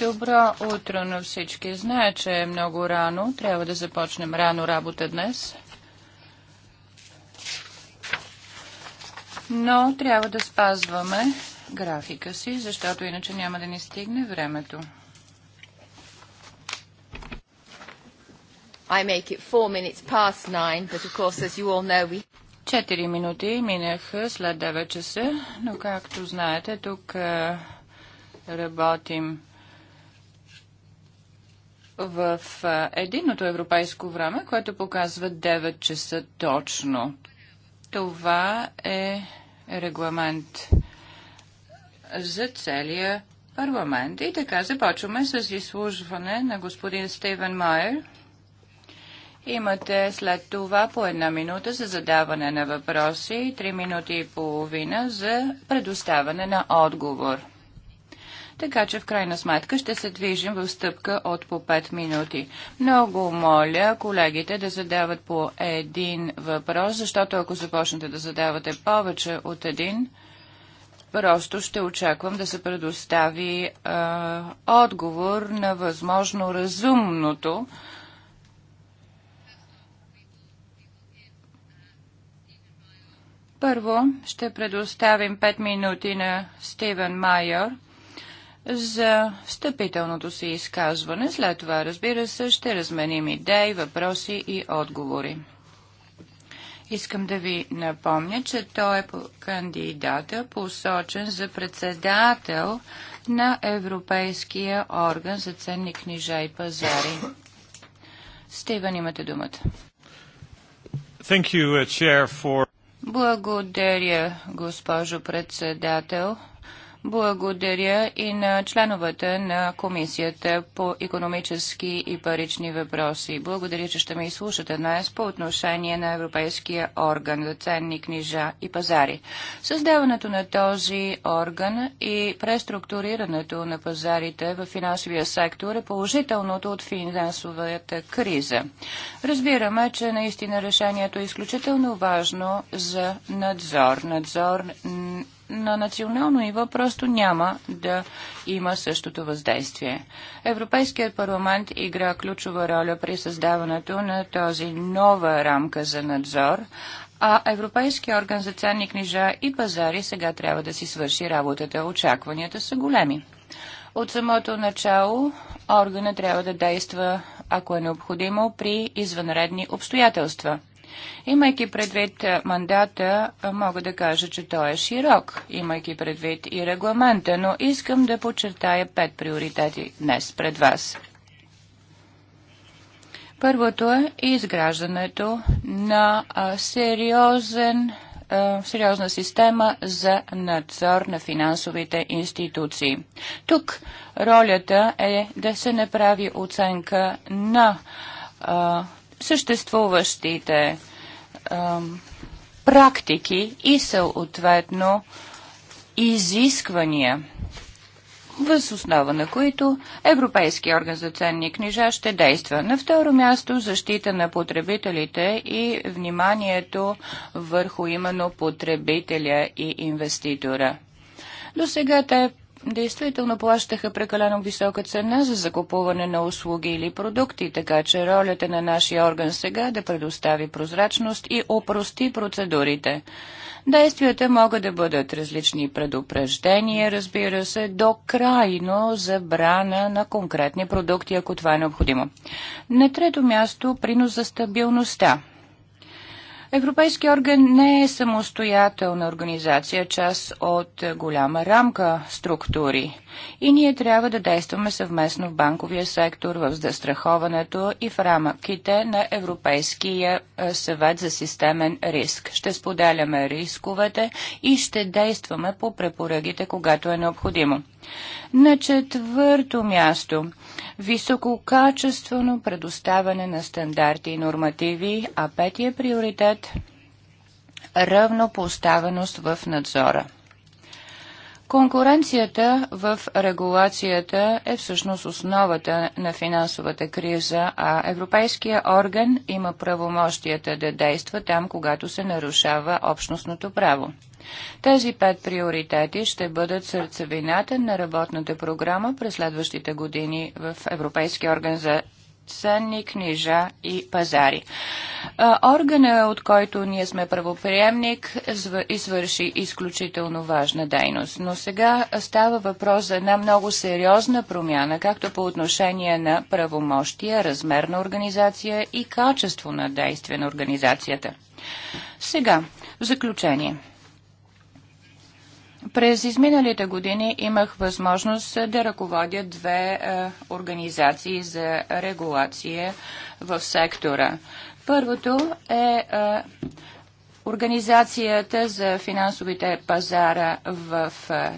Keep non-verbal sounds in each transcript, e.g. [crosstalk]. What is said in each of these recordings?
Добро утро на всички. Знае, че е много рано. Трябва да започнем рано работа днес. Но трябва да спазваме графика си, защото иначе няма да ни стигне времето. I make it four minutes past nine, but of course, as you all know, we... Четири минути минаха след 9 часа, но както знаете, тук работим в единното европейско време, което показва 9 часа точно. Това е регламент за целия парламент. И така започваме с изслужване на господин Стивен Майер. Имате след това по една минута за задаване на въпроси и три минути и половина за предоставяне на отговор. Така че в крайна сметка ще се движим в стъпка от по 5 минути. Много моля колегите да задават по един въпрос, защото ако започнете да задавате повече от един, просто ще очаквам да се предостави е, отговор на възможно разумното. Първо ще предоставим 5 минути на Стивен Майор – за встъпителното си изказване. След това, разбира се, ще разменим идеи, въпроси и отговори. Искам да ви напомня, че той е кандидата посочен за председател на Европейския орган за ценни книжа и пазари. Стиван, имате думата. Thank you, uh, chair, for... Благодаря, госпожо председател, благодаря и на членовете на Комисията по економически и парични въпроси. Благодаря, че ще ме изслушате днес по отношение на Европейския орган за ценни книжа и пазари. Създаването на този орган и преструктурирането на пазарите в финансовия сектор е положителното от финансовата криза. Разбираме, че наистина решението е изключително важно за надзор. Надзор на национално ниво просто няма да има същото въздействие. Европейският парламент игра ключова роля при създаването на този нова рамка за надзор, а Европейския орган за ценни книжа и пазари сега трябва да си свърши работата. Очакванията са големи. От самото начало органа трябва да действа, ако е необходимо, при извънредни обстоятелства – Имайки предвид мандата, мога да кажа, че той е широк, имайки предвид и регламента, но искам да подчертая пет приоритети днес пред вас. Първото е изграждането на сериозен сериозна система за надзор на финансовите институции. Тук ролята е да се направи оценка на съществуващите практики и съответно изисквания, въз основа на които Европейския орган за ценни книжа ще действа. На второ място защита на потребителите и вниманието върху именно потребителя и инвеститора. До сега те действително плащаха прекалено висока цена за закупуване на услуги или продукти, така че ролята на нашия орган сега е да предостави прозрачност и опрости процедурите. Действията могат да бъдат различни предупреждения, разбира се, до крайно забрана на конкретни продукти, ако това е необходимо. На трето място принос за стабилността. Европейски орган не е самостоятелна организация, част от голяма рамка структури. И ние трябва да действаме съвместно в банковия сектор, в застраховането и в рамките на Европейския е, съвет за системен риск. Ще споделяме рисковете и ще действаме по препоръките, когато е необходимо. На четвърто място висококачествено предоставяне на стандарти и нормативи, а петия приоритет – равнопоставеност в надзора. Конкуренцията в регулацията е всъщност основата на финансовата криза, а Европейския орган има правомощията да действа там, когато се нарушава общностното право. Тези пет приоритети ще бъдат сърцевината на работната програма през следващите години в Европейския орган за ценни книжа и пазари. Органа, от който ние сме правоприемник, извърши изключително важна дейност. Но сега става въпрос за една много сериозна промяна, както по отношение на правомощия, размер на организация и качество на действие на организацията. Сега, в заключение – през изминалите години имах възможност да ръководя две е, организации за регулация в сектора. Първото е, е Организацията за финансовите пазара в е,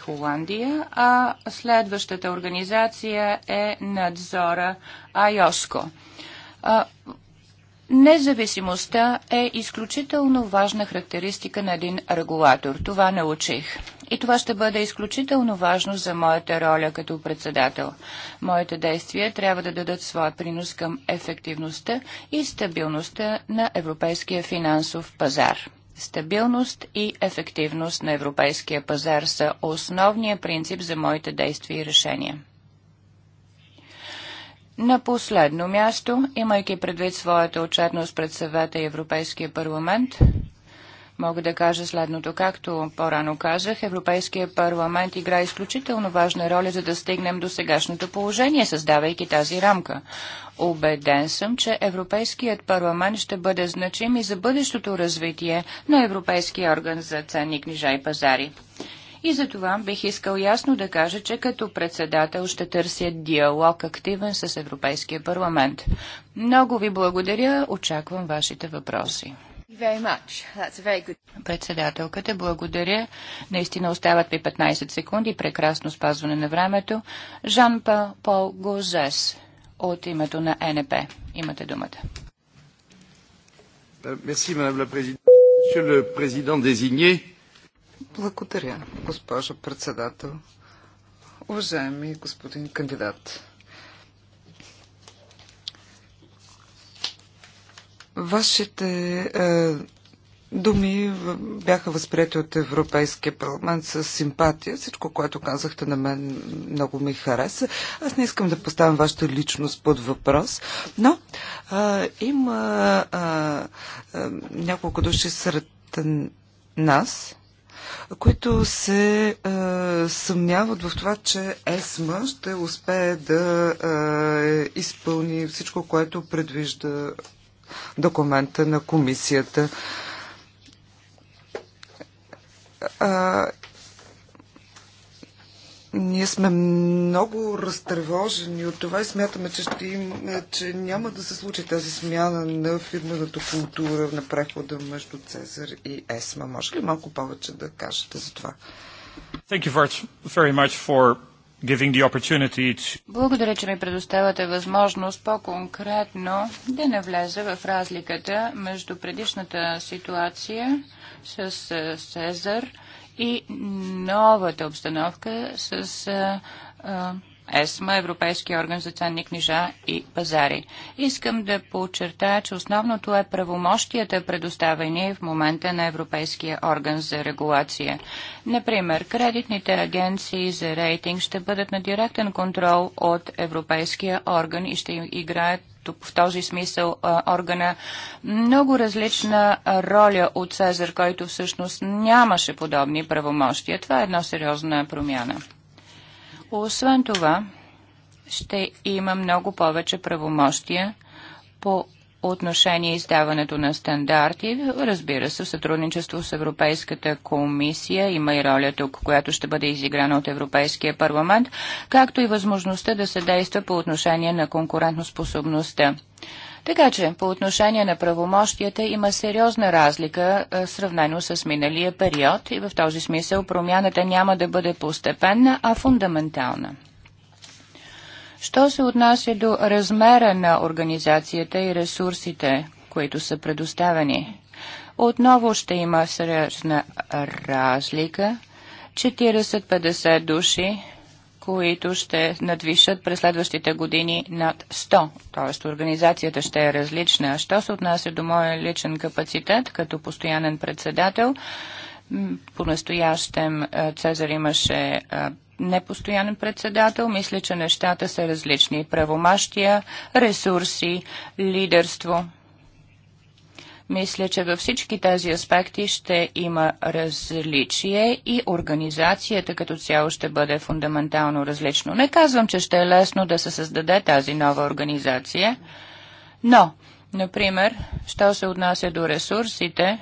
Холандия, а следващата организация е надзора Айоско. Независимостта е изключително важна характеристика на един регулатор. Това научих. И това ще бъде изключително важно за моята роля като председател. Моите действия трябва да дадат своя принос към ефективността и стабилността на европейския финансов пазар. Стабилност и ефективност на европейския пазар са основния принцип за моите действия и решения. На последно място, имайки предвид своята отчетност пред съвета и Европейския парламент, мога да кажа следното. Както по-рано казах, Европейския парламент игра изключително важна роля, за да стигнем до сегашното положение, създавайки тази рамка. Обеден съм, че Европейският парламент ще бъде значим и за бъдещото развитие на Европейския орган за ценни книжа и пазари. И за това бих искал ясно да кажа, че като председател ще търся диалог активен с Европейския парламент. Много ви благодаря, очаквам вашите въпроси. Good... Председателката, благодаря. Наистина остават ви 15 секунди. Прекрасно спазване на времето. Жан Пол Гозес от името на НП. Имате думата. Merci, madame la présidente. Monsieur le président désigné, благодаря, госпожо председател. Уважаеми господин кандидат, вашите е, думи бяха възприяти от Европейския парламент с симпатия. Всичко, което казахте на мен, много ми хареса. Аз не искам да поставям вашата личност под въпрос, но е, има е, е, няколко души сред нас, които се е, съмняват в това, че ЕСМА ще успее да е, изпълни всичко, което предвижда документа на комисията. Ние сме много разтревожени от това и смятаме, че, ще им, е, че няма да се случи тази смяна на фирмената култура на прехода между Цезар и Есма. Може ли малко повече да кажете за това? Thank you very much for To... Благодаря, че ми предоставяте възможност по-конкретно да не влезе в разликата между предишната ситуация с е, Цезар и новата обстановка с а, а, ЕСМА, Европейския орган за ценни книжа и пазари. Искам да подчертая, че основното е правомощията, предоставени в момента на Европейския орган за регулация. Например, кредитните агенции за рейтинг ще бъдат на директен контрол от Европейския орган и ще играят в този смисъл органа много различна роля от Цезар, който всъщност нямаше подобни правомощия. Това е една сериозна промяна. Освен това, ще има много повече правомощия по отношение издаването на стандарти, разбира се, в сътрудничество с Европейската комисия има и роля тук, която ще бъде изиграна от Европейския парламент, както и възможността да се действа по отношение на конкурентоспособността. Така че, по отношение на правомощията има сериозна разлика е, сравнено с миналия период и в този смисъл промяната няма да бъде постепенна, а фундаментална. Що се отнася до размера на организацията и ресурсите, които са предоставени? Отново ще има сериозна разлика. 40-50 души, които ще надвишат през следващите години над 100. Тоест организацията ще е различна. Що се отнася до моя личен капацитет като постоянен председател? По-настоящем Цезар имаше непостоянен председател. Мисля, че нещата са различни. Правомащия, ресурси, лидерство. Мисля, че във всички тези аспекти ще има различие и организацията като цяло ще бъде фундаментално различно. Не казвам, че ще е лесно да се създаде тази нова организация, но, например, що се отнася до ресурсите,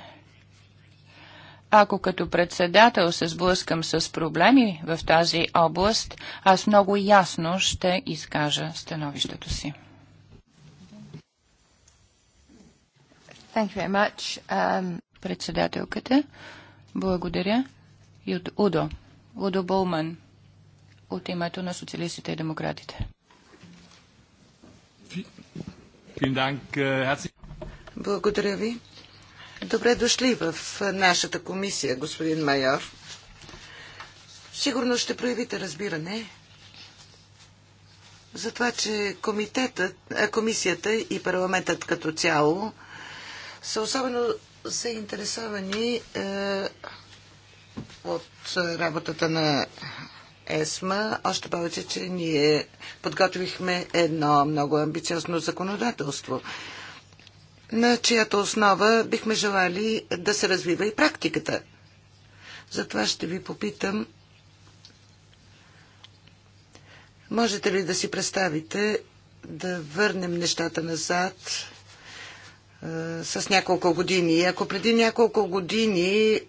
ако като председател се сблъскам с проблеми в тази област, аз много ясно ще изкажа становището си. Thank you very much. Um... Председателката, благодаря. И от Удо. Удо Булман от името на социалистите и демократите. Благодаря ви. Добре дошли в нашата комисия, господин майор. Сигурно ще проявите разбиране за това, че комитетът, комисията и парламентът като цяло са особено заинтересовани е, от работата на ЕСМА, още повече, че ние подготвихме едно много амбициозно законодателство на чиято основа бихме желали да се развива и практиката. Затова ще ви попитам, можете ли да си представите да върнем нещата назад е, с няколко години? Ако преди няколко години е,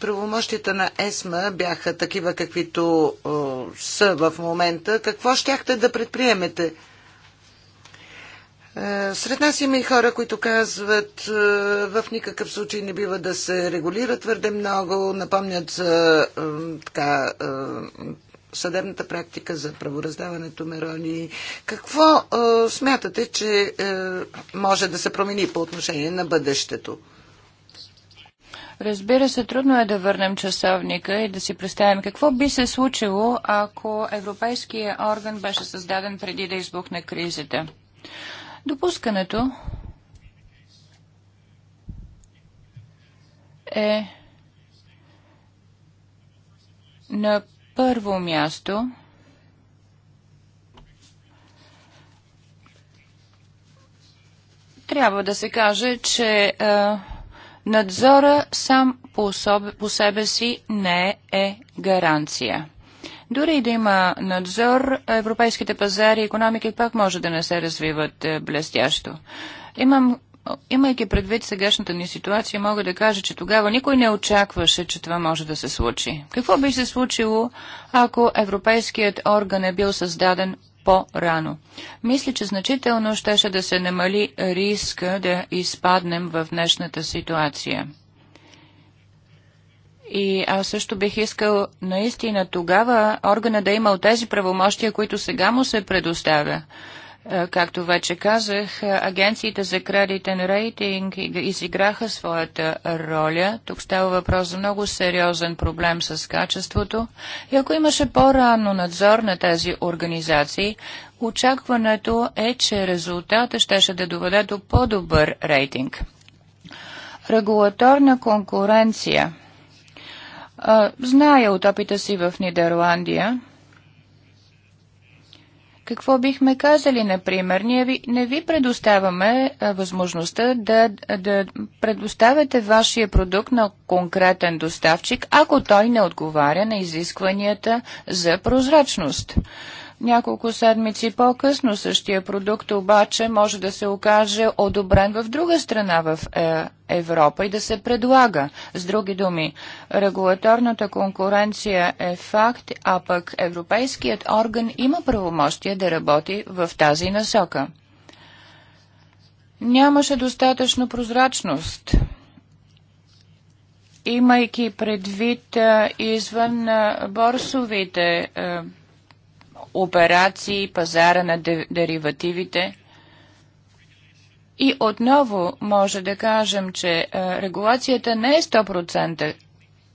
правомощията на ЕСМА бяха такива, каквито е, са в момента, какво щяхте да предприемете? Е, сред нас има и хора, които казват, е, в никакъв случай не бива да се регулира твърде много, напомнят за е, така, съдебната практика за правораздаването Мерони. Какво смятате, че може да се промени по отношение на бъдещето? Разбира се, трудно е да върнем часовника и да си представим какво би се случило, ако Европейския орган беше създаден преди да избухне кризата. Допускането е на първо място трябва да се каже, че е, надзора сам по себе си не е гаранция. Дори и да има надзор, европейските пазари и економики пак може да не се развиват е, блестящо. Имам Имайки предвид сегашната ни ситуация, мога да кажа, че тогава никой не очакваше, че това може да се случи. Какво би се случило, ако Европейският орган е бил създаден по-рано. Мисля, че значително щеше да се намали риска да изпаднем в днешната ситуация. И аз също бих искал наистина тогава органа да има от тези правомощия, които сега му се предоставя. Е, както вече казах, агенциите за кредитен рейтинг изиграха своята роля. Тук става въпрос за много сериозен проблем с качеството. И ако имаше по-рано надзор на тези организации, очакването е, че резултата щеше да доведе до по-добър рейтинг. Регулаторна конкуренция – Зная от опита си в Нидерландия, какво бихме казали, например? Ние ви, не ви предоставяме а, възможността да, да предоставяте вашия продукт на конкретен доставчик, ако той не отговаря на изискванията за прозрачност. Няколко седмици по-късно същия продукт обаче може да се окаже одобрен в друга страна в е, Европа и да се предлага. С други думи, регулаторната конкуренция е факт, а пък Европейският орган има правомощие да работи в тази насока. Нямаше достатъчно прозрачност имайки предвид е, извън е, борсовите операции, пазара на деривативите. И отново може да кажем, че регулацията не е 100%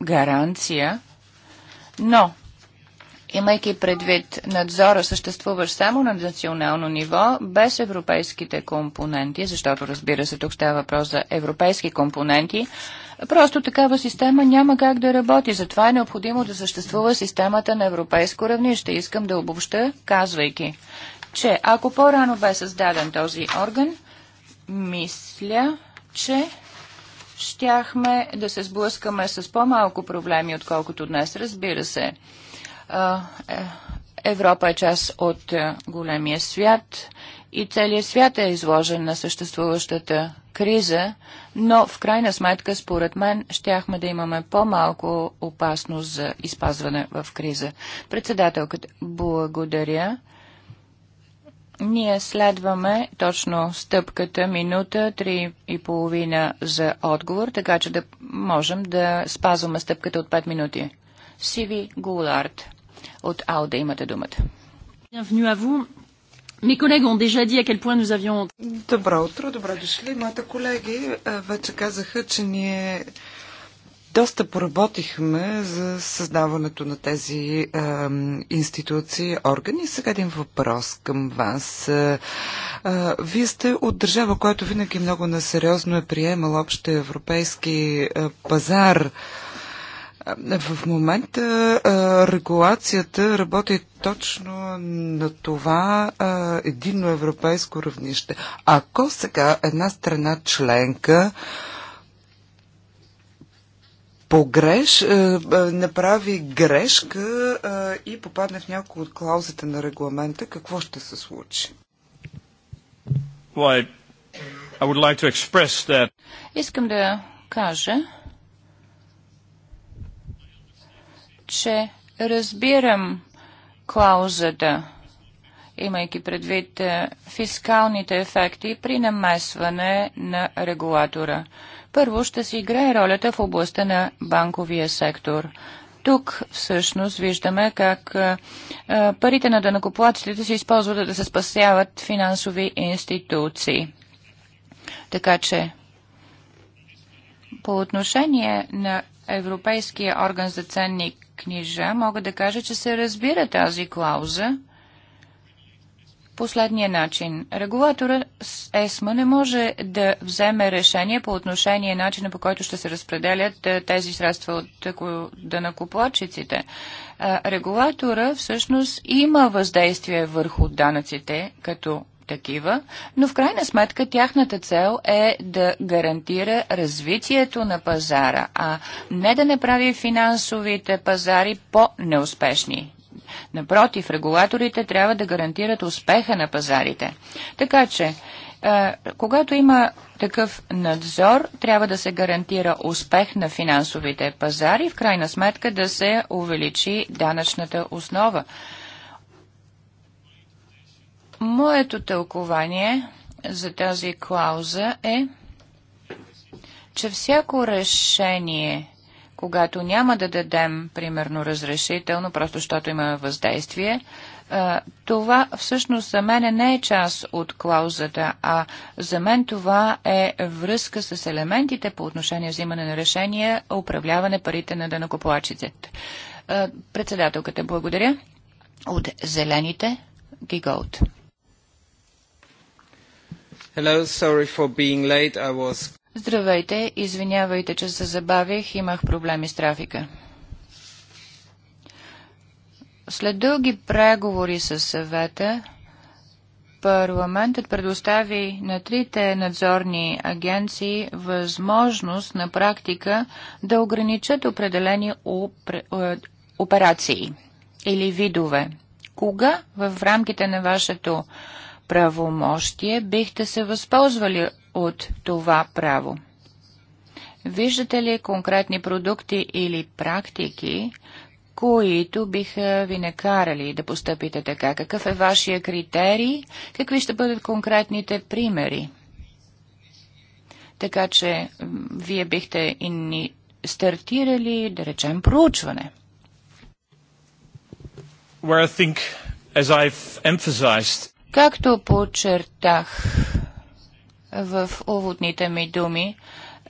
гаранция, но имайки предвид надзора съществуващ само на национално ниво, без европейските компоненти, защото разбира се тук става въпрос за европейски компоненти, Просто такава система няма как да работи. Затова е необходимо да съществува системата на европейско равнище. Искам да обобща, казвайки, че ако по-рано бе създаден този орган, мисля, че щяхме да се сблъскаме с по-малко проблеми, отколкото днес. Разбира се, е, Европа е част от е, големия свят и целият свят е изложен на съществуващата криза, но в крайна сметка, според мен, щяхме да имаме по-малко опасност за изпазване в криза. Председателката, благодаря. Ние следваме точно стъпката минута, три и половина за отговор, така че да можем да спазваме стъпката от 5 минути. Сиви Гулард от Ауда имате думата déjà dit à quel point nous avions... Добро утро, добре дошли. Моите колеги вече казаха, че ние доста поработихме за създаването на тези е, институции, органи. Сега един въпрос към вас. Е, е, вие сте от държава, която винаги много насериозно е приемала общия европейски е, пазар. В момента регулацията работи точно на това единно европейско равнище. Ако сега една страна членка погреш, направи грешка и попадне в някои от клаузите на регламента, какво ще се случи? I would like to express that. Искам да кажа, че разбирам клаузата, имайки предвид е, фискалните ефекти при намесване на регулатора. Първо ще си играе ролята в областта на банковия сектор. Тук всъщност виждаме как е, е, парите на данакоплатците се използват да се спасяват финансови институции. Така че по отношение на Европейския орган за ценни книжа, мога да кажа, че се разбира тази клауза последния начин. Регулатора с ЕСМА не може да вземе решение по отношение начина по който ще се разпределят е, тези средства от данакоплачиците. Е, Регулатора всъщност има въздействие върху данъците като такива, но в крайна сметка тяхната цел е да гарантира развитието на пазара, а не да не прави финансовите пазари по-неуспешни. Напротив, регулаторите трябва да гарантират успеха на пазарите. Така че, е, когато има такъв надзор, трябва да се гарантира успех на финансовите пазари, в крайна сметка да се увеличи данъчната основа. Моето тълкование за тази клауза е, че всяко решение, когато няма да дадем, примерно, разрешително, просто защото има въздействие, това всъщност за мен не е част от клаузата, а за мен това е връзка с елементите по отношение взимане на решения, управляване парите на дънакоплачите. Председателката, благодаря. От зелените, Гиголт. Hello, sorry for being late. I was... Здравейте, извинявайте, че се забавих, имах проблеми с трафика. След дълги преговори с съвета, парламентът предостави на трите надзорни агенции възможност на практика да ограничат определени е, операции или видове. Кога в рамките на вашето правомощие, бихте се възползвали от това право? Виждате ли конкретни продукти или практики, които биха ви накарали да постъпите така? Какъв е вашия критерий? Какви ще бъдат конкретните примери? Така че вие бихте и ни стартирали, да речем, проучване. Where I think, as I've emphasized... Както подчертах в уводните ми думи,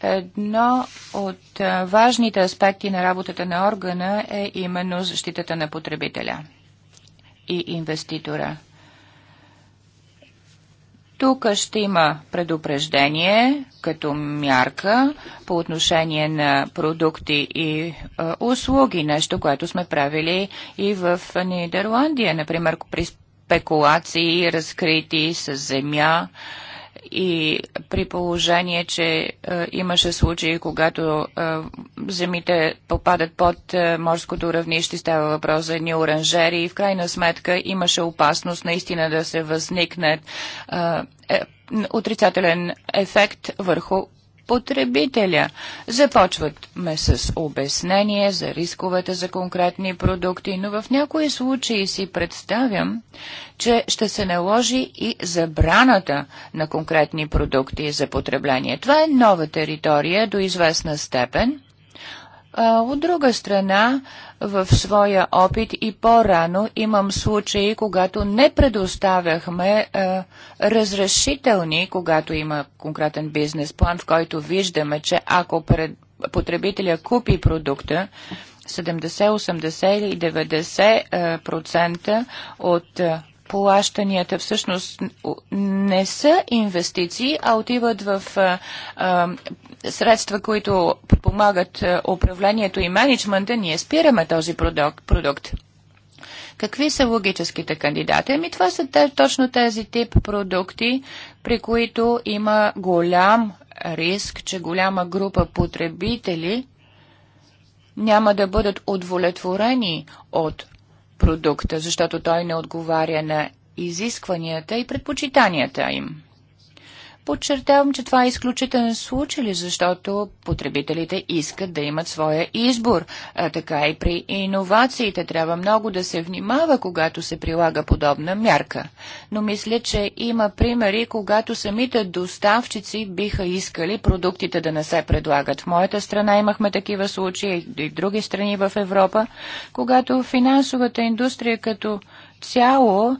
едно от важните аспекти на работата на органа е именно защитата на потребителя и инвеститора. Тук ще има предупреждение като мярка по отношение на продукти и услуги, нещо, което сме правили и в Нидерландия. Например, при спекулации, разкрити с земя и при положение, че е, имаше случаи, когато е, земите попадат под е, морското равнище, става въпрос за едни оранжери и в крайна сметка имаше опасност наистина да се възникне е, е отрицателен ефект върху потребителя. Започват ме с обяснение за рисковете за конкретни продукти, но в някои случаи си представям, че ще се наложи и забраната на конкретни продукти за потребление. Това е нова територия до известна степен от друга страна, в своя опит и по-рано имам случаи, когато не предоставяхме разрешителни, когато има конкретен бизнес план, в който виждаме, че ако пред, потребителя купи продукта, 70, 80 или 90% от плащанията всъщност не са инвестиции, а отиват в а, а, средства, които помагат управлението и менеджмента, ние спираме този продукт. продукт. Какви са логическите кандидати? Ами това са те, точно тези тип продукти, при които има голям риск, че голяма група потребители няма да бъдат удовлетворени от продукта, защото той не отговаря на изискванията и предпочитанията им. Подчертавам, че това е изключителен случай, защото потребителите искат да имат своя избор. А така и при иновациите трябва много да се внимава, когато се прилага подобна мярка. Но мисля, че има примери, когато самите доставчици биха искали продуктите да не се предлагат. В моята страна имахме такива случаи и в други страни в Европа, когато финансовата индустрия като цяло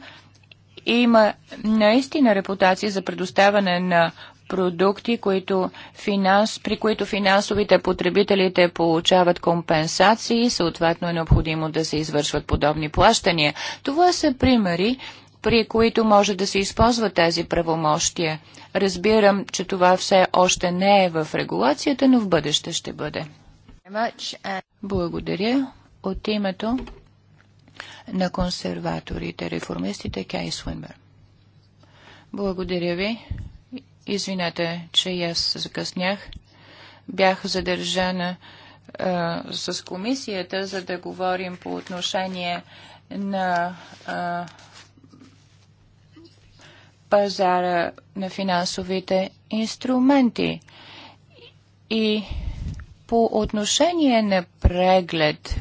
и има наистина репутация за предоставяне на продукти, които финанс, при които финансовите потребителите получават компенсации, съответно е необходимо да се извършват подобни плащания. Това са примери, при които може да се използва тези правомощия. Разбирам, че това все още не е в регулацията, но в бъдеще ще бъде. Uh, Благодаря от името на консерваторите, реформистите Кей Свинбър. Благодаря ви. Извинете, че и аз закъснях. Бях задържана а, с комисията, за да говорим по отношение на а, пазара на финансовите инструменти. И по отношение на преглед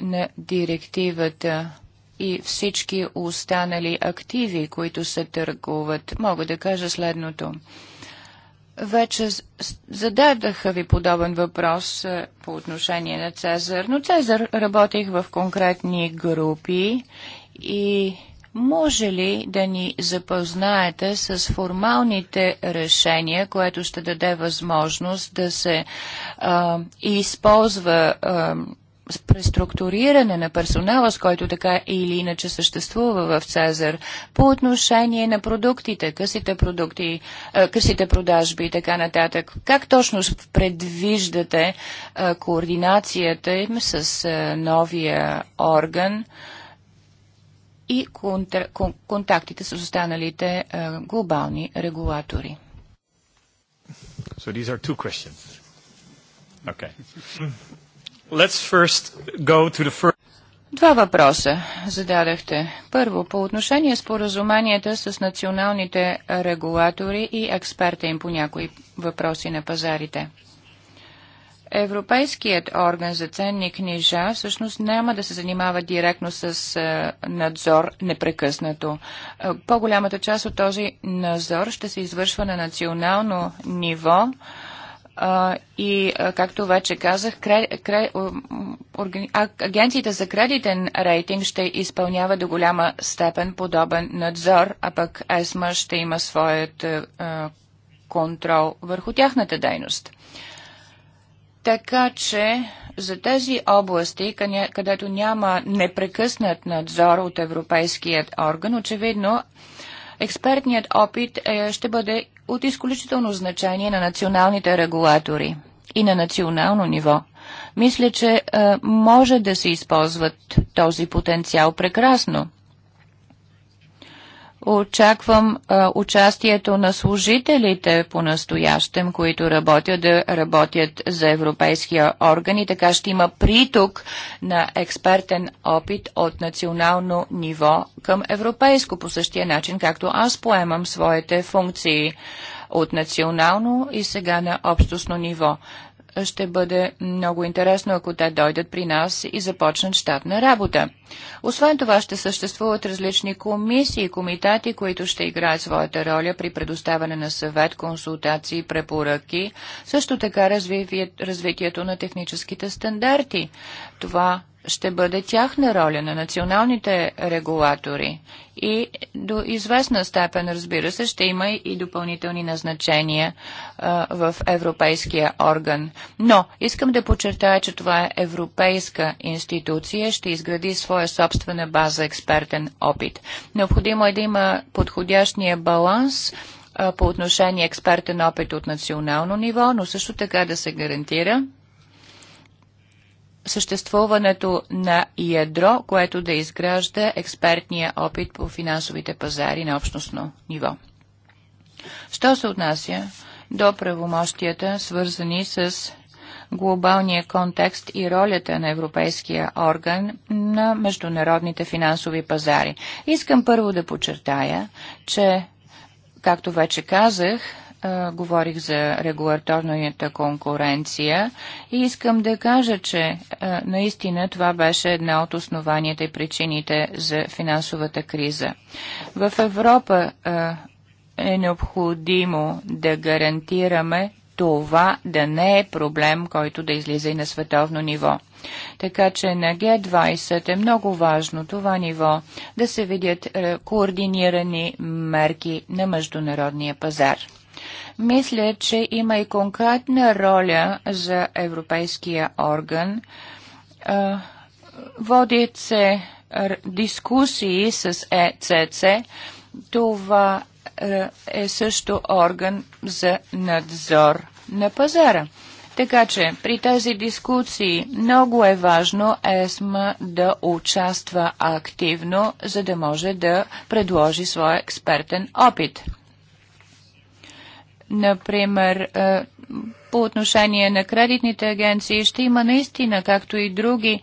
на директивата и всички останали активи, които се търгуват, мога да кажа следното. Вече зададаха ви подобен въпрос е, по отношение на Цезар, но Цезар работих в конкретни групи и може ли да ни запознаете с формалните решения, което ще даде възможност да се а, използва а, преструктуриране на персонала, с който така или иначе съществува в Цезар, по отношение на продуктите, късите продукти, късите продажби и така нататък. Как точно предвиждате координацията им с новия орган и контактите с останалите глобални регулатори? So these are two questions. Okay first... Два въпроса зададахте. Първо, по отношение споразуменията с националните регулатори и експерта им по някои въпроси на пазарите. Европейският орган за ценни книжа всъщност няма да се занимава директно с е, надзор непрекъснато. Е, по-голямата част от този надзор ще се извършва на национално ниво и, както вече казах, агенциите за кредитен рейтинг ще изпълняват до голяма степен подобен надзор, а пък ЕСМА ще има своят е, е, контрол върху тяхната дейност. Така че за тези области, където няма непрекъснат надзор от Европейският орган, очевидно експертният опит е, ще бъде от изключително значение на националните регулатори и на национално ниво. Мисля, че е, може да се използват този потенциал прекрасно. Очаквам а, участието на служителите по-настоящем, които работят да работят за европейския орган и така ще има приток на експертен опит от национално ниво към европейско по същия начин, както аз поемам своите функции от национално и сега на общостно ниво ще бъде много интересно, ако те дойдат при нас и започнат щатна работа. Освен това ще съществуват различни комисии и комитати, които ще играят своята роля при предоставяне на съвет, консултации и препоръки, също така развитието на техническите стандарти. Това ще бъде тяхна роля на националните регулатори и до известна степен, разбира се, ще има и допълнителни назначения а, в Европейския орган. Но искам да подчертая, че това е европейска институция, ще изгради своя собствена база експертен опит. Необходимо е да има подходящия баланс а, по отношение експертен опит от национално ниво, но също така да се гарантира, съществуването на ядро, което да изгражда експертния опит по финансовите пазари на общностно ниво. Що се отнася до правомощията, свързани с глобалния контекст и ролята на Европейския орган на международните финансови пазари. Искам първо да подчертая, че, както вече казах, говорих за регулаторната конкуренция и искам да кажа, че наистина това беше една от основанията и причините за финансовата криза. В Европа е необходимо да гарантираме това да не е проблем, който да излиза и на световно ниво. Така че на Г20 е много важно това ниво да се видят е, координирани мерки на международния пазар. Мисля, че има и конкретна роля за Европейския орган. Водят се дискусии с ЕЦЦ. Това е също орган за надзор на пазара. Така че при тези дискусии много е важно ЕСМА да участва активно, за да може да предложи своя експертен опит например, е, по отношение на кредитните агенции, ще има наистина, както и други, е,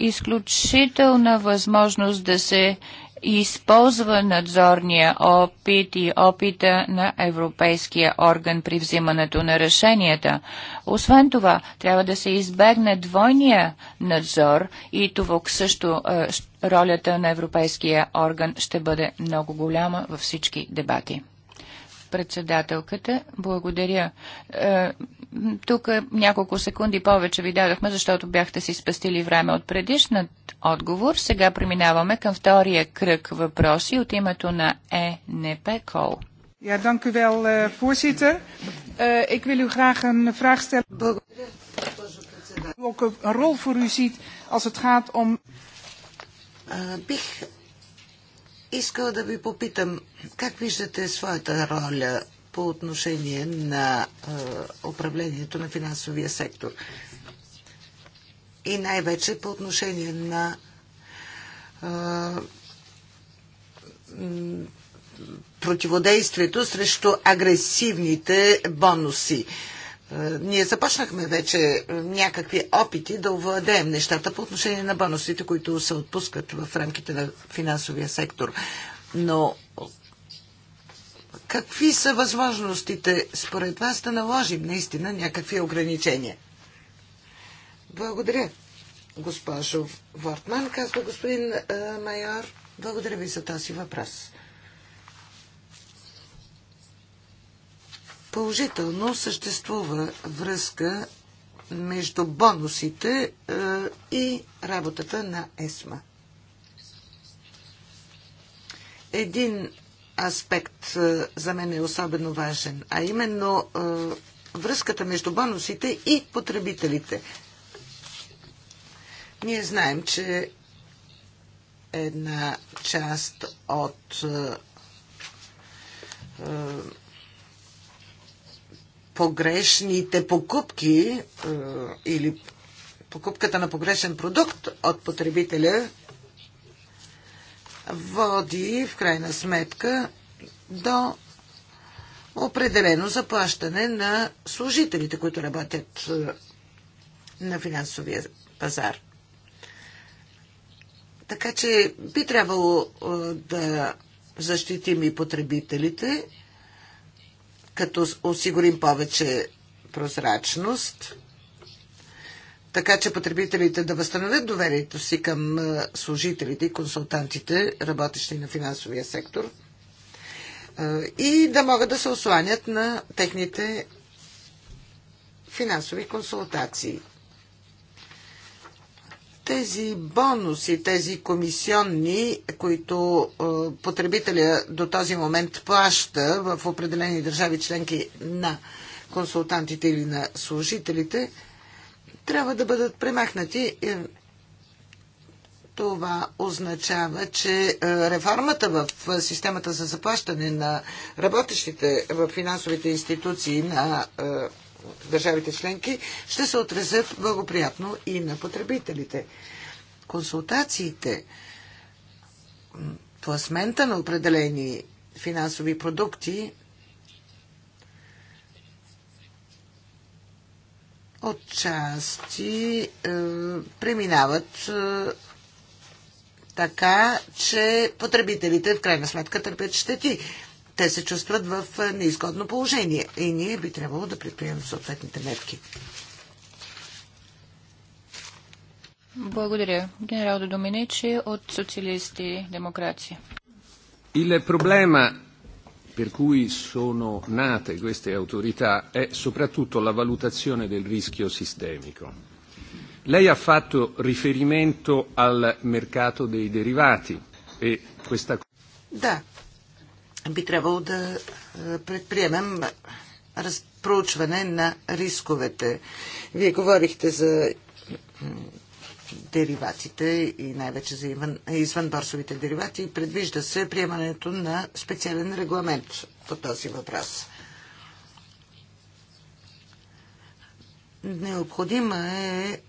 изключителна възможност да се използва надзорния опит и опита на Европейския орган при взимането на решенията. Освен това, трябва да се избегне двойния надзор и това също е, ролята на Европейския орган ще бъде много голяма във всички дебати. Председателката, благодаря. Е, тук няколко секунди повече ви дадохме, защото бяхте си спастили време от предишният отговор. Сега преминаваме към втория кръг въпроси от името на ЕНП Кол. Ja, dank u wel, uh, voorzitter. Uh, ik wil u graag een vraag stellen. rol voor u ziet als het gaat om... Uh, бих искала да ви попитам как виждате своята роля по отношение на е, управлението на финансовия сектор и най-вече по отношение на е, противодействието срещу агресивните бонуси. Е, е, ние започнахме вече някакви опити да овладеем нещата по отношение на бонусите, които се отпускат в рамките на финансовия сектор. Но какви са възможностите според вас да наложим наистина някакви ограничения? Благодаря, госпожо Вортман, казва господин е, майор. Благодаря ви за този въпрос. Положително съществува връзка между бонусите е, и работата на ЕСМА. Един аспект е, за мен е особено важен, а именно е, връзката между бонусите и потребителите. Ние знаем, че една част от погрешните покупки е, или покупката на погрешен продукт от потребителя води в крайна сметка до определено заплащане на служителите, които работят е, на финансовия пазар. Така че би трябвало е, да защитим и потребителите, като осигурим повече прозрачност, така че потребителите да възстановят доверието си към служителите и консултантите, работещи на финансовия сектор, и да могат да се осланят на техните финансови консултации. Тези бонуси, тези комисионни, които е, потребителя до този момент плаща в определени държави членки на консултантите или на служителите, трябва да бъдат премахнати. Е, това означава, че е, реформата в системата за заплащане на работещите в финансовите институции на от държавите членки ще се отрезат благоприятно и на потребителите. Консултациите, пласмента на определени финансови продукти отчасти е, преминават е, така, че потребителите в крайна сметка търпят щети те се чувстват в е, неизгодно положение и ние би трябвало да предприемем съответните мерки. Благодаря. Генерал Доминичи от Социалисти Демократи. Иле проблема per cui sono nate queste autorità è soprattutto la valutazione del rischio sistemico. Lei ha fatto riferimento al mercato dei derivati e questa... Да, би трябвало да е, предприемем разпроучване на рисковете. Вие говорихте за дериватите и най-вече за извънборсовите деривати и предвижда се приемането на специален регламент по този въпрос. Необходима е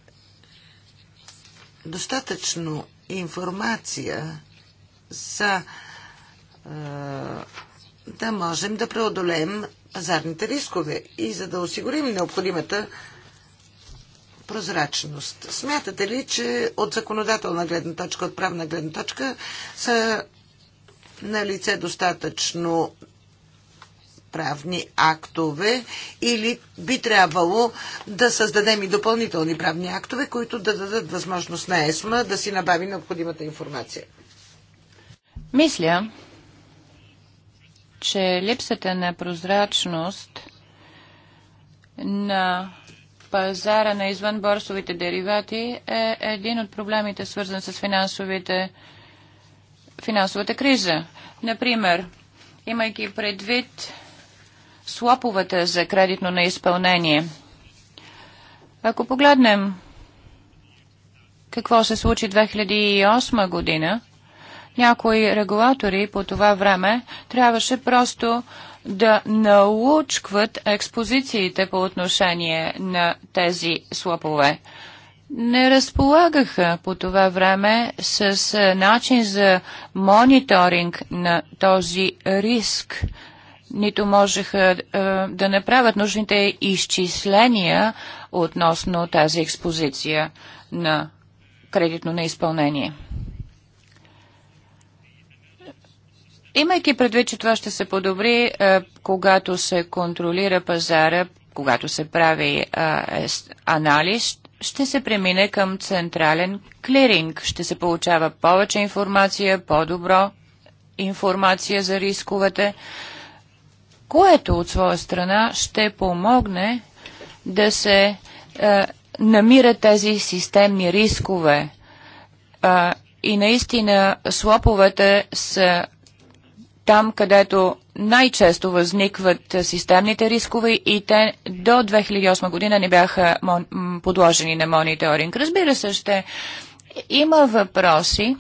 достатъчно информация за да можем да преодолеем пазарните рискове и за да осигурим необходимата прозрачност. Смятате ли, че от законодателна гледна точка, от правна гледна точка са на лице достатъчно правни актове или би трябвало да създадем и допълнителни правни актове, които да дадат възможност на ЕСМА да си набави необходимата информация? Мисля, че липсата на прозрачност на пазара на извънборсовите деривати е един от проблемите, свързан с финансовите, финансовата криза. Например, имайки предвид слоповете за кредитно на изпълнение. Ако погледнем какво се случи 2008 година, някои регулатори по това време трябваше просто да научкват експозициите по отношение на тези слопове. Не разполагаха по това време с е, начин за мониторинг на този риск нито можеха е, да направят нужните изчисления относно тази експозиция на кредитно неизпълнение. Имайки предвид, че това ще се подобри, е, когато се контролира пазара, когато се прави е, анализ, ще се премине към централен клиринг. Ще се получава повече информация, по-добро информация за рисковете, което от своя страна ще помогне да се е, намира тези системни рискове. Е, и наистина слоповете са там, където най-често възникват системните рискове и те до 2008 година не бяха подложени на мониторинг. Разбира се, ще има въпроси,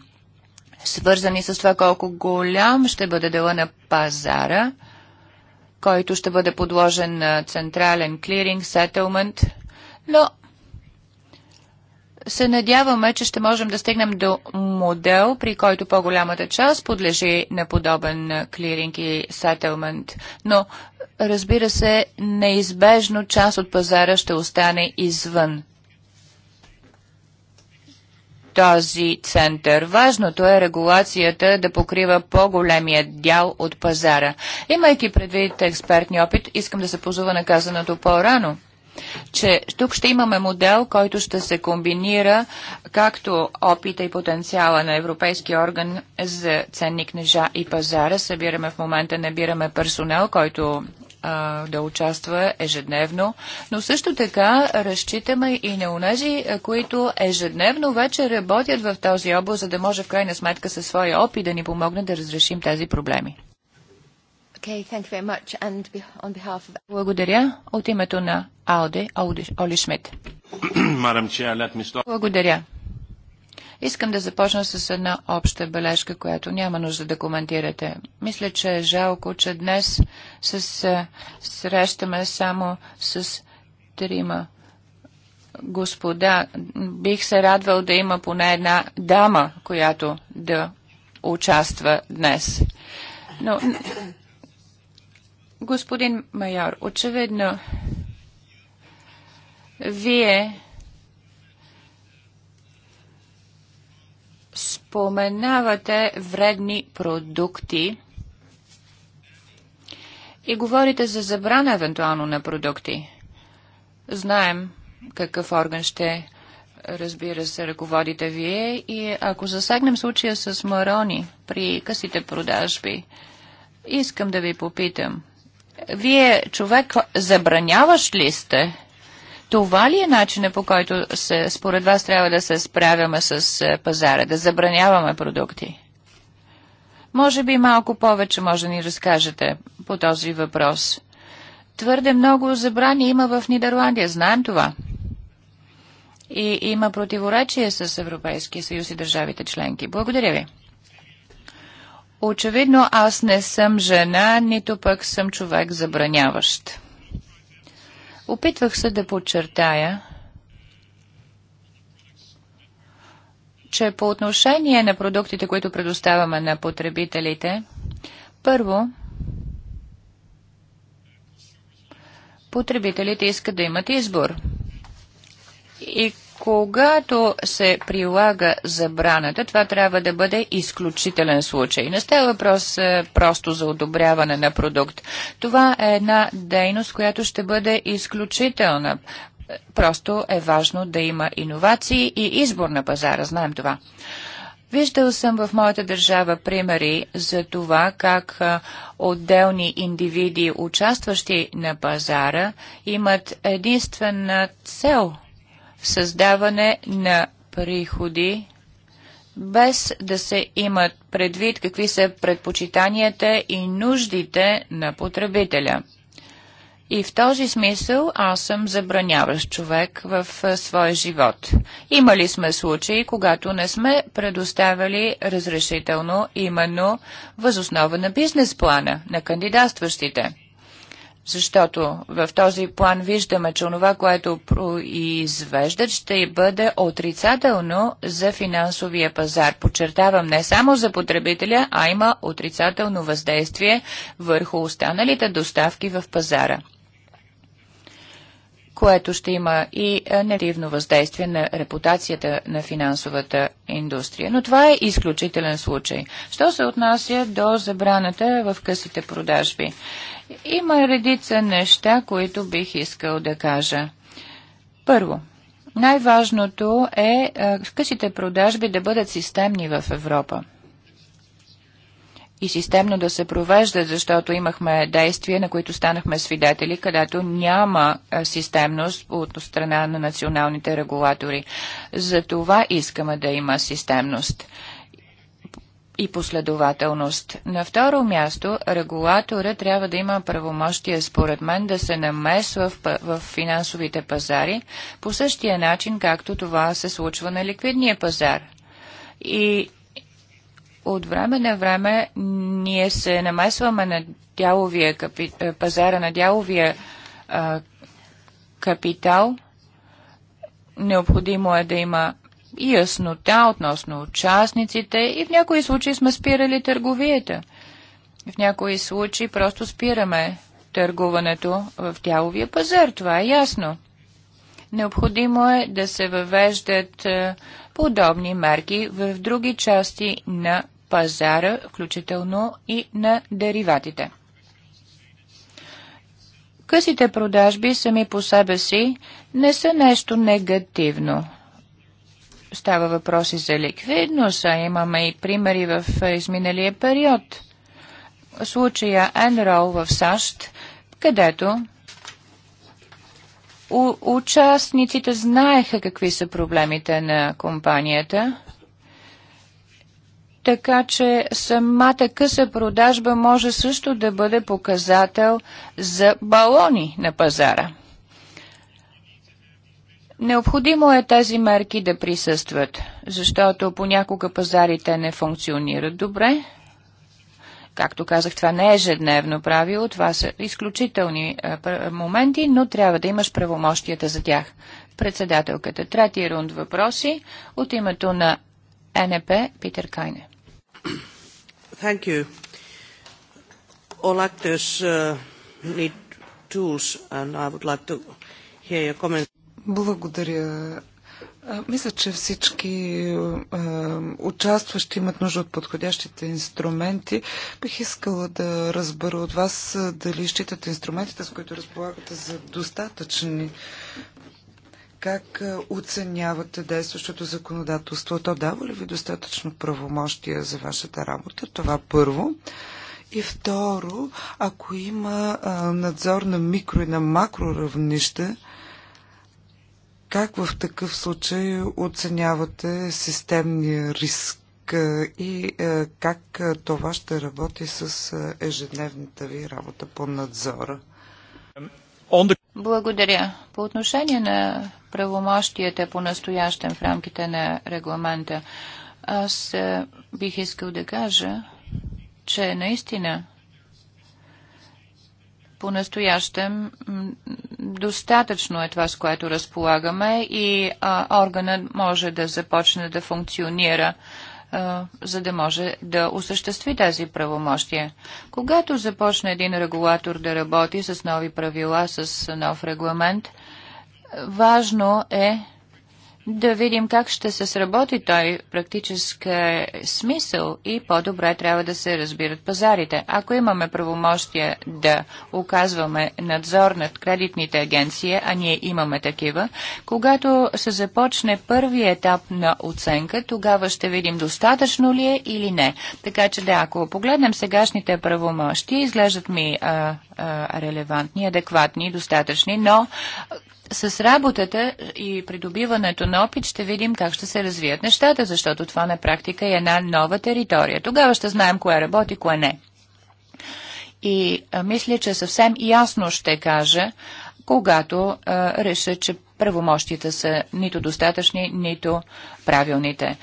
свързани с това колко голям ще бъде дела на пазара, който ще бъде подложен на централен клиринг, сетълмент, но се надяваме, че ще можем да стигнем до модел, при който по-голямата част подлежи на подобен клиринг и сетълмент. Но, разбира се, неизбежно част от пазара ще остане извън този център. Важното е регулацията да покрива по-големия дял от пазара. Имайки предвид експертни опит, искам да се позова на казаното по-рано че тук ще имаме модел, който ще се комбинира както опита и потенциала на Европейския орган за ценни книжа и пазара. Събираме в момента, набираме персонал, който да участва ежедневно, но също така разчитаме и на унези, които ежедневно вече работят в този област, за да може в крайна сметка със своя опит да ни помогне да разрешим тези проблеми. Okay, of... Благодаря от името на Ауде Оли Шмидт. Благодаря. Искам да започна с една обща бележка, която няма нужда да коментирате. Мисля, че е жалко, че днес се срещаме само с трима господа. Бих се радвал да има поне една дама, която да участва днес. Но, господин майор, очевидно вие споменавате вредни продукти и говорите за забрана евентуално на продукти. Знаем какъв орган ще, разбира се, ръководите вие и ако засегнем случая с Марони при късите продажби, искам да ви попитам. Вие, човек, забраняваш ли сте? Това ли е начинът по който се, според вас трябва да се справяме с е, пазара, да забраняваме продукти? Може би малко повече може да ни разкажете по този въпрос. Твърде много забрани има в Нидерландия, знаем това. И има противоречие с Европейския съюз и държавите членки. Благодаря ви. Очевидно аз не съм жена, нито пък съм човек забраняващ. Опитвах се да подчертая, че по отношение на продуктите, които предоставяме на потребителите, първо, потребителите искат да имат избор. И когато се прилага забраната, това трябва да бъде изключителен случай. Не става въпрос е, просто за одобряване на продукт. Това е една дейност, която ще бъде изключителна. Просто е важно да има иновации и избор на пазара. Знаем това. Виждал съм в моята държава примери за това как е, отделни индивиди, участващи на пазара, имат единствена цел – създаване на приходи, без да се имат предвид какви са предпочитанията и нуждите на потребителя. И в този смисъл аз съм забраняващ човек в своя живот. Имали сме случаи, когато не сме предоставили разрешително именно възоснова на бизнес плана на кандидатстващите. Защото в този план виждаме, че онова, което произвеждат, ще бъде отрицателно за финансовия пазар. Подчертавам не само за потребителя, а има отрицателно въздействие върху останалите доставки в пазара което ще има и е, негативно въздействие на репутацията на финансовата индустрия. Но това е изключителен случай. Що се отнася до забраната в късите продажби? Има редица неща, които бих искал да кажа. Първо, най-важното е късите продажби да бъдат системни в Европа и системно да се провеждат, защото имахме действия, на които станахме свидетели, където няма системност от страна на националните регулатори. За това искаме да има системност и последователност. На второ място, регулатора трябва да има правомощие, според мен, да се намесва в, в финансовите пазари по същия начин, както това се случва на ликвидния пазар. И от време на време ние се намесваме на дяловия капи, е, пазара, на дяловия а, капитал. Необходимо е да има яснота относно участниците и в някои случаи сме спирали търговията. В някои случаи просто спираме търгуването в тяловия пазар, това е ясно. Необходимо е да се въвеждат е, подобни мерки в други части на пазара, включително и на дериватите. Късите продажби сами по себе си не са нещо негативно става въпроси за ликвидност, а имаме и примери в изминалия период. Случая Енрол в САЩ, където участниците знаеха какви са проблемите на компанията, така че самата къса продажба може също да бъде показател за балони на пазара. Необходимо е тези мерки да присъстват, защото понякога пазарите не функционират добре. Както казах, това не е ежедневно правило, това са изключителни е, моменти, но трябва да имаш правомощията за тях. Председателката. Трети рунд въпроси от името на НП Питер Кайне. Thank you. All actors uh, need tools and I would like to hear your comments. Благодаря. Мисля, че всички е, участващи имат нужда от подходящите инструменти. Бих искала да разбера от вас дали считате инструментите, с които разполагате, за достатъчни. Как оценявате действащото законодателство? То дава ли ви достатъчно правомощия за вашата работа? Това първо. И второ, ако има надзор на микро и на макро равнище, как в такъв случай оценявате системния риск и как това ще работи с ежедневната ви работа по надзора? Благодаря. По отношение на правомощията по настоящем в рамките на регламента, аз бих искал да кажа, че наистина по-настоящем достатъчно е това, с което разполагаме и а, органът може да започне да функционира за да може да осъществи тези правомощие. Когато започне един регулатор да работи с нови правила, с нов регламент, важно е да видим как ще се сработи той практически смисъл и по-добре трябва да се разбират пазарите. Ако имаме правомощия да оказваме надзор над кредитните агенции, а ние имаме такива, когато се започне първи етап на оценка, тогава ще видим достатъчно ли е или не. Така че да, ако погледнем сегашните правомощи, изглеждат ми а, а, релевантни, адекватни, достатъчни, но с работата и придобиването на опит ще видим как ще се развият нещата, защото това на практика е една нова територия. Тогава ще знаем кое работи, кое не. И а, мисля, че съвсем ясно ще кажа, когато а, реша, че правомощите са нито достатъчни, нито правилните.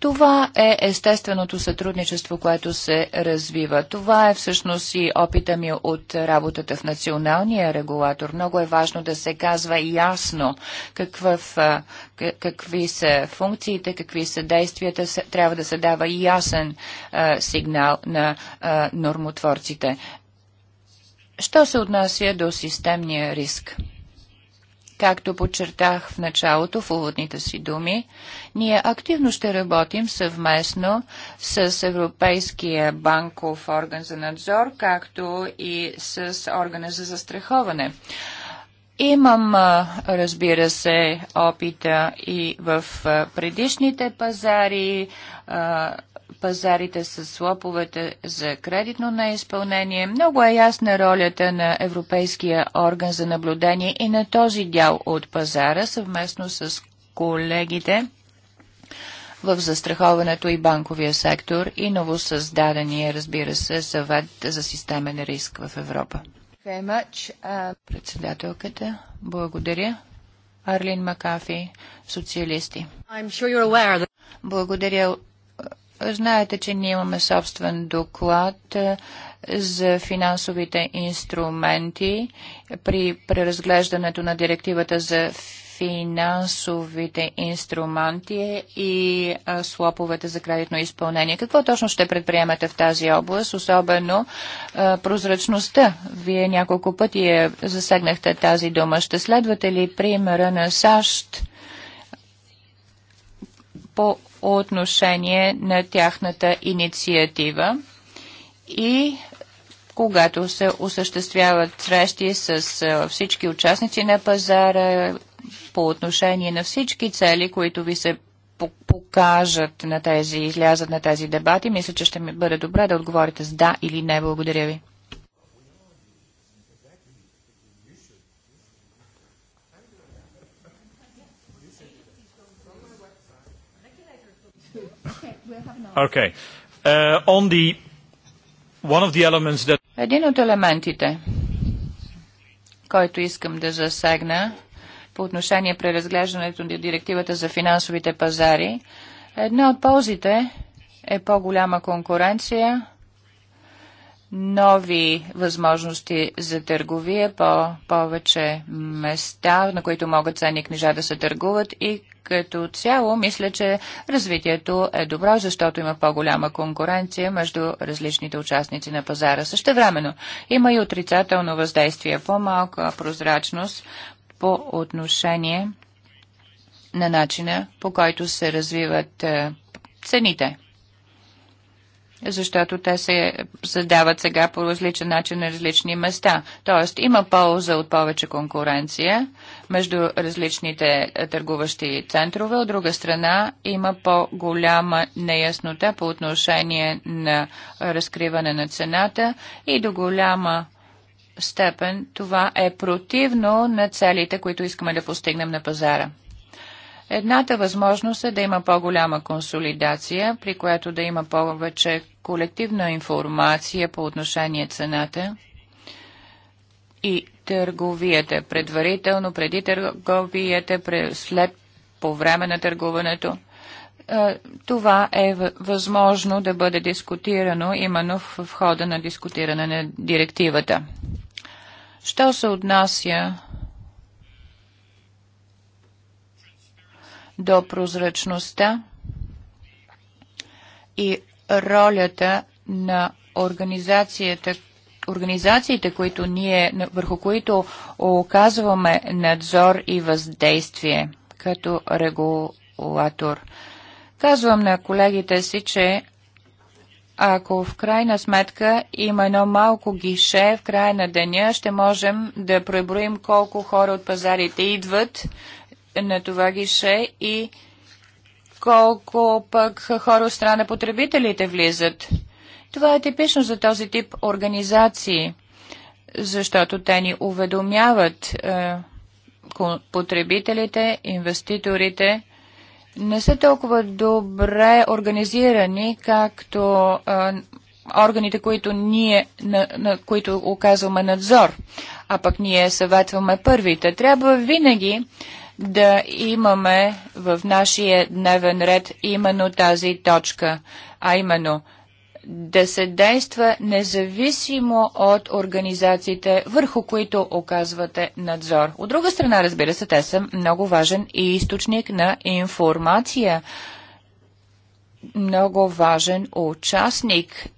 Това е естественото сътрудничество, което се развива. Това е всъщност и опита ми от работата в националния регулатор. Много е важно да се казва ясно какъв, какви са функциите, какви са действията. Трябва да се дава ясен сигнал на нормотворците. Що се отнася до системния риск? Както подчертах в началото, в уводните си думи, ние активно ще работим съвместно с Европейския банков орган за надзор, както и с органа за застраховане. Имам, разбира се, опита и в предишните пазари, пазарите с слоповете за кредитно неизпълнение. Много е ясна ролята на Европейския орган за наблюдение и на този дял от пазара съвместно с колегите в застраховането и банковия сектор и новосъздадения, разбира се, съвет за системен риск в Европа. Председателката, благодаря. Арлин Макафи, социалисти. Sure that... Благодаря. Знаете, че ние имаме собствен доклад е, за финансовите инструменти при преразглеждането на директивата за финансовите инструменти и е, слоповете за кредитно изпълнение. Какво точно ще предприемете в тази област, особено е, прозрачността? Вие няколко пъти засегнахте тази дума. Ще следвате ли примера на САЩ? по отношение на тяхната инициатива и когато се осъществяват срещи с всички участници на пазара по отношение на всички цели, които ви се покажат на тези, излязат на тези дебати, мисля, че ще ми бъде добре да отговорите с да или не. Благодаря ви. Okay. Uh, on the, one of the elements that... Един от елементите, който искам да засегна по отношение преразглеждането на директивата за финансовите пазари, една от ползите е по-голяма конкуренция нови възможности за търговия по повече места, на които могат ценни книжа да се търгуват и като цяло мисля, че развитието е добро, защото има по-голяма конкуренция между различните участници на пазара. Също времено има и отрицателно въздействие, по-малка прозрачност по отношение на начина по който се развиват е, цените защото те се създават сега по различен начин на различни места. Тоест има полза от повече конкуренция между различните е, търгуващи центрове. От друга страна има по-голяма неяснота по отношение на разкриване на цената и до голяма степен това е противно на целите, които искаме да постигнем на пазара. Едната възможност е да има по-голяма консолидация, при която да има повече колективна информация по отношение цената и търговията, предварително, преди търговията, след по време на търгуването. Е, това е възможно да бъде дискутирано именно в хода на дискутиране на директивата. Що се отнася до прозрачността и ролята на организацията, организациите, които ние, върху които оказваме надзор и въздействие като регулатор. Казвам на колегите си, че ако в крайна сметка има едно малко гише в края на деня, ще можем да преброим колко хора от пазарите идват на това гише и колко пък хора от страна потребителите влизат. Това е типично за този тип организации, защото те ни уведомяват е, потребителите, инвеститорите, не са толкова добре организирани, както е, органите, които ние, на, на които оказваме надзор, а пък ние съветваме първите. Трябва винаги да имаме в нашия дневен ред именно тази точка, а именно да се действа независимо от организациите, върху които оказвате надзор. От друга страна, разбира се, те са много важен и източник на информация много важен участник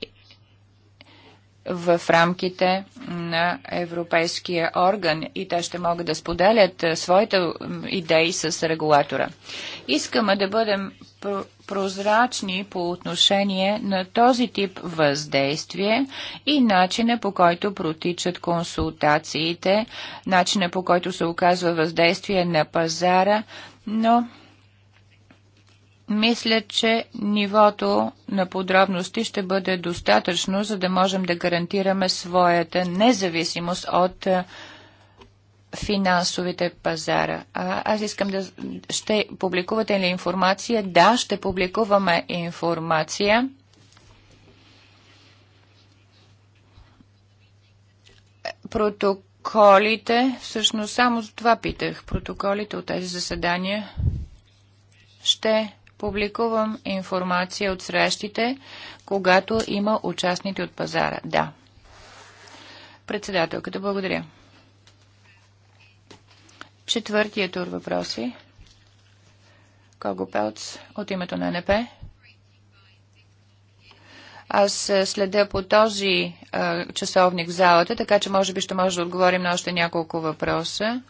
в рамките на Европейския орган и те ще могат да споделят е, своите идеи с регулатора. Искаме да бъдем прозрачни по отношение на този тип въздействие и начина по който протичат консултациите, начина по който се оказва въздействие на пазара, но мисля, че нивото на подробности ще бъде достатъчно, за да можем да гарантираме своята независимост от е, финансовите пазара. А, аз искам да... Ще публикувате ли информация? Да, ще публикуваме информация. Протоколите, всъщност само за това питах, протоколите от тези заседания ще публикувам информация от срещите, когато има участници от пазара. Да. Председателката, благодаря. Четвъртият тур въпроси. Кого Пелц от името на НП. Аз е, следя по този а, е, часовник в залата, така че може би ще може да отговорим на още няколко въпроса.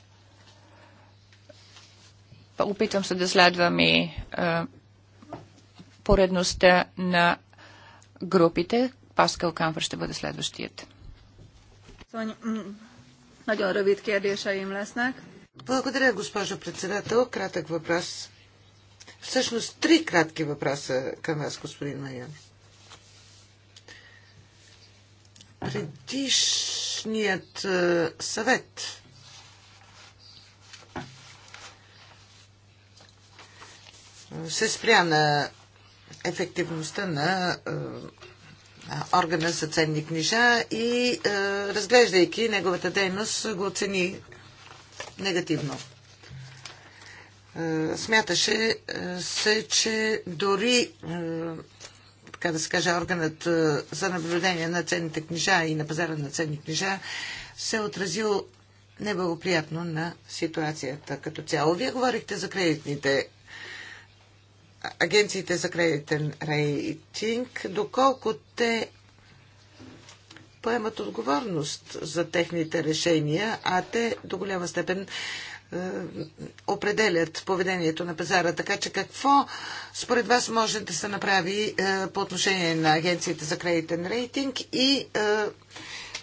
Опитвам се да следвам и е, поредността на групите. Паскал Камфър ще бъде следващият. Благодаря, госпожо председател. Кратък въпрос. Всъщност три кратки въпроса към вас, господин Майор. Предишният е, съвет е, се спря на ефективността е, на органа за ценни книжа и е, разглеждайки неговата дейност го оцени негативно. Е, смяташе се, че дори така да се каже, органът за наблюдение на ценните книжа и на пазара на ценни книжа се е отразил неблагоприятно на ситуацията като цяло. Вие говорихте за кредитните агенциите за кредитен рейтинг, доколко те поемат отговорност за техните решения, а те до голяма степен е, определят поведението на пазара. Така че какво според вас може да се направи е, по отношение на агенциите за кредитен рейтинг и е,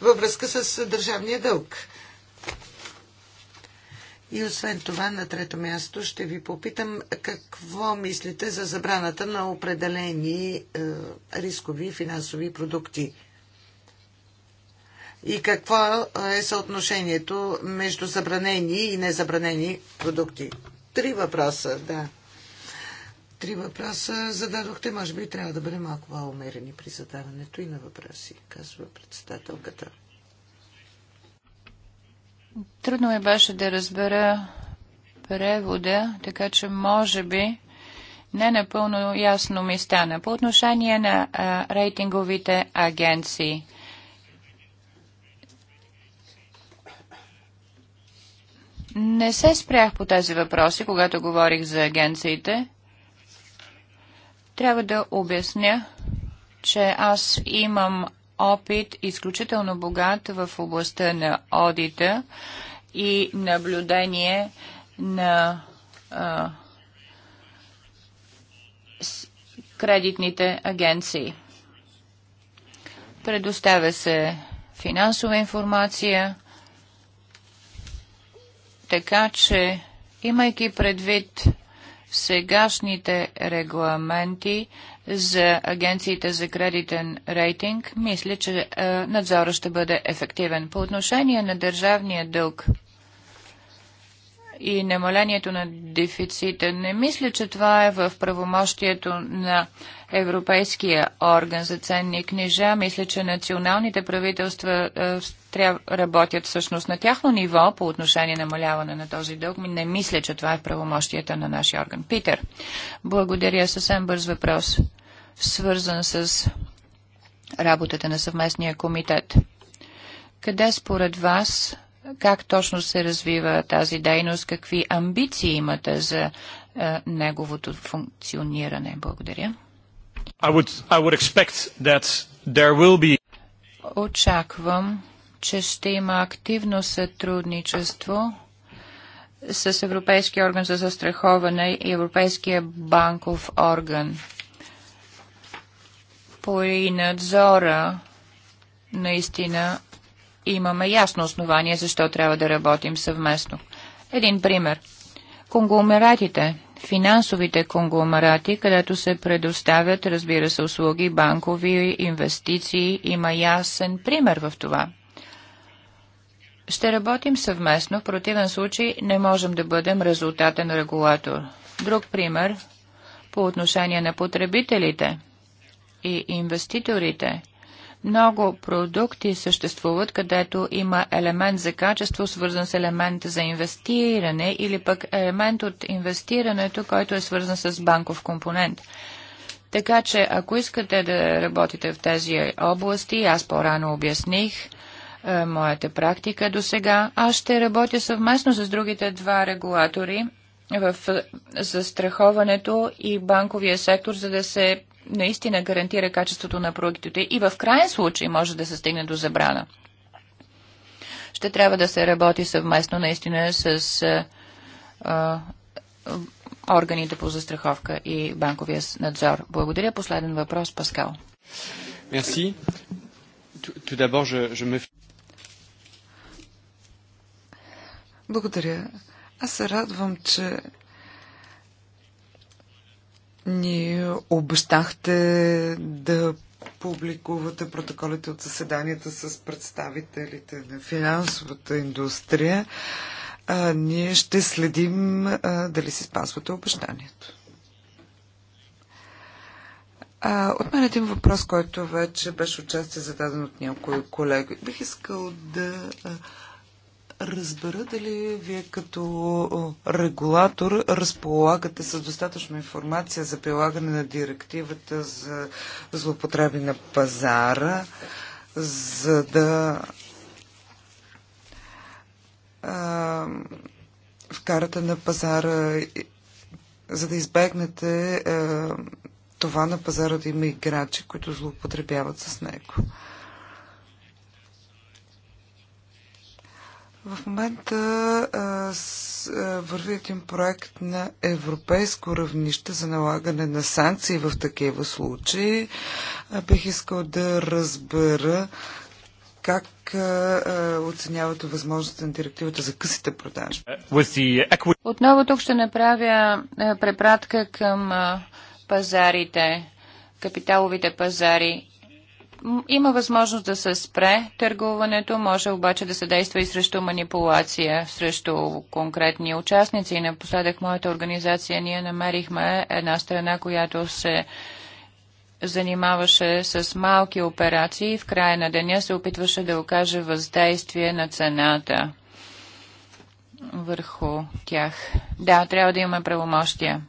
във връзка с държавния дълг? И освен това, на трето място ще ви попитам какво мислите за забраната на определени е, рискови финансови продукти. И какво е съотношението между забранени и незабранени продукти? Три въпроса, да. Три въпроса зададохте. Може би трябва да бъдем малко по-умерени при задаването и на въпроси, казва председателката. Трудно ми беше да разбера превода, така че може би не напълно ясно ми стана. По отношение на а, рейтинговите агенции. Не се спрях по тези въпроси, когато говорих за агенциите. Трябва да обясня, че аз имам опит, изключително богат в областта на одита и наблюдение на а, кредитните агенции. Предоставя се финансова информация, така че, имайки предвид сегашните регламенти за агенциите за кредитен рейтинг, мисля, че е, надзорът ще бъде ефективен. По отношение на държавния дълг – и намалението на дефицита. Не мисля, че това е в правомощието на Европейския орган за ценни книжа. Мисля, че националните правителства е, работят всъщност на тяхно ниво по отношение намаляване на този дълг. Не мисля, че това е в правомощията на нашия орган. Питер, благодаря. Съвсем бърз въпрос, свързан с работата на съвместния комитет. Къде според вас как точно се развива тази дейност, какви амбиции имате за е, неговото функциониране. Благодаря. I would, I would be... Очаквам, че ще има активно сътрудничество с Европейския орган за застраховане и Европейския банков орган. По и надзора наистина имаме ясно основание защо трябва да работим съвместно. Един пример. Конгломератите, финансовите конгломерати, където се предоставят, разбира се, услуги, банкови инвестиции, има ясен пример в това. Ще работим съвместно, в противен случай не можем да бъдем резултатен регулатор. Друг пример по отношение на потребителите и инвеститорите – много продукти съществуват, където има елемент за качество, свързан с елемент за инвестиране или пък елемент от инвестирането, който е свързан с банков компонент. Така че, ако искате да работите в тези области, аз по-рано обясних е, моята практика до сега, аз ще работя съвместно с другите два регулатори в е, застраховането и банковия сектор, за да се наистина гарантира качеството на проектите и в крайен случай може да се стигне до забрана. Ще трябва да се работи съвместно наистина с а, а, органите по застраховка и банковия надзор. Благодаря. Последен въпрос, Паскал. Мерси. Благодаря. Аз се радвам, че ни обещахте да публикувате протоколите от заседанията с представителите на финансовата индустрия. А, ние ще следим а, дали си спазвате обещанието. А, от мен един въпрос, който вече беше отчасти зададен от някои колеги. Бих искал да разбера дали вие като регулатор разполагате с достатъчно информация за прилагане на директивата за злоупотреби на пазара, за да а, вкарате на пазара, за да избегнете а, това на пазара да има играчи, които злоупотребяват с него. В момента върви един проект на европейско равнище за налагане на санкции в такива случаи. А, бих искал да разбера как а, оценявате възможността на директивата за късите продажи. Отново тук ще направя препратка към пазарите, капиталовите пазари има възможност да се спре търгуването, може обаче да се действа и срещу манипулация, срещу конкретни участници. И напоследък моята организация ние намерихме една страна, която се занимаваше с малки операции и в края на деня се опитваше да окаже въздействие на цената върху тях. Да, трябва да имаме правомощия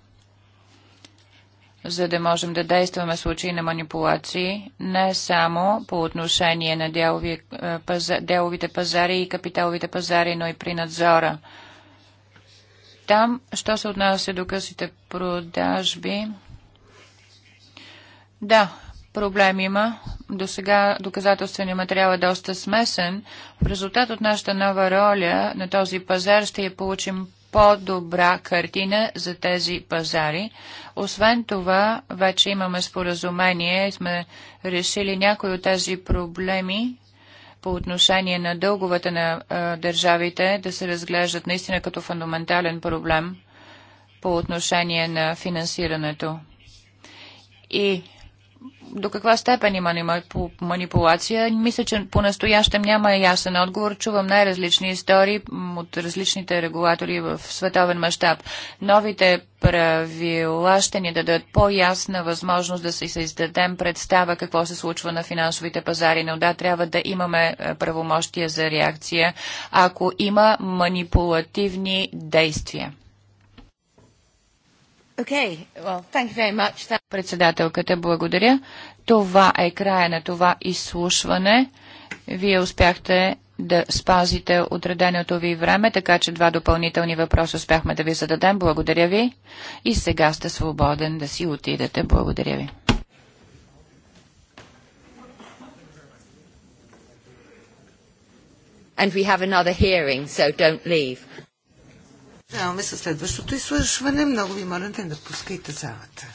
за да можем да действаме в случаи на манипулации, не само по отношение на делови, е, паза, деловите пазари и капиталовите пазари, но и при надзора. Там, що се отнася до късите продажби, да, проблем има. До сега доказателственият материал е доста смесен. В резултат от нашата нова роля на този пазар ще я получим по-добра картина за тези пазари. Освен това, вече имаме споразумение и сме решили някои от тези проблеми по отношение на дълговете на а, държавите да се разглеждат наистина като фундаментален проблем по отношение на финансирането. И до каква степен има манипулация. Мисля, че по-настоящем няма ясен отговор. Чувам най-различни истории от различните регулатори в световен мащаб. Новите правила ще ни дадат по-ясна възможност да се създадем представа какво се случва на финансовите пазари, но да, трябва да имаме е, правомощия за реакция, ако има манипулативни действия. Okay. Well, Председателката, благодаря. Това е края на това изслушване. Вие успяхте да спазите отреденото ви време, така че два допълнителни въпроса успяхме да ви зададем. Благодаря ви. И сега сте свободен да си отидете. Благодаря ви. And we have another hearing, so don't leave. Продължаваме със следващото изслушване. Много ви моля да не напускайте залата.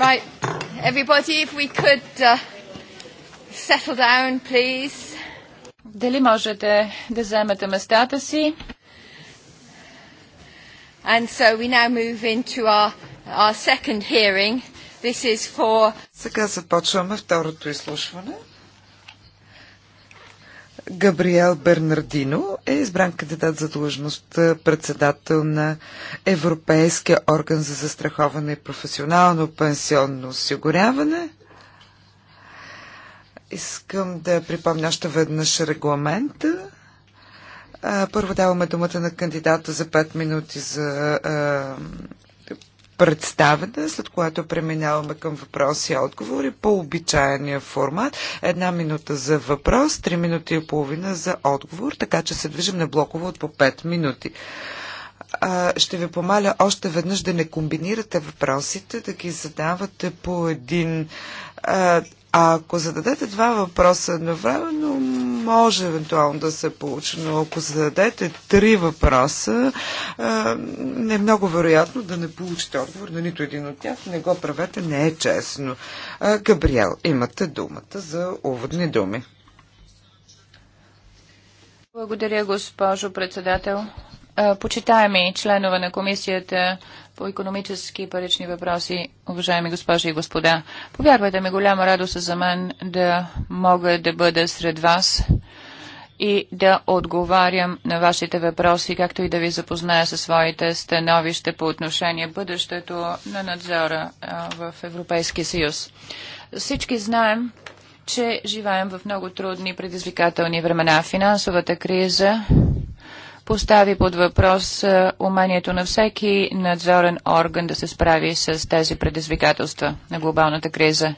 Right, everybody, if we could uh, settle down, please. Дали можете да вземете местата си? And so we now move into our, our second hearing. This is for... Сега започваме второто изслушване. Габриел Бернардино е избран кандидат за длъжност е, председател на Европейския орган за застраховане и професионално пенсионно осигуряване. Искам да припомня още веднъж регламента. Първо даваме думата на кандидата за 5 минути за представена, след което преминаваме към въпроси и отговори по обичайния формат. Една минута за въпрос, три минути и половина за отговор, така че се движим на блоково от по 5 минути ще ви помаля още веднъж да не комбинирате въпросите, да ги задавате по един. А ако зададете два въпроса едновременно, може евентуално да се получи, но ако зададете три въпроса, не е много вероятно да не получите отговор на нито един от тях. Не го правете, не е честно. Габриел, имате думата за уводни думи. Благодаря, госпожо председател почитаеми членове на комисията по економически и парични въпроси, уважаеми госпожи и господа, повярвайте ми, голяма радост е за мен да мога да бъда сред вас и да отговарям на вашите въпроси, както и да ви запозная със своите становища по отношение бъдещето на надзора в Европейския съюз. Всички знаем, че живеем в много трудни предизвикателни времена. Финансовата криза постави под въпрос е, умението на всеки надзорен орган да се справи с тези предизвикателства на глобалната криза.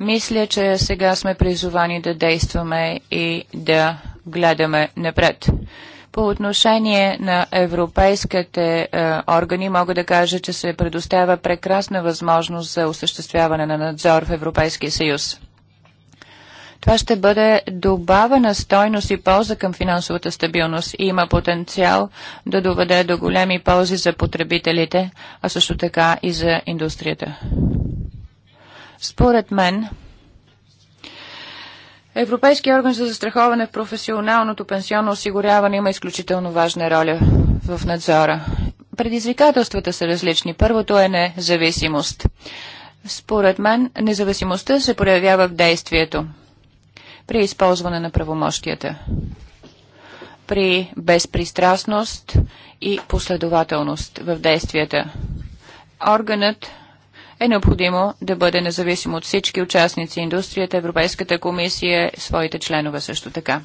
Мисля, че сега сме призовани да действаме и да гледаме напред. По отношение на европейските е, органи мога да кажа, че се предоставя прекрасна възможност за осъществяване на надзор в Европейския съюз. Това ще бъде добавена стойност и полза към финансовата стабилност и има потенциал да доведе до големи ползи за потребителите, а също така и за индустрията. Според мен, Европейския орган за застраховане в професионалното пенсионно осигуряване има изключително важна роля в надзора. Предизвикателствата са различни. Първото е независимост. Според мен, независимостта се проявява в действието при използване на правомощията, при безпристрастност и последователност в действията. Органът е необходимо да бъде независим от всички участници, индустрията, Европейската комисия, своите членове също така.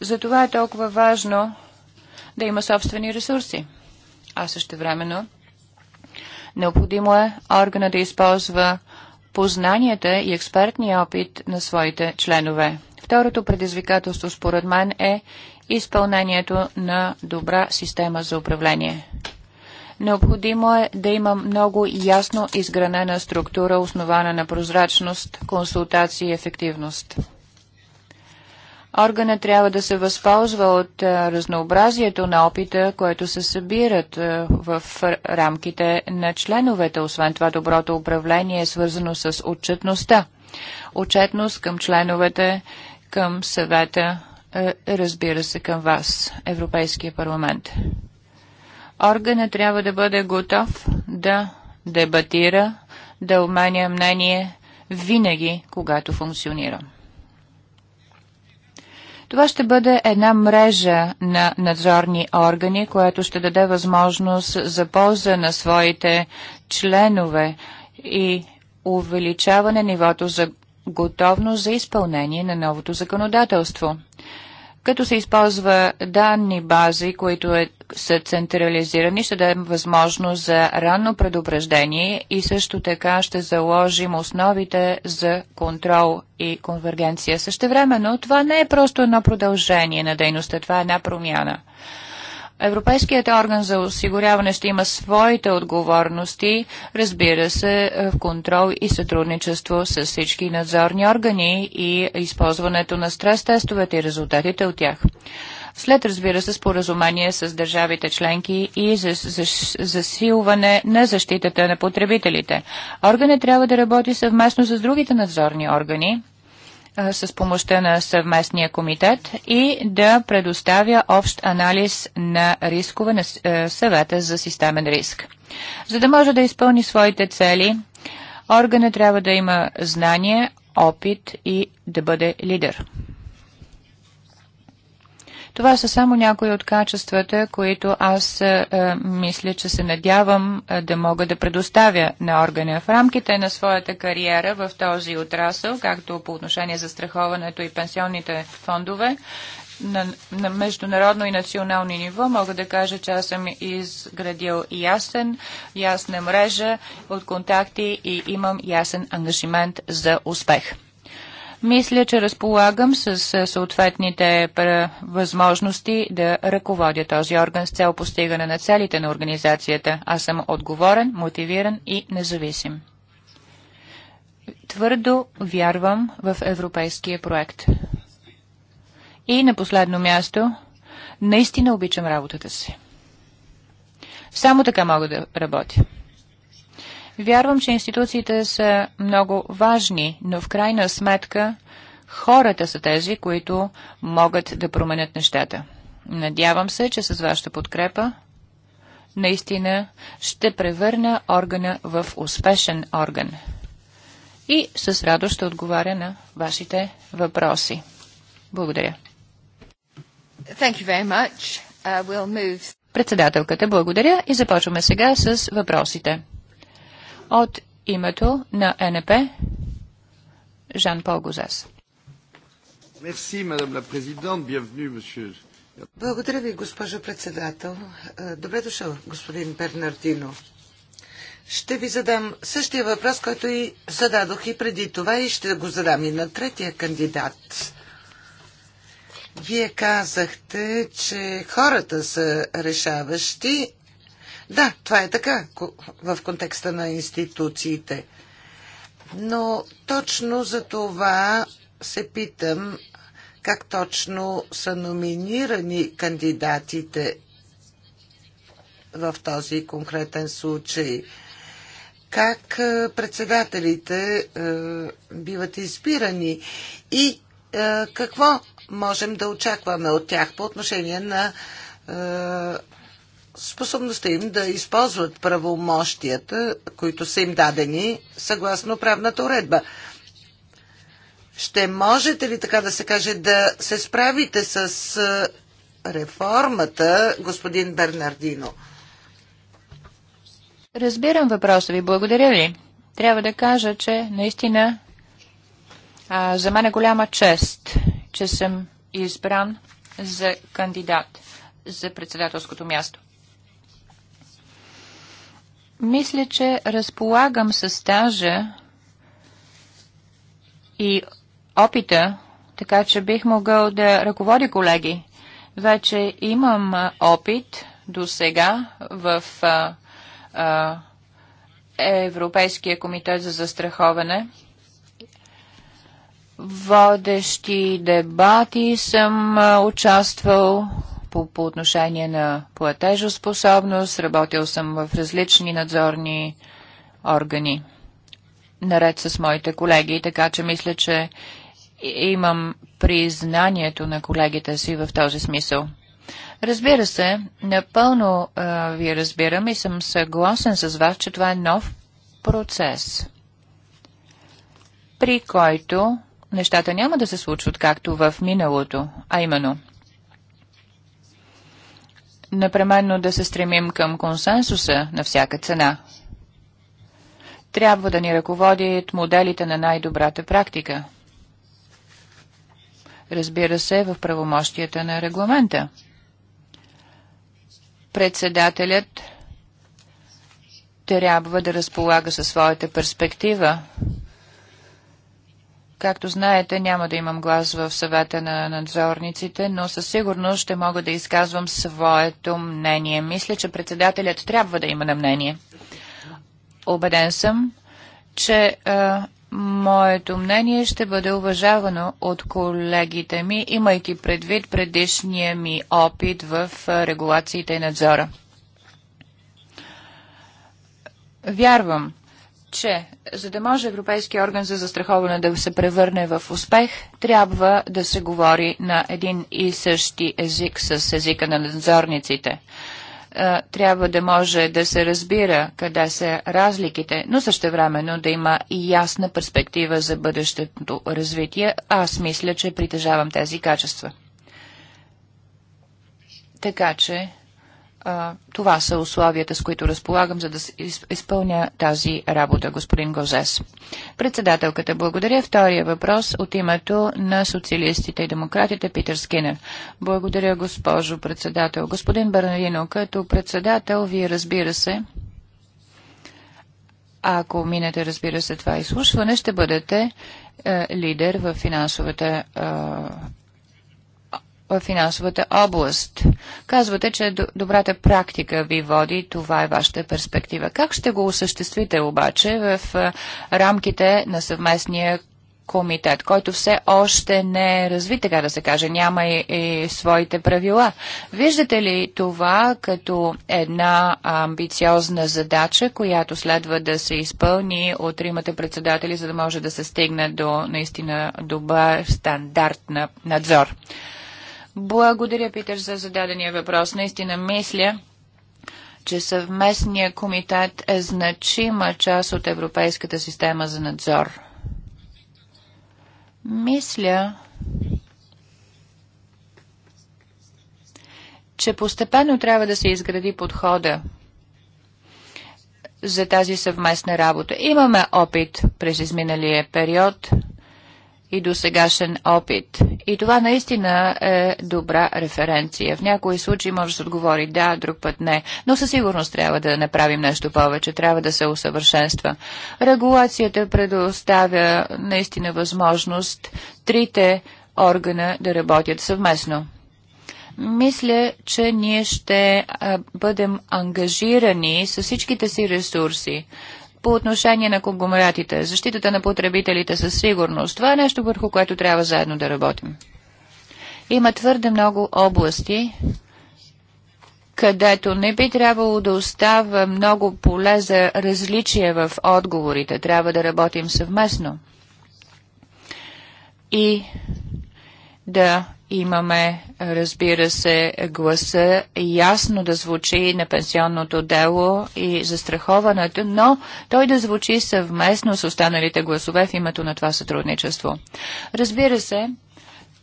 Затова е толкова важно да има собствени ресурси. А също времено необходимо е органа да използва познанията и експертния опит на своите членове. Второто предизвикателство, според мен, е изпълнението на добра система за управление. Необходимо е да има много ясно изгранена структура, основана на прозрачност, консултации и ефективност. Органа трябва да се възползва от разнообразието на опита, което се събират в рамките на членовете. Освен това, доброто управление е свързано с отчетността. Отчетност към членовете, към съвета, разбира се, към вас, Европейския парламент. Органа трябва да бъде готов да дебатира, да обменя мнение винаги, когато функционира. Това ще бъде една мрежа на надзорни органи, която ще даде възможност за полза на своите членове и увеличаване нивото за готовност за изпълнение на новото законодателство като се използва данни бази, които е, са централизирани, ще дадем възможност за ранно предупреждение и също така ще заложим основите за контрол и конвергенция. Същевременно това не е просто едно продължение на дейността, това е една промяна. Европейският орган за осигуряване ще има своите отговорности, разбира се, е, в контрол и сътрудничество с всички надзорни органи и използването на стрес-тестовете и резултатите от тях. След, разбира се, споразумение с държавите членки и за засилване на защитата на потребителите. Органът трябва да работи съвместно с другите надзорни органи, с помощта на съвместния комитет и да предоставя общ анализ на рискове на е, съвета за системен риск. За да може да изпълни своите цели, органът трябва да има знание, опит и да бъде лидер. Това са само някои от качествата, които аз е, е, мисля, че се надявам е, да мога да предоставя на органа в рамките на своята кариера в този отрасъл, както по отношение за страховането и пенсионните фондове. На, на международно и национално ниво мога да кажа, че аз съм изградил ясен, ясна мрежа от контакти и имам ясен ангажимент за успех. Мисля, че разполагам с съответните възможности да ръководя този орган с цел постигане на целите на организацията. Аз съм отговорен, мотивиран и независим. Твърдо вярвам в европейския проект. И на последно място, наистина обичам работата си. Само така мога да работя. Вярвам, че институциите са много важни, но в крайна сметка хората са тези, които могат да променят нещата. Надявам се, че с вашата подкрепа наистина ще превърна органа в успешен орган. И с радост ще отговаря на вашите въпроси. Благодаря. Thank you very much. Uh, we'll move... Председателката, благодаря и започваме сега с въпросите. От името на НП Жан-Пол Гозес. Благодаря ви, госпожо председател. Е, добре дошъл, господин Бернардино. Ще ви задам същия въпрос, който и зададох и преди това и ще го задам и на третия кандидат. Вие казахте, че хората са решаващи да, това е така в контекста на институциите. Но точно за това се питам как точно са номинирани кандидатите в този конкретен случай. Как е, председателите е, биват избирани и е, какво можем да очакваме от тях по отношение на способността им да използват правомощията, които са им дадени съгласно правната уредба. Ще можете ли, така да се каже, да се справите с реформата, господин Бернардино? Разбирам въпроса ви. Благодаря ви. Трябва да кажа, че наистина а, за мен е голяма чест, че съм избран за кандидат за председателското място. Мисля, че разполагам с стажа и опита, така че бих могъл да ръководя колеги. Вече имам опит до сега в а, а, Европейския комитет за застраховане. Водещи дебати съм участвал по, по отношение на платежоспособност, работил съм в различни надзорни органи, наред с моите колеги, така че мисля, че имам признанието на колегите си в този смисъл. Разбира се, напълно а, ви разбирам и съм съгласен с вас, че това е нов процес, при който нещата няма да се случват както в миналото, а именно – непременно да се стремим към консенсуса на всяка цена. Трябва да ни ръководят моделите на най-добрата практика. Разбира се, в правомощията на регламента. Председателят трябва да разполага със своята перспектива Както знаете, няма да имам глас в съвета на надзорниците, но със сигурност ще мога да изказвам своето мнение. Мисля, че председателят трябва да има на мнение. Обеден съм, че а, моето мнение ще бъде уважавано от колегите ми, имайки предвид предишния ми опит в регулациите и надзора. Вярвам, че за да може Европейския орган за застраховане да се превърне в успех, трябва да се говори на един и същи език с езика на надзорниците. Е, трябва да може да се разбира къде са разликите, но времено да има и ясна перспектива за бъдещето развитие. Аз мисля, че притежавам тези качества. Така че това са условията, с които разполагам, за да изпълня тази работа, господин Гозес. Председателката, благодаря. Втория въпрос от името на социалистите и демократите Питер Скинер. Благодаря, госпожо председател. Господин Барнарино, като председател, вие разбира се, ако минете, разбира се, това изслушване, ще бъдете е, лидер в финансовата е, в финансовата област. Казвате, че добрата практика ви води, това е вашата перспектива. Как ще го осъществите обаче в рамките на съвместния комитет, който все още не е разви, така да се каже, няма и, и своите правила. Виждате ли това като една амбициозна задача, която следва да се изпълни от тримата председатели, за да може да се стигне до наистина добър стандарт на надзор? Благодаря, Питер, за зададения въпрос. Наистина мисля, че съвместният комитет е значима част от Европейската система за надзор. Мисля, че постепенно трябва да се изгради подхода за тази съвместна работа. Имаме опит през изминалия период – и до сегашен опит. И това наистина е добра референция. В някои случаи може да се отговори да, друг път не, но със сигурност трябва да направим нещо повече, трябва да се усъвършенства. Регулацията предоставя наистина възможност трите органа да работят съвместно. Мисля, че ние ще бъдем ангажирани с всичките си ресурси по отношение на конгломератите, защитата на потребителите със сигурност. Това е нещо, върху което трябва заедно да работим. Има твърде много области, където не би трябвало да остава много поле за различие в отговорите. Трябва да работим съвместно. И да имаме, разбира се, гласа ясно да звучи на пенсионното дело и застраховането, но той да звучи съвместно с останалите гласове в името на това сътрудничество. Разбира се,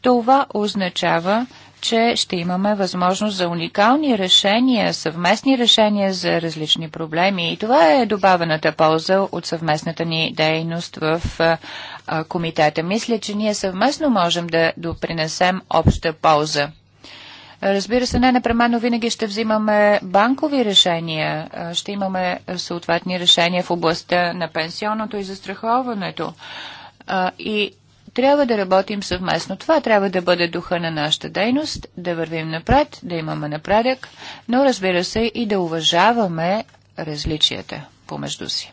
това означава, че ще имаме възможност за уникални решения, съвместни решения за различни проблеми. И това е добавената полза от съвместната ни дейност в комитета. Мисля, че ние съвместно можем да допринесем обща полза. Разбира се, не непременно винаги ще взимаме банкови решения, ще имаме съответни решения в областта на пенсионното и застраховането. И трябва да работим съвместно. Това трябва да бъде духа на нашата дейност, да вървим напред, да имаме напредък, но разбира се и да уважаваме различията помежду си.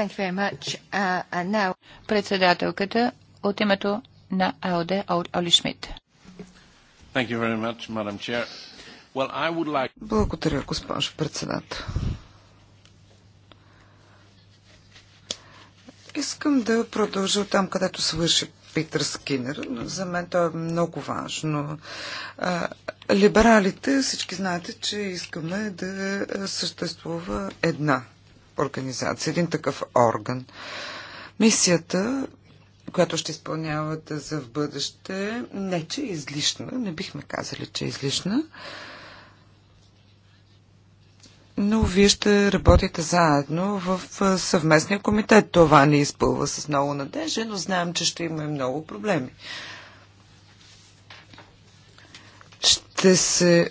Thank you very much. Uh, and now... Председателката от името на АОД Оли Шмидт. Thank you very much, Madam Chair. Well, I would like... Благодаря, госпожо председател. Искам да продължа там, където свърши Питър Скинер, за мен това е много важно. Либералите, всички знаете, че искаме да съществува една организация, един такъв орган. Мисията, която ще изпълнявате за в бъдеще, не че е излишна, не бихме казали, че е излишна, но вие ще работите заедно в съвместния комитет. Това не изпълва с много надежда, но знаем, че ще има много проблеми. Ще се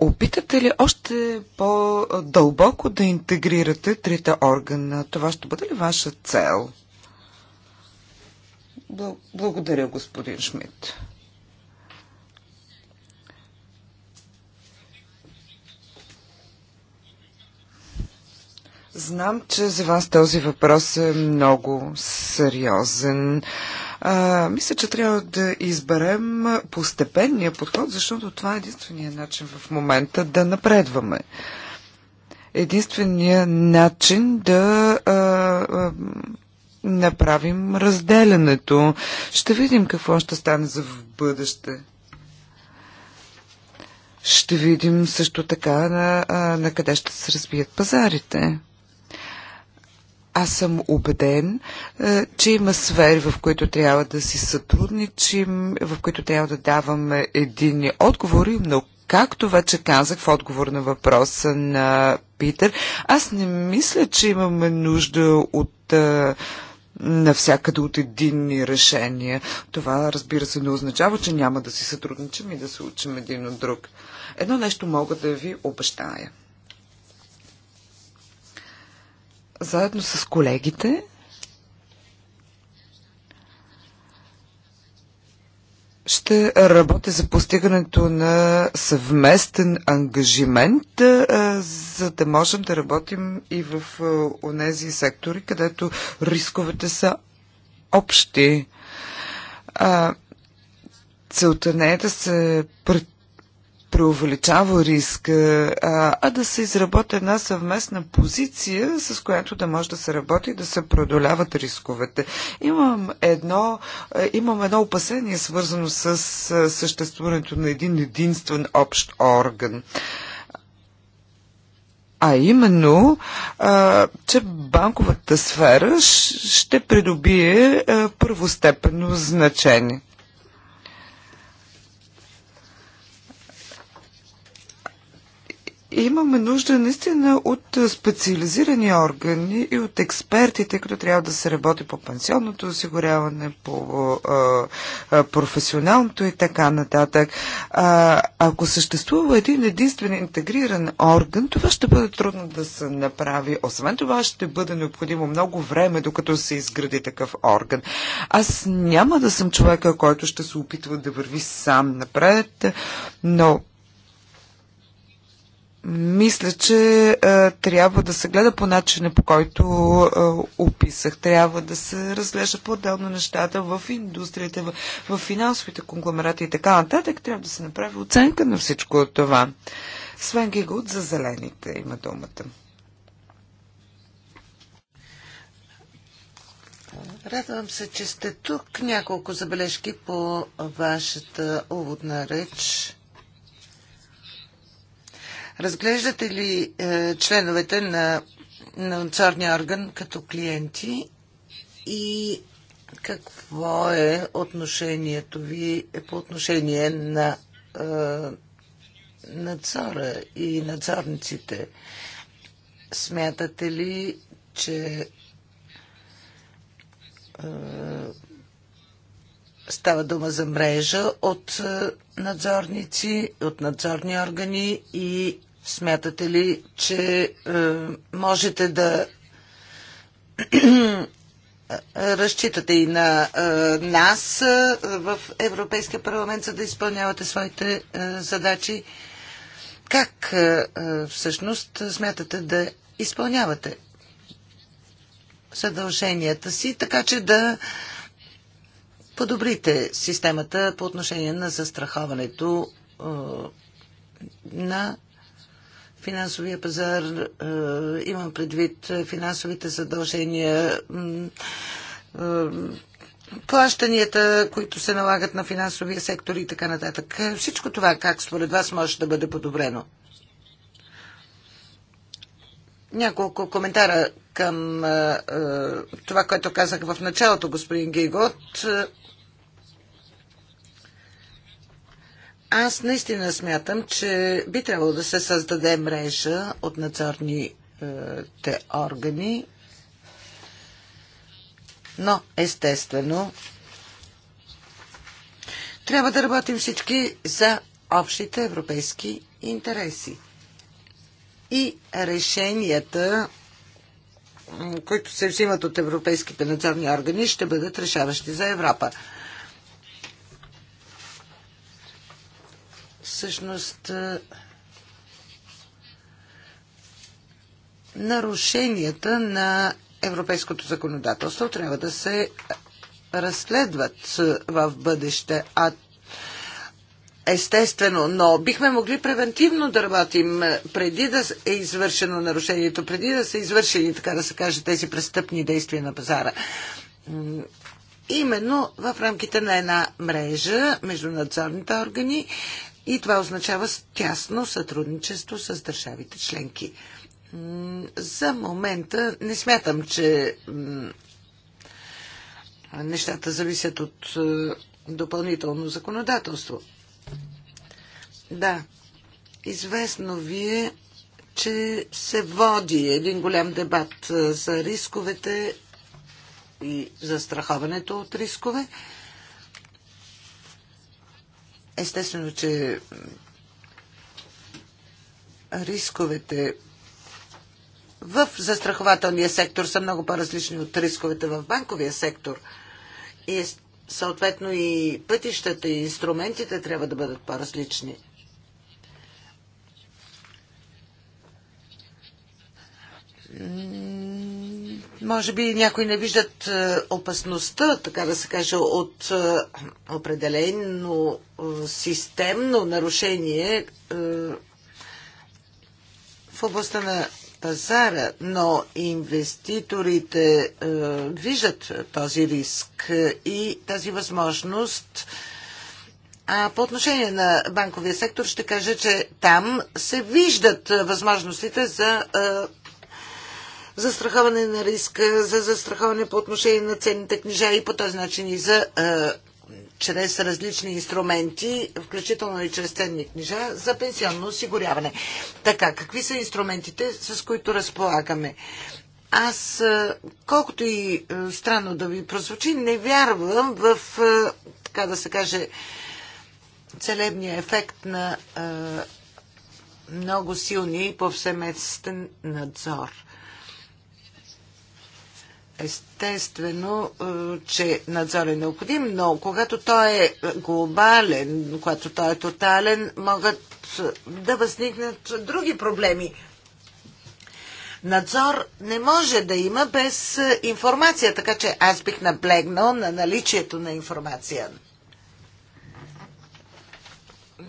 Опитате ли още по-дълбоко да интегрирате трите органа? Това ще бъде ли ваша цел? Благодаря, господин Шмидт. Знам, че за вас този въпрос е много сериозен. А, мисля, че трябва да изберем постепенния подход, защото това е единствения начин в момента да напредваме. Единствения начин да. А, а, направим разделянето. Ще видим какво ще стане за в бъдеще. Ще видим също така на, на къде ще се разбият пазарите. Аз съм убеден, е, че има сфери, в които трябва да си сътрудничим, в които трябва да даваме едини отговори, но както вече казах в отговор на въпроса на Питър, аз не мисля, че имаме нужда от е, навсякъде от единни решения. Това, разбира се, не означава, че няма да си сътрудничим и да се учим един от друг. Едно нещо мога да ви обещая – заедно с колегите ще работя за постигането на съвместен ангажимент, за да можем да работим и в онези сектори, където рисковете са общи. Целта не е да се пред преувеличава риска, а, а да се изработи една съвместна позиция, с която да може да се работи и да се преодоляват рисковете. Имам едно, е, имам едно опасение, свързано с е, съществуването на един единствен общ орган. А именно, а, че банковата сфера ще придобие а, е, първостепенно значение. Имаме нужда наистина от специализирани органи и от експертите, които трябва да се работи по пенсионното осигуряване, по а, професионалното и така нататък. А, ако съществува един единствен интегриран орган, това ще бъде трудно да се направи. Освен това ще бъде необходимо много време, докато се изгради такъв орган. Аз няма да съм човека, който ще се опитва да върви сам напред, но мисля, че а, е, трябва да се гледа по начина, по който а, е, описах. Трябва да се разглежда по-отделно нещата в индустрията, в, в финансовите конгломерати и така нататък. Трябва да се направи оценка на всичко от това. Свен Гигут за зелените има думата. Радвам се, че сте тук. Няколко забележки по вашата уводна реч. Разглеждате ли е, членовете на, на надзорния орган като клиенти и какво е отношението ви е по отношение на е, надзора и надзорниците? Смятате ли, че Става дума за мрежа от надзорници, от надзорни органи и Смятате ли, че е, можете да [clears throat] разчитате и на е, нас е, в Европейския парламент, за да изпълнявате своите е, задачи? Как е, е, всъщност смятате да изпълнявате задълженията си, така че да подобрите системата по отношение на застраховането е, на финансовия пазар, е, имам предвид финансовите задължения, е, плащанията, които се налагат на финансовия сектор и така нататък. Всичко това как според вас може да бъде подобрено? Няколко коментара към е, това, което казах в началото, господин Гигот. Аз наистина смятам, че би трябвало да се създаде мрежа от надзорните е, органи, но естествено трябва да работим всички за общите европейски интереси. И решенията, които се взимат от европейските надзорни органи, ще бъдат решаващи за Европа. всъщност нарушенията на европейското законодателство трябва да се разследват в бъдеще, а Естествено, но бихме могли превентивно да работим преди да е извършено нарушението, преди да са извършени, така да се каже, тези престъпни действия на пазара. Именно в рамките на една мрежа между надзорните органи и това означава тясно сътрудничество с държавите членки. За момента не смятам, че нещата зависят от е, допълнително законодателство. Да, известно ви е, че се води един голям дебат е, за рисковете и за страховането от рискове. Естествено, че рисковете в застрахователния сектор са много по-различни от рисковете в банковия сектор. И съответно и пътищата и инструментите трябва да бъдат по-различни. Може би някои не виждат е, опасността, така да се каже, от е, определено е, системно нарушение в областта на пазара, но инвеститорите виждат този риск и тази възможност. А по отношение на банковия сектор ще кажа, че там се виждат възможностите за застраховане на риска, за застраховане по отношение на ценните книжа и по този начин и за е, чрез различни инструменти, включително и чрез ценни книжа, за пенсионно осигуряване. Така, какви са инструментите, с които разполагаме? Аз, е, колкото и е, странно да ви прозвучи, не вярвам в, така да се каже, целебния ефект на много силни и повсеместен надзор. Естествено, е, че надзор е необходим, но когато той е глобален, когато той е тотален, могат е, да възникнат други проблеми. Надзор не може да има без е, информация, така че аз бих наблегнал на наличието на информация.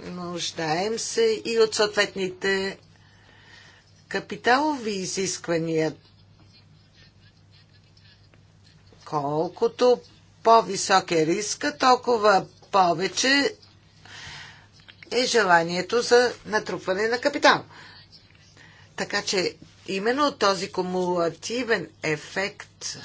Нуждаем се и от съответните капиталови изисквания колкото по-висок е риска, толкова повече е желанието за натрупване на капитал. Така че именно този кумулативен ефект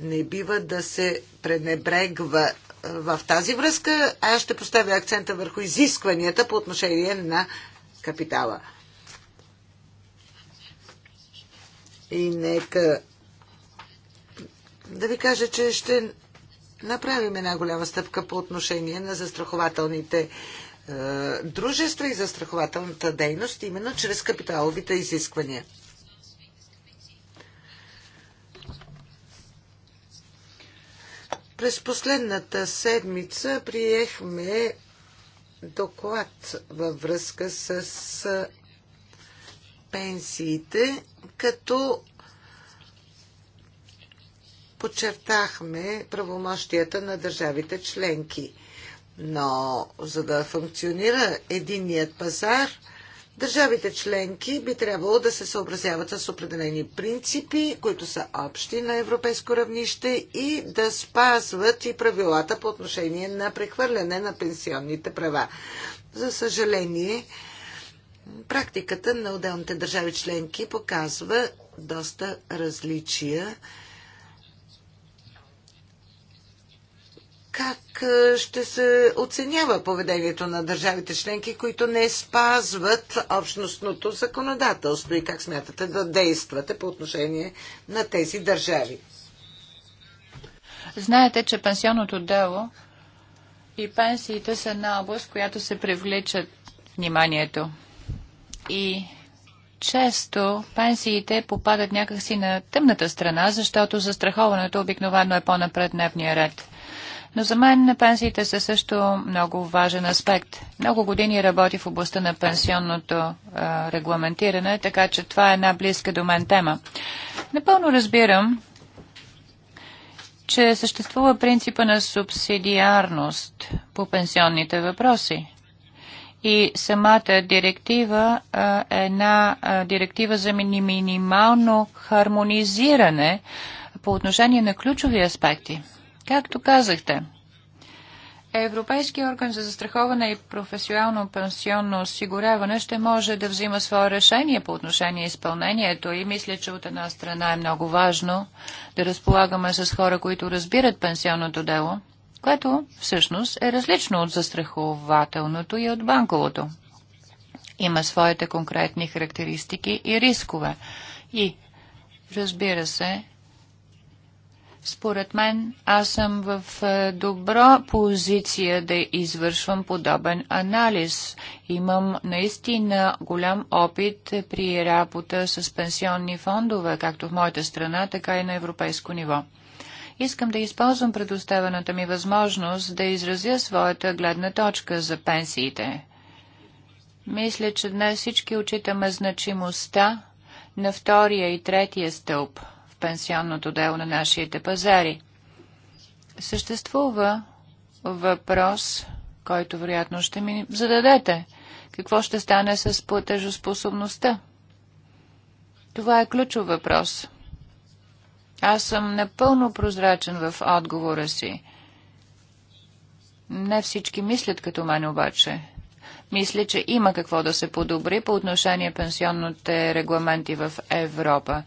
не бива да се пренебрегва. В тази връзка аз ще поставя акцента върху изискванията по отношение на капитала. И нека да ви кажа, че ще направим една голяма стъпка по отношение на застрахователните е, дружества и застрахователната дейност, именно чрез капиталовите изисквания. През последната седмица приехме доклад във връзка с е, пенсиите, като подчертахме правомощията на държавите членки. Но за да функционира единният пазар, държавите членки би трябвало да се съобразяват с определени принципи, които са общи на европейско равнище и да спазват и правилата по отношение на прехвърляне на пенсионните права. За съжаление, практиката на отделните държави членки показва доста различия как е, ще се оценява поведението на държавите членки, които не спазват общностното законодателство и как смятате да действате по отношение на тези държави? Знаете, че пенсионното дело и пенсиите са една област, която се привличат вниманието. И често пенсиите попадат някакси на тъмната страна, защото застраховането обикновено е по-напред дневния ред. Но за мен пенсиите са също много важен аспект. Много години работи в областта на пенсионното а, регламентиране, така че това е една близка до мен тема. Напълно разбирам, че съществува принципа на субсидиарност по пенсионните въпроси. И самата директива а, е една а, директива за минимално хармонизиране по отношение на ключови аспекти – Както казахте, Европейския орган за застраховане и професионално пенсионно осигуряване ще може да взима свое решение по отношение изпълнението и мисля, че от една страна е много важно да разполагаме с хора, които разбират пенсионното дело, което всъщност е различно от застрахователното и от банковото. Има своите конкретни характеристики и рискове. И, разбира се, според мен аз съм в е, добра позиция да извършвам подобен анализ. Имам наистина голям опит при работа с пенсионни фондове, както в моята страна, така и на европейско ниво. Искам да използвам предоставената ми възможност да изразя своята гледна точка за пенсиите. Мисля, че днес всички очитаме значимостта на втория и третия стълб – пенсионното дело на нашите пазари. Съществува въпрос, който вероятно ще ми зададете. Какво ще стане с платежоспособността? Това е ключов въпрос. Аз съм напълно прозрачен в отговора си. Не всички мислят като мен обаче. Мисля, че има какво да се подобри по отношение пенсионните регламенти в Европа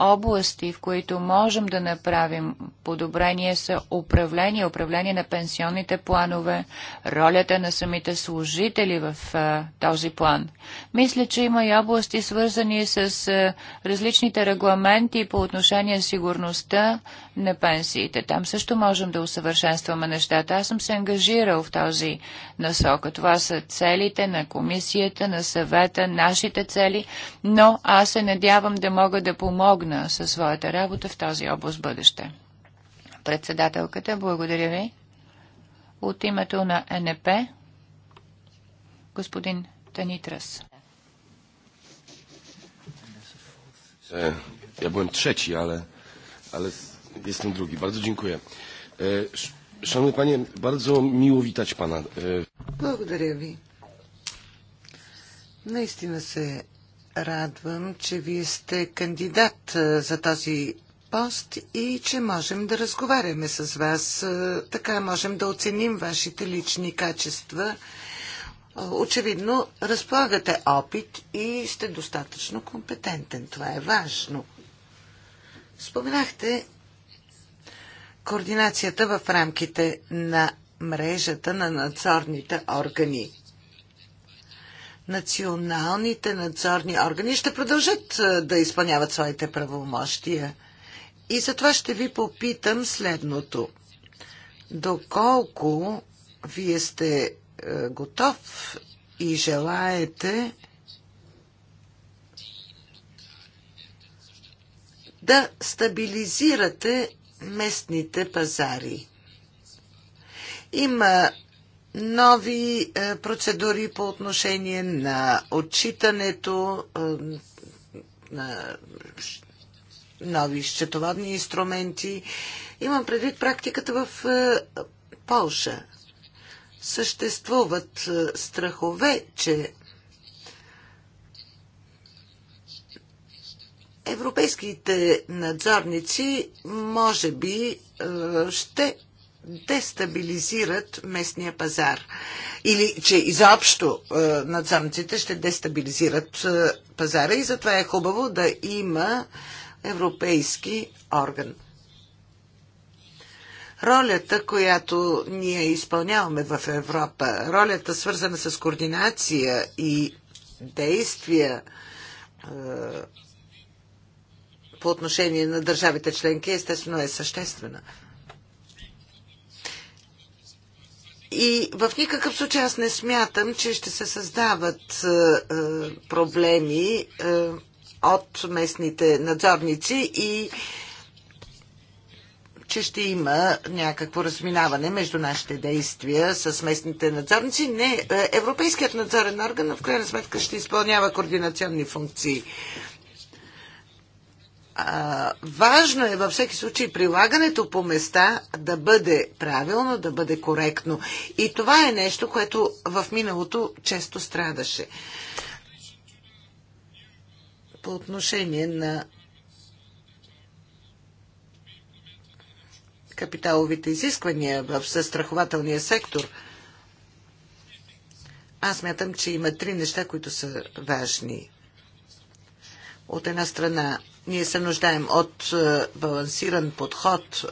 области, в които можем да направим подобрение са управление, управление на пенсионните планове, ролята на самите служители в а, този план. Мисля, че има и области свързани с а, различните регламенти по отношение сигурността на пенсиите. Там също можем да усъвършенстваме нещата. Аз съм се ангажирал в този насока. Това са целите на комисията, на съвета, нашите цели, но аз се надявам да мога да помогна активна със своята работа в тази област бъдеще. Председателката, благодаря ви. От името на НП, господин Танитрас. Е, я byłem трети, але, ale jestem drugi. Bardzo dziękuję. E, szanowny panie, bardzo miło witać pana. E, благодаря ви. Наистина се радвам, че вие сте кандидат за този пост и че можем да разговаряме с вас. Така можем да оценим вашите лични качества. Очевидно, разполагате опит и сте достатъчно компетентен. Това е важно. Споменахте координацията в рамките на мрежата на надзорните органи националните надзорни органи ще продължат да изпълняват своите правомощия. И затова ще ви попитам следното. Доколко вие сте е, готов и желаете да стабилизирате местните пазари. Има нови е, процедури по отношение на отчитането е, на нови счетоводни инструменти. Имам предвид практиката в е, Полша. Съществуват страхове, че европейските надзорници може би ще дестабилизират местния пазар. Или че изобщо е, надзорниците ще дестабилизират е, пазара и затова е хубаво да има европейски орган. Ролята, която ние изпълняваме в Европа, ролята свързана с координация и действия е, по отношение на държавите членки, естествено е съществена. И в никакъв случай аз не смятам, че ще се създават е, е, проблеми е, от местните надзорници и че ще има някакво разминаване между нашите действия с местните надзорници. Не, Европейският надзорен орган в крайна сметка ще изпълнява координационни функции важно е във всеки случай прилагането по места да бъде правилно, да бъде коректно. И това е нещо, което в миналото често страдаше. По отношение на капиталовите изисквания в състрахователния сектор, аз мятам, че има три неща, които са важни. От една страна ние се нуждаем от е, балансиран подход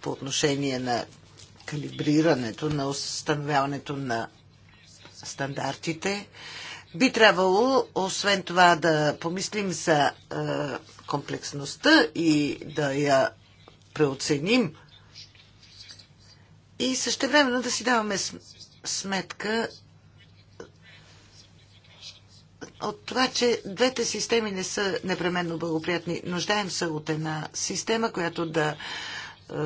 по отношение на калибрирането, на установяването на стандартите. Би трябвало, освен това, да помислим за е, комплексността и да я преоценим и същевременно да си даваме сметка от това, че двете системи не са непременно благоприятни. Нуждаем се от една система, която да е,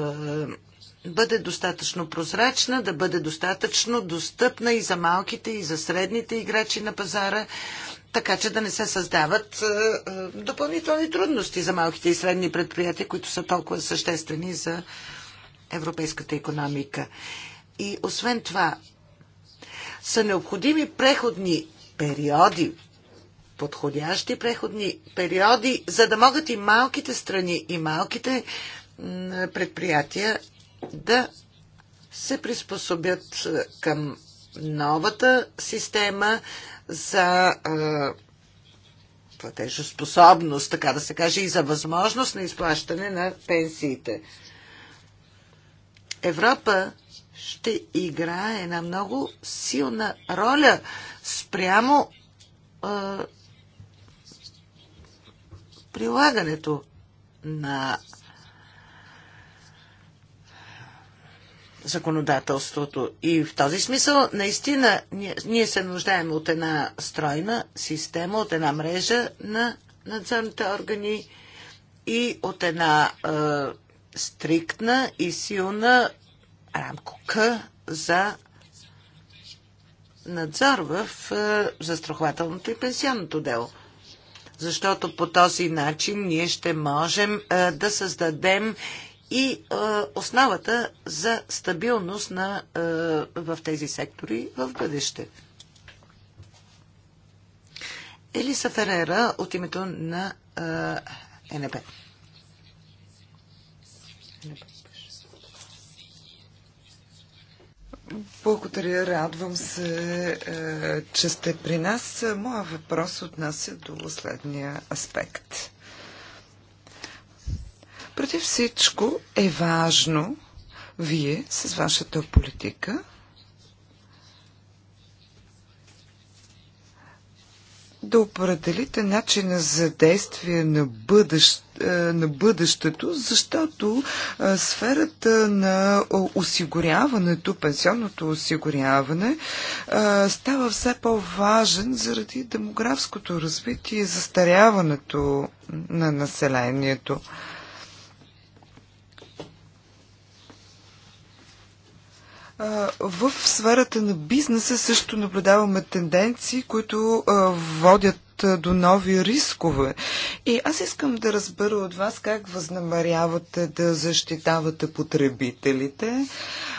бъде достатъчно прозрачна, да бъде достатъчно достъпна и за малките, и за средните играчи на пазара, така че да не се създават е, е, допълнителни трудности за малките и средни предприятия, които са толкова съществени за европейската економика. И освен това, са необходими преходни периоди, подходящи преходни периоди, за да могат и малките страни, и малките предприятия да се приспособят към новата система за платежоспособност, така да се каже, и за възможност на изплащане на пенсиите. Европа ще играе една много силна роля спрямо прилагането на законодателството. И в този смисъл, наистина, ние се нуждаем от една стройна система, от една мрежа на надзорните органи и от една е, стриктна и силна рамка за надзор в е, застрахователното и пенсионното дело защото по този начин ние ще можем е, да създадем и е, основата за стабилност на, е, в тези сектори в бъдеще. Елиса Ферера от името на НБ. НБ. Благодаря, радвам се, е, че сте при нас. Моя въпрос отнася до следния аспект. Преди всичко е важно вие с вашата политика да определите начина за действие на, бъдещ, е, на бъдещето, защото е, сферата на осигуряването, пенсионното осигуряване, е, става все по-важен заради демографското развитие и застаряването на населението. В сферата на бизнеса също наблюдаваме тенденции, които водят до нови рискове. И аз искам да разбера от вас как възнамерявате да защитавате потребителите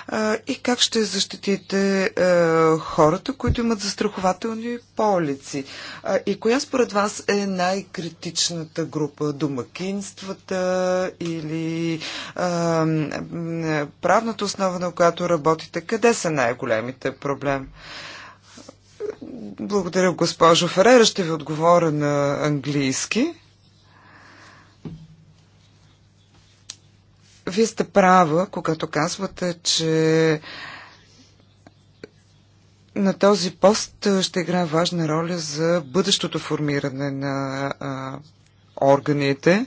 а, и как ще защитите а, хората, които имат застрахователни полици. А, и коя според вас е най-критичната група? Домакинствата или а, правната основа, на която работите? Къде са най-големите проблеми? Благодаря, госпожо Ферера. Ще ви отговоря на английски. Вие сте права, когато казвате, че на този пост ще играе важна роля за бъдещото формиране на а, органите.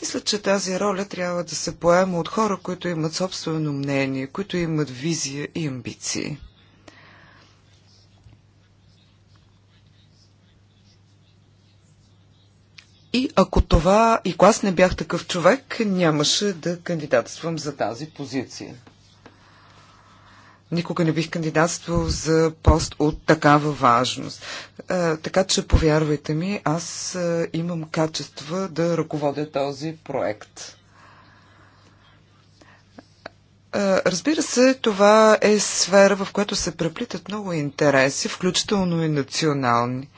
Мисля, че тази роля трябва да се поема от хора, които имат собствено мнение, които имат визия и амбиции. И ако това, и ако аз не бях такъв човек, нямаше да кандидатствам за тази позиция. Никога не бих кандидатствал за пост от такава важност. А, е, така че, повярвайте ми, аз а, е, имам качества да ръководя този проект. Е, разбира се, това е сфера, в която се преплитат много интереси, включително и национални.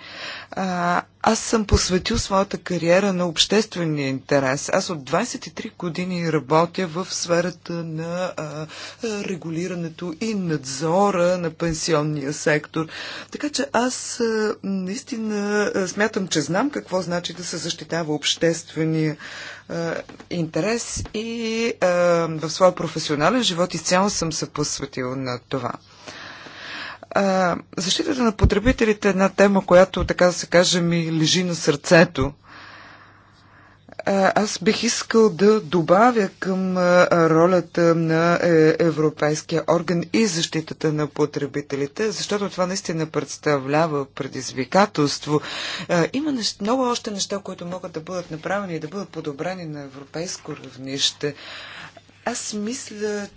А, аз съм посветил своята кариера на обществения интерес. Аз от 23 години работя в сферата на а, регулирането и надзора на пенсионния сектор. Така че аз а, наистина а, смятам, че знам какво значи да се защитава обществения а, интерес и а, в своя професионален живот изцяло съм се посветил на това. А, защитата на потребителите е една тема, която, така да се каже, ми лежи на сърцето. Аз бих искал да добавя към ролята на е, Европейския орган и защитата на потребителите, защото това наистина представлява предизвикателство. Има нещ... много още неща, които могат да бъдат направени и да бъдат подобрени на европейско равнище. Аз мисля,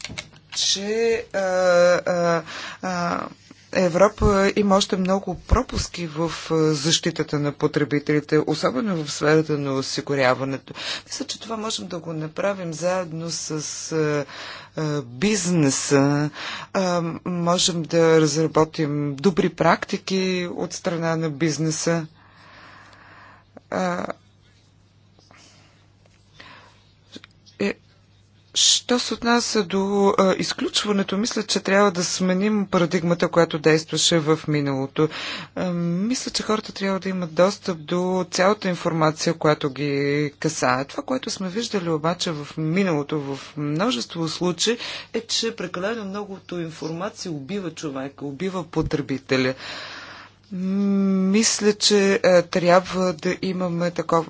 че а, а, а Европа има още много пропуски в защитата на потребителите, особено в сферата на осигуряването. Мисля, че това можем да го направим заедно с бизнеса. Можем да разработим добри практики от страна на бизнеса Що се отнася до а, изключването, мисля, че трябва да сменим парадигмата, която действаше в миналото. А, мисля, че хората трябва да имат достъп до цялата информация, която ги касае. Това, което сме виждали обаче в миналото, в множество случаи, е, че прекалено многото информация убива човека, убива потребителя. Мисля, че а, трябва да имаме такова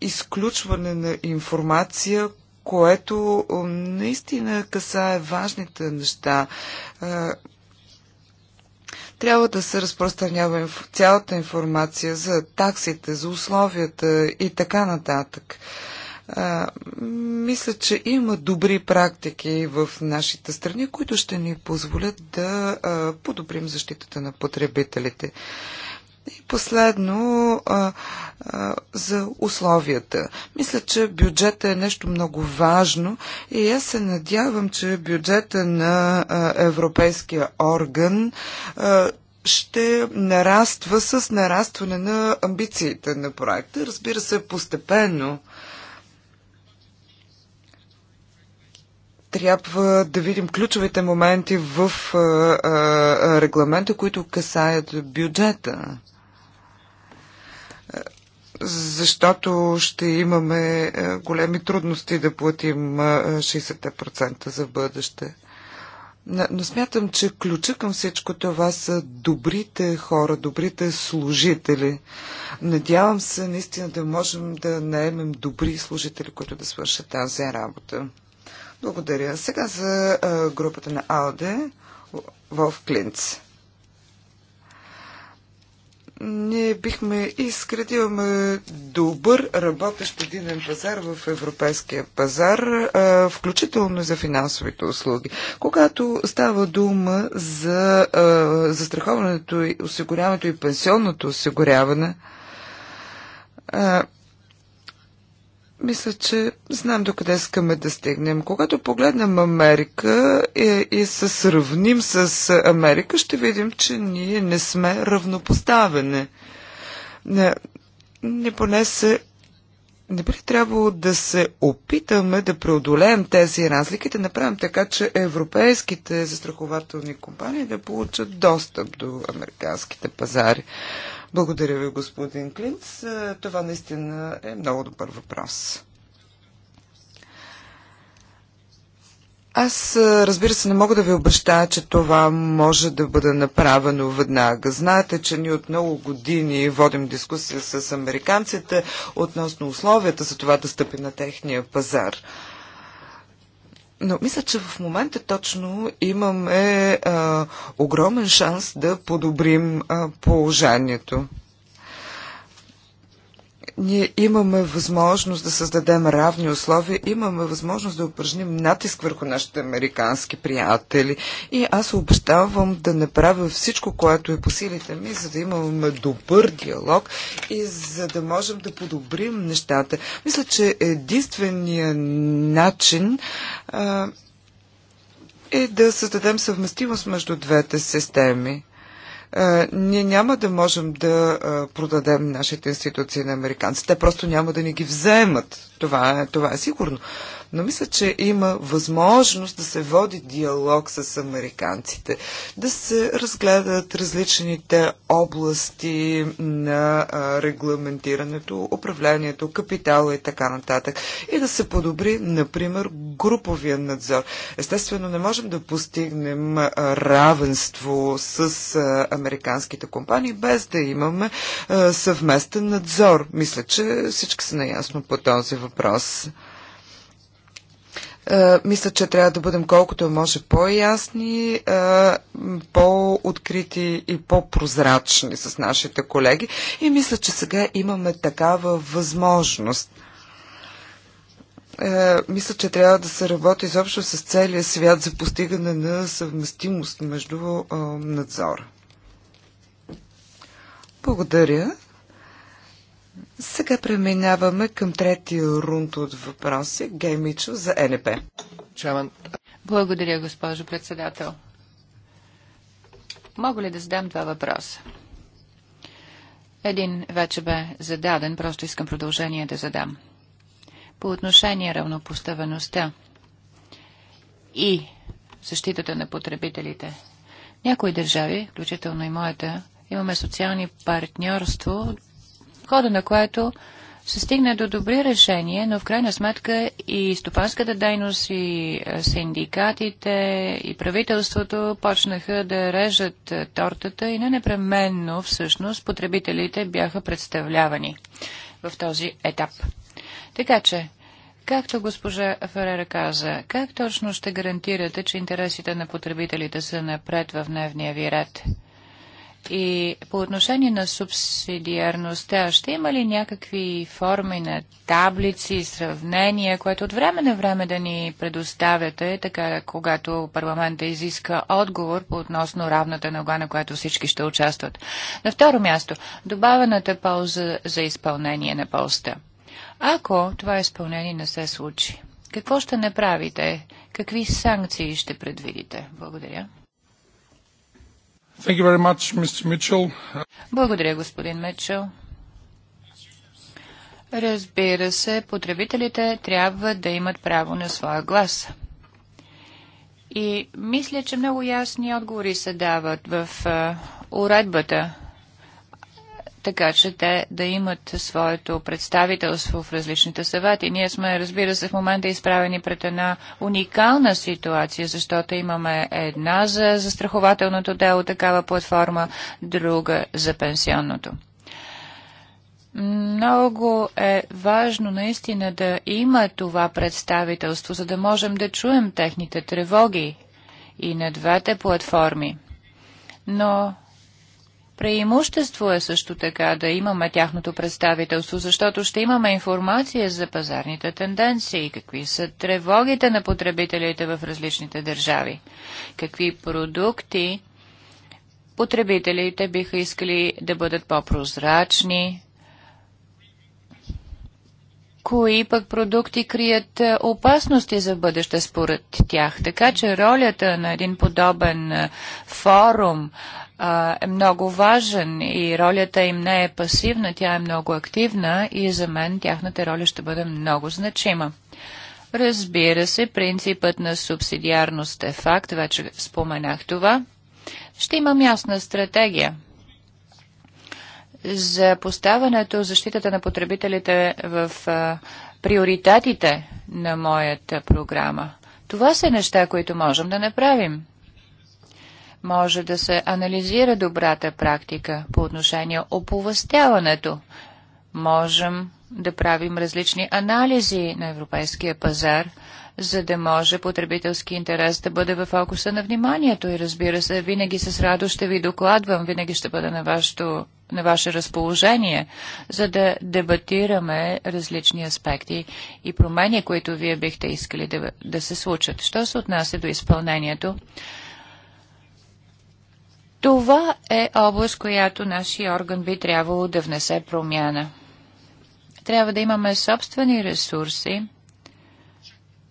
изключване на информация, което наистина касае важните неща. Трябва да се разпространява цялата информация за таксите, за условията и така нататък. А, мисля, че има добри практики в нашите страни, които ще ни позволят да а, подобрим защитата на потребителите. И последно, а, а, за условията. Мисля, че бюджета е нещо много важно и аз се надявам, че бюджета на а, Европейския орган а, ще нараства с нарастване на амбициите на проекта. Разбира се, постепенно. трябва да видим ключовите моменти в регламента, които касаят бюджета защото ще имаме е, големи трудности да платим 60% е, за бъдеще. Но смятам, че ключа към всичко това са добрите хора, добрите служители. Надявам се наистина да можем да наемем добри служители, които да свършат тази работа. Благодаря. Сега за е, групата на АОД в Клинц ние бихме искали да имаме добър работещ единен пазар в европейския пазар, включително за финансовите услуги. Когато става дума за застраховането и осигуряването и пенсионното осигуряване, мисля, че знам докъде искаме да стигнем. Когато погледнем Америка и, и се сравним с Америка, ще видим, че ние не сме равнопоставени. Не, не поне се не би трябвало да се опитаме да преодолеем тези разлики, да направим така, че европейските застрахователни компании да получат достъп до американските пазари. Благодаря ви, господин Клинц. Е, това наистина е много добър въпрос. Аз, е, разбира се, не мога да ви обещая, че това може да бъде направено веднага. Знаете, че ние от много години водим дискусия с американците относно условията за това да стъпи на техния пазар. Но мисля, че в момента точно имаме а, огромен шанс да подобрим а, положението. Ние имаме възможност да създадем равни условия, имаме възможност да упражним натиск върху нашите американски приятели. И аз обещавам да направя всичко, което е по силите ми, за да имаме добър диалог и за да можем да подобрим нещата. Мисля, че единственият начин а, е да създадем съвместимост между двете системи. Е, ние няма да можем да е, продадем нашите институции на американците. Те просто няма да ни ги вземат. Това е, това е сигурно. Но мисля, че има възможност да се води диалог с американците, да се разгледат различните области на регламентирането, управлението, капитала и така нататък. И да се подобри, например, груповия надзор. Естествено, не можем да постигнем равенство с американските компании, без да имаме съвместен надзор. Мисля, че всички са наясно по този въпрос. Е, мисля, че трябва да бъдем колкото е може по-ясни, е, по-открити и по-прозрачни с нашите колеги. И мисля, че сега имаме такава възможност мисля, че трябва да се работи изобщо с целия свят за постигане на съвместимост между надзора. Благодаря. Сега преминаваме към третия рунд от въпроси. Геймичо за е НП. Чаван. Благодаря, госпожо председател. Мога ли да задам два въпроса? Един вече бе зададен, просто искам продължение да задам. По отношение равнопоставеността и защитата на потребителите. Някои държави, включително и моята, имаме социални партньорство хода на което се стигне до добри решения, но в крайна сметка и стопанската дейност, и е, синдикатите, и правителството почнаха да режат е, тортата и не непременно всъщност потребителите бяха представлявани в този етап. Така че, Както госпожа Ферера каза, как точно ще гарантирате, че интересите на потребителите са напред в дневния ви ред? И по отношение на субсидиарността, ще има ли някакви форми на таблици, сравнения, което от време на време да ни предоставяте, така когато парламента изиска отговор по относно равната нога, на която всички ще участват? На второ място, добавената полза за изпълнение на поста. Ако това изпълнение не се случи, какво ще направите? Какви санкции ще предвидите? Благодаря. Thank you very much, Mr. Mitchell. Благодаря, господин Мичел. Разбира се, потребителите трябва да имат право на своя глас. И мисля, че много ясни отговори се дават в уредбата така че те да имат своето представителство в различните съвети. Ние сме, разбира се, в момента изправени пред една уникална ситуация, защото имаме една за застрахователното дело такава платформа, друга за пенсионното. Много е важно наистина да има това представителство, за да можем да чуем техните тревоги и на двете платформи. Но Преимущество е също така да имаме тяхното представителство, защото ще имаме информация за пазарните тенденции, какви са тревогите на потребителите в различните държави, какви продукти потребителите биха искали да бъдат по-прозрачни, кои пък продукти крият е, опасности за бъдеще според тях. Така че ролята на един подобен е, форум а, е много важен и ролята им не е пасивна, тя е много активна и за мен тяхната роля ще бъде много значима. Разбира се, принципът на субсидиарност е факт, вече споменах това. Ще имам ясна стратегия за поставането защитата на потребителите в а, приоритетите на моята програма. Това са неща, които можем да направим може да се анализира добрата практика по отношение оповъстяването. Можем да правим различни анализи на европейския пазар, за да може потребителски интерес да бъде в фокуса на вниманието. И разбира се, винаги с радост ще ви докладвам, винаги ще бъда на, вашето, на ваше разположение, за да дебатираме различни аспекти и промени, които вие бихте искали да, да се случат. Що се отнася до изпълнението? Това е област, която нашия орган би трябвало да внесе промяна. Трябва да имаме собствени ресурси,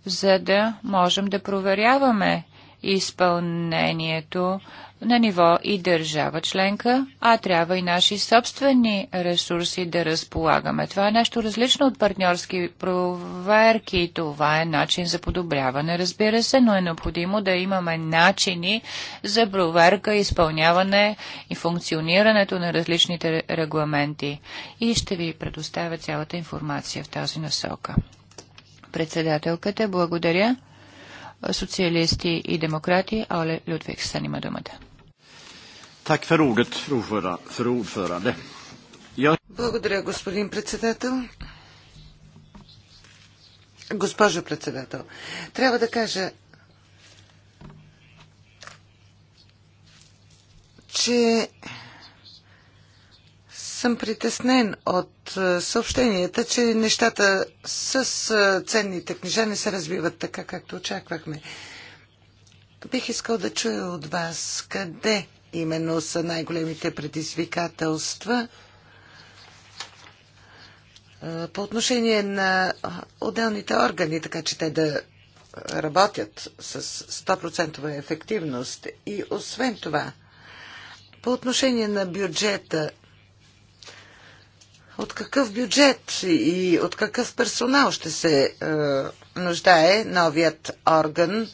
за да можем да проверяваме изпълнението на ниво и държава членка, а трябва и наши собствени ресурси да разполагаме. Това е нещо различно от партньорски проверки. Това е начин за подобряване, разбира се, но е необходимо да имаме начини за проверка, изпълняване и функционирането на различните регламенти. И ще ви предоставя цялата информация в тази насока. Председателката, благодаря социалисти и демократи. Але Людвигсен има думата. Так för ordet, fru ordförande. Благодаря, господин председател. Госпожо председател, трябва да кажа, че съм притеснен от е, съобщенията, че нещата с е, ценните книжа не се развиват така, както очаквахме. Бих искал да чуя от вас къде именно са най-големите предизвикателства е, по отношение на отделните органи, така че те да работят с 100% ефективност. И освен това, по отношение на бюджета, от какъв бюджет и от какъв персонал ще се е, нуждае новият орган.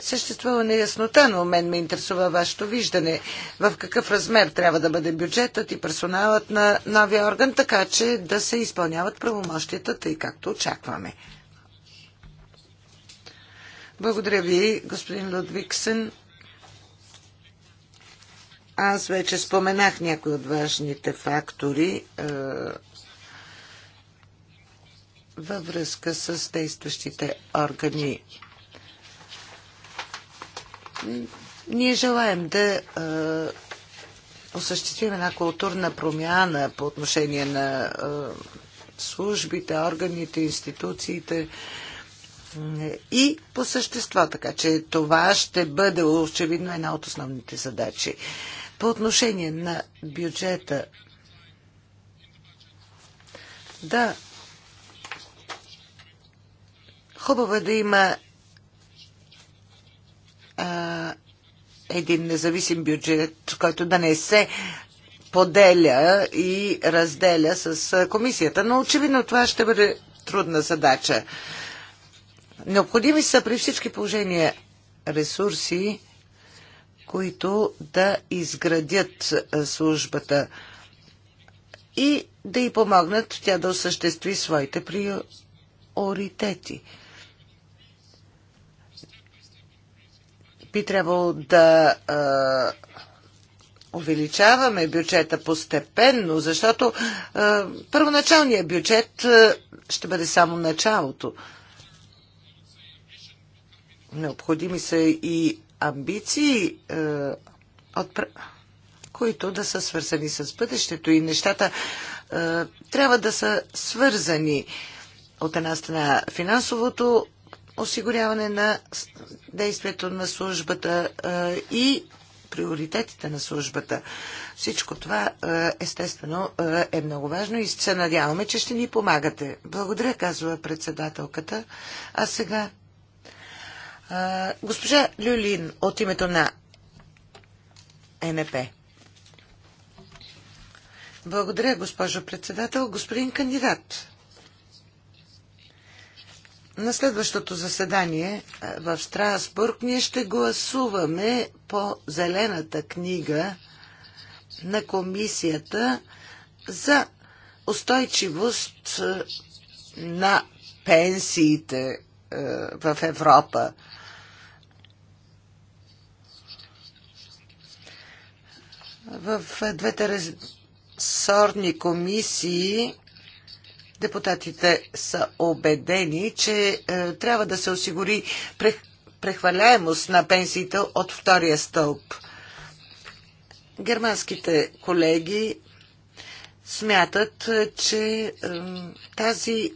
Съществува неяснота, но мен ме интересува вашето виждане. В какъв размер трябва да бъде бюджетът и персоналът на новия орган, така че да се изпълняват правомощията, тъй както очакваме. Благодаря ви, господин Лудвиксен. Аз вече споменах някои от важните фактори е, във връзка с действащите органи. Ние желаем да е, осъществим една културна промяна по отношение на е, службите, органите, институциите е, и по същество, така че това ще бъде очевидно една от основните задачи. По отношение на бюджета, да, хубаво е да има а, един независим бюджет, който да не се поделя и разделя с комисията. Но очевидно това ще бъде трудна задача. Необходими са при всички положения ресурси, които да изградят службата и да й помогнат тя да осъществи своите приоритети. Би трябвало да а, увеличаваме бюджета постепенно, защото а, първоначалният бюджет а, ще бъде само началото. Необходими са и амбиции, е, които да са свързани с бъдещето и нещата е, трябва да са свързани от една страна финансовото осигуряване на действието на службата е, и приоритетите на службата. Всичко това естествено е много важно и се надяваме, че ще ни помагате. Благодаря, казва председателката. А сега Госпожа Люлин от името на НП. Благодаря, госпожо председател. Господин кандидат, на следващото заседание в Страсбург ние ще гласуваме по зелената книга на комисията за устойчивост на пенсиите в Европа. В двете ресорни комисии депутатите са убедени, че е, трябва да се осигури прехваляемост на пенсиите от втория стълб. Германските колеги смятат, е, че е, тази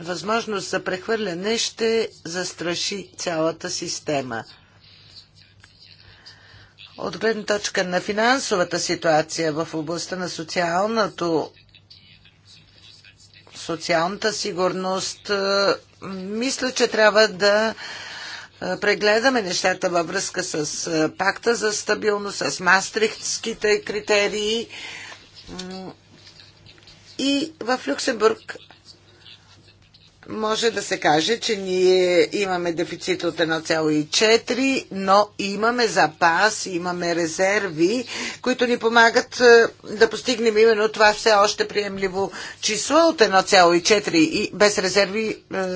възможност за прехвърляне ще застраши цялата система. От гледна точка на финансовата ситуация в областта на социалното социалната сигурност, е, мисля, че трябва да е, прегледаме нещата във връзка с е, пакта за стабилност, с мастрихтските критерии. И в Люксембург може да се каже, че ние имаме дефицит от 1,4, но имаме запас, имаме резерви, които ни помагат е, да постигнем именно това все още приемливо число от 1,4 и без резерви е,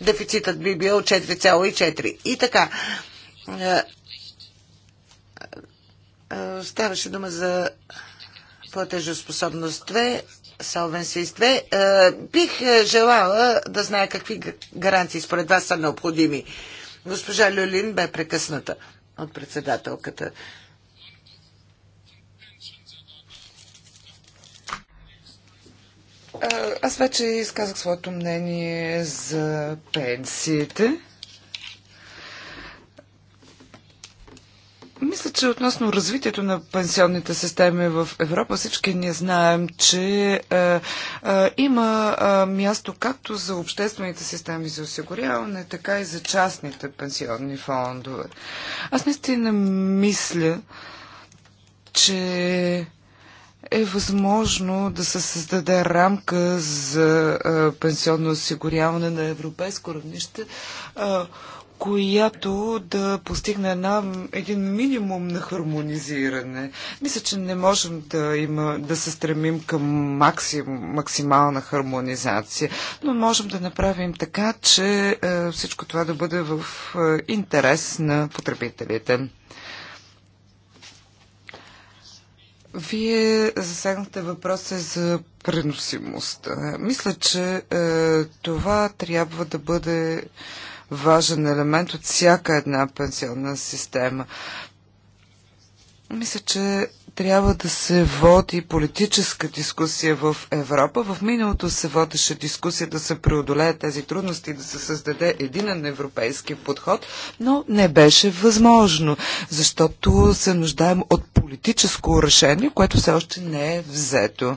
дефицитът би бил 4,4. И така, е, е, ставаше дума за платежоспособност 2 Solvency 2. Е, бих е, желала да знае какви гаранции според вас са необходими. Госпожа Люлин бе прекъсната от председателката. Е, аз вече изказах своето мнение за пенсиите. Мисля, че относно развитието на пенсионните системи в Европа всички ние знаем, че е, е, има е, място както за обществените системи за осигуряване, така и за частните пенсионни фондове. Аз наистина мисля, че е възможно да се създаде рамка за е, пенсионно осигуряване на европейско равнище, Е, която да постигне една, един минимум на хармонизиране. Мисля, че не можем да, има, да се стремим към максим, максимална хармонизация, но можем да направим така, че е, всичко това да бъде в е, интерес на потребителите. Вие засегнахте въпроса за преносимостта. Мисля, че е, това трябва да бъде важен елемент от всяка една пенсионна система. Мисля, че трябва да се води политическа дискусия в Европа. В миналото се водеше дискусия да се преодолее тези трудности, да се създаде един европейски подход, но не беше възможно, защото се нуждаем от политическо решение, което все още не е взето.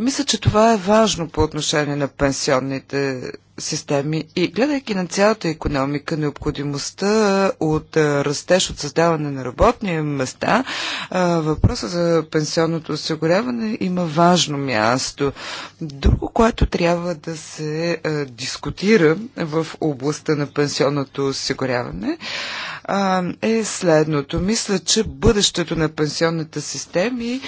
Мисля, че това е важно по отношение на пенсионните системи и гледайки на цялата економика, необходимостта от растеж, от създаване на работни места, въпроса за пенсионното осигуряване има важно място. Друго, което трябва да се дискутира в областта на пенсионното осигуряване, а, е следното. Мисля, че бъдещето на пенсионните системи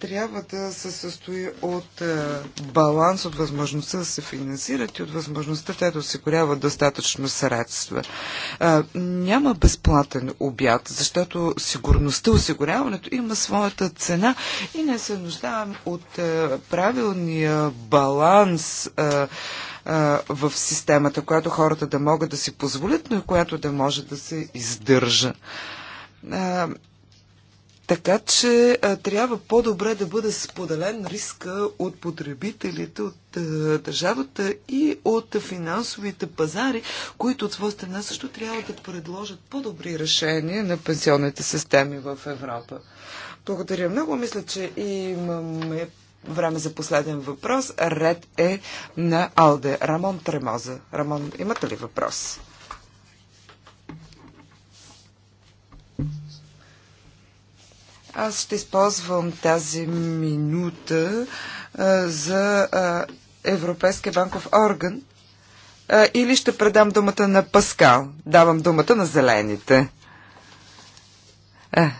трябва да се състои от а, баланс, от възможността да се финансират и от възможността те да осигуряват достатъчно средства. А, няма безплатен обяд, защото сигурността, осигуряването има своята цена и не се нуждаем от а, правилния баланс. А, в системата, която хората да могат да си позволят, но и която да може да се издържа. Така че а, трябва по-добре да бъде споделен риска от потребителите, от а, държавата и от а, финансовите пазари, които от своя страна също трябва да предложат по-добри решения на пенсионните системи в Европа. Благодаря много. Мисля, че имаме време за последен въпрос. Ред е на Алде. Рамон Тремоза. Рамон, имате ли въпрос? Аз ще използвам тази минута а, за а, Европейския банков орган а, или ще предам думата на Паскал. Давам думата на зелените. А. Е,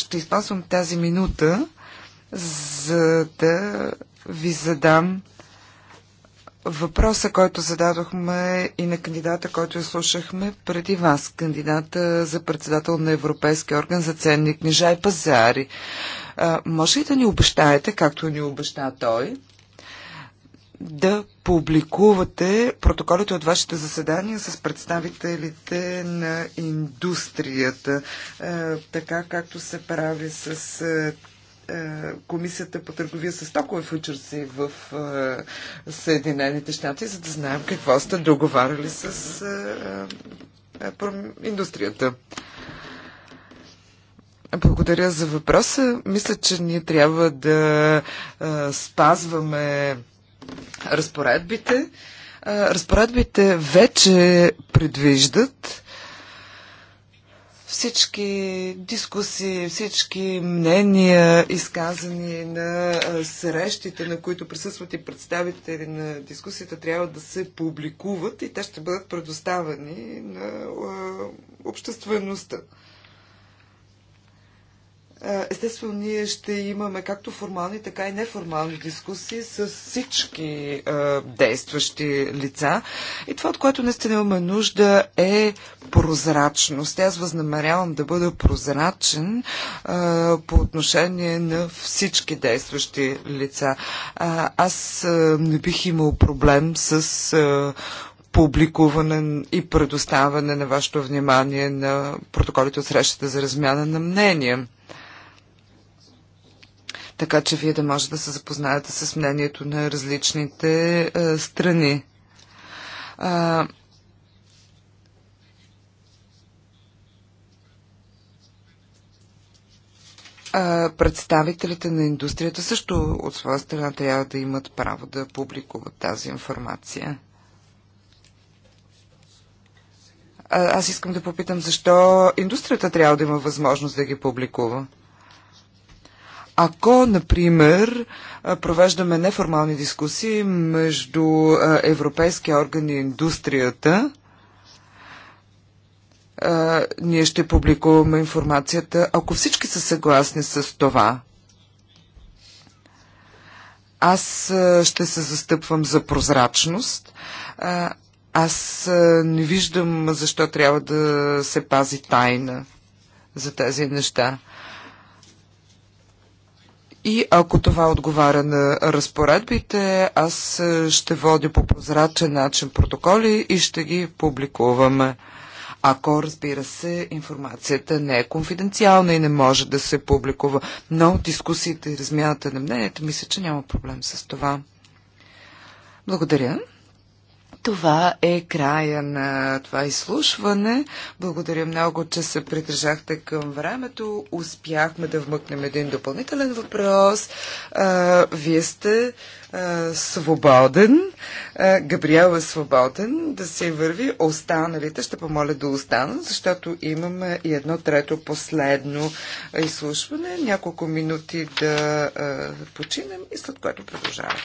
ще използвам тази минута, за да ви задам въпроса, който зададохме и на кандидата, който слушахме преди вас, кандидата за председател на Европейския орган за ценни книжа и е пазари. А, може ли да ни обещаете, както ни обеща той, да публикувате протоколите от вашите заседания с представителите на индустрията, е, така както се прави с е, е, Комисията по търговия с токове фучерси в Съединените щати, за да знаем какво сте договаряли с индустрията. Благодаря за въпроса. Мисля, че ние трябва да спазваме Разпоредбите, разпоредбите вече предвиждат всички дискусии, всички мнения, изказани на срещите, на които присъстват и представители на дискусията, трябва да се публикуват и те ще бъдат предоставени на обществеността. Е, естествено, ние ще имаме както формални, така и неформални дискусии с всички е, действащи лица. И това, от което наистина имаме нужда, е прозрачност. Аз възнамерявам да бъда прозрачен е, по отношение на всички действащи лица. А, аз е, не бих имал проблем с. Е, публикуване и предоставяне на вашето внимание на протоколите от срещата за размяна на мнения така че вие да можете да се запознаете с мнението на различните е, а, страни. А, представителите на индустрията също от своя страна трябва да имат право да публикуват тази информация. аз искам да попитам защо индустрията трябва да има възможност да ги публикува. Ако, например, провеждаме неформални дискусии между европейски органи и индустрията, ние ще публикуваме информацията, ако всички са съгласни с това. Аз ще се застъпвам за прозрачност. Аз не виждам защо трябва да се пази тайна за тези неща. И ако това отговаря на разпоредбите, аз е, ще водя по прозрачен начин протоколи и ще ги публикуваме. Ако, разбира се, информацията не е конфиденциална и не може да се публикува, но дискусиите и размяната на мнението мисля, че няма проблем с това. Благодаря това е края на това изслушване. Благодаря много, че се придържахте към времето. Успяхме да вмъкнем един допълнителен въпрос. А, вие сте а, свободен. А, Габриел е свободен да се върви. Останалите ще помоля да останат, защото имаме и едно трето последно изслушване. Няколко минути да а, починем и след което продължаваме.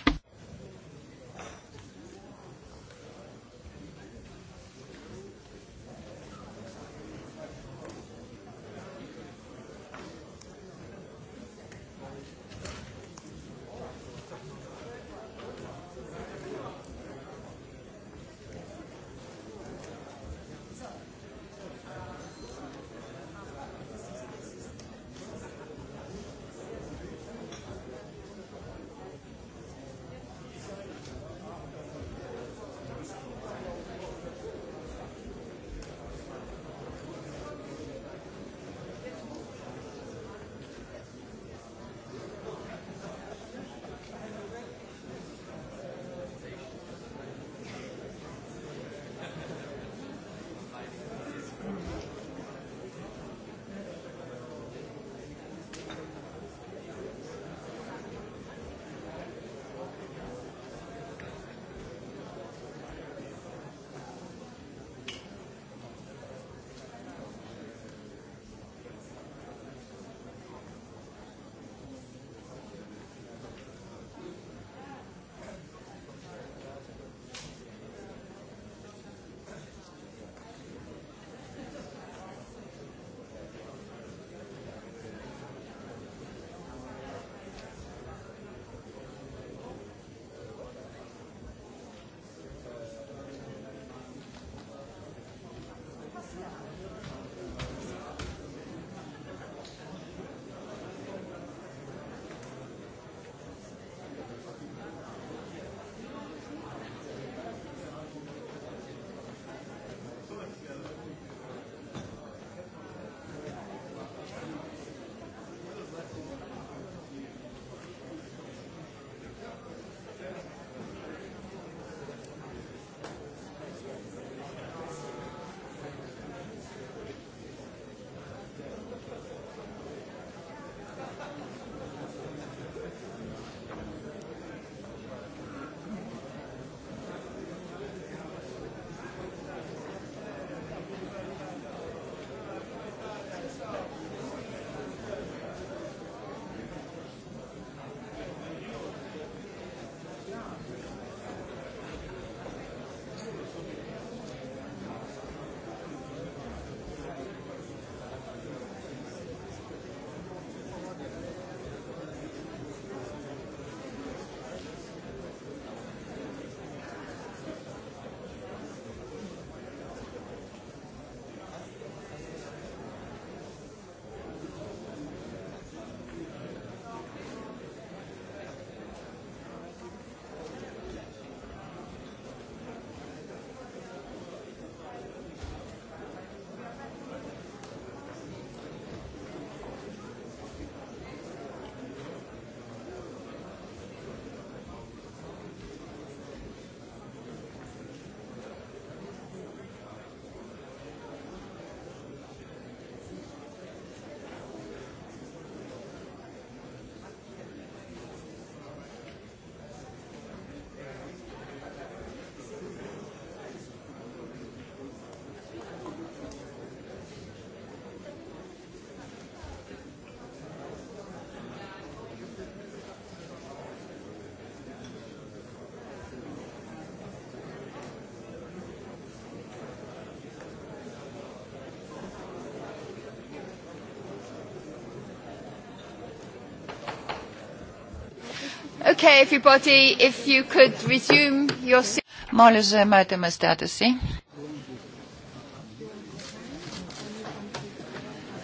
Okay, everybody, if you could resume your... Моля, заемете местата си.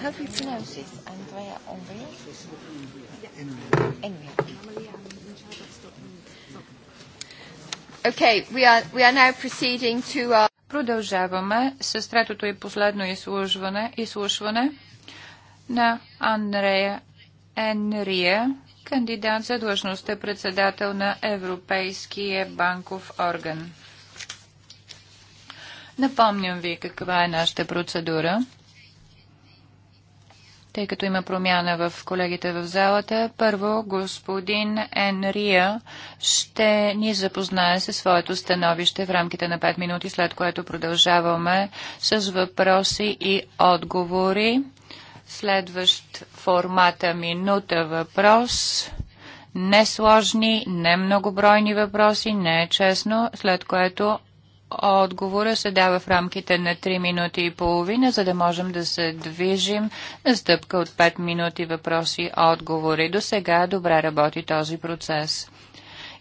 How do you pronounce it? Andrea Henry? Henry. Okay, we are, we are now proceeding to our... Продължаваме с третото и последно изслушване, изслушване на Андрея Енрия кандидат за длъжността е председател на Европейския банков орган. Напомням ви каква е нашата процедура. Тъй като има промяна в колегите в залата, първо господин Енрия ще ни запознае със своето становище в рамките на 5 минути, след което продължаваме с въпроси и отговори Следващ формата е минута въпрос. Несложни, не многобройни въпроси, не е честно, след което отговора се дава в рамките на 3 минути и половина, за да можем да се движим на стъпка от 5 минути въпроси-отговори. До сега добре работи този процес.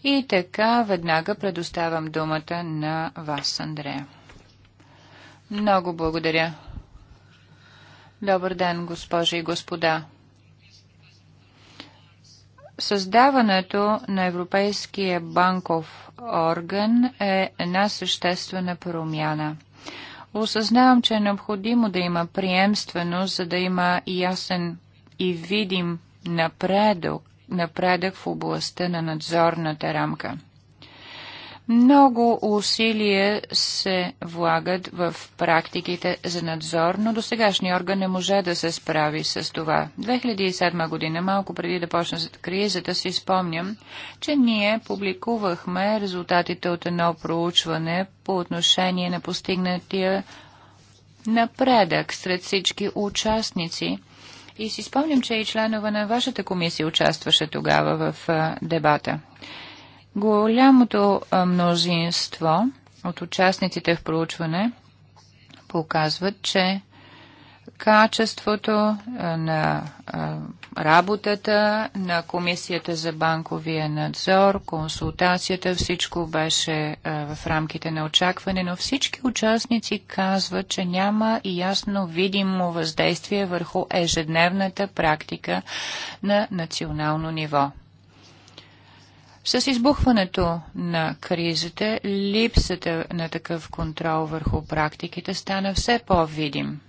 И така веднага предоставям думата на вас, Андрея. Много благодаря. Добър ден, госпожи и господа. Създаването на Европейския банков орган е една съществена промяна. Осъзнавам, че е необходимо да има приемственост, за да има ясен и видим напредък, напредък в областта на надзорната рамка. Много усилия се влагат в практиките за надзор, но досегашния орган не може да се справи с това. 2007 година, малко преди да с кризата, си спомням, че ние публикувахме резултатите от едно проучване по отношение на постигнатия напредък сред всички участници. И си спомням, че и членове на вашата комисия участваше тогава в дебата. Голямото мнозинство от участниците в проучване показват, че качеството на работата на Комисията за банковия надзор, консултацията, всичко беше в рамките на очакване, но всички участници казват, че няма и ясно видимо въздействие върху ежедневната практика на национално ниво. С избухването на кризите, липсата на такъв контрол върху практиките стана все по-видим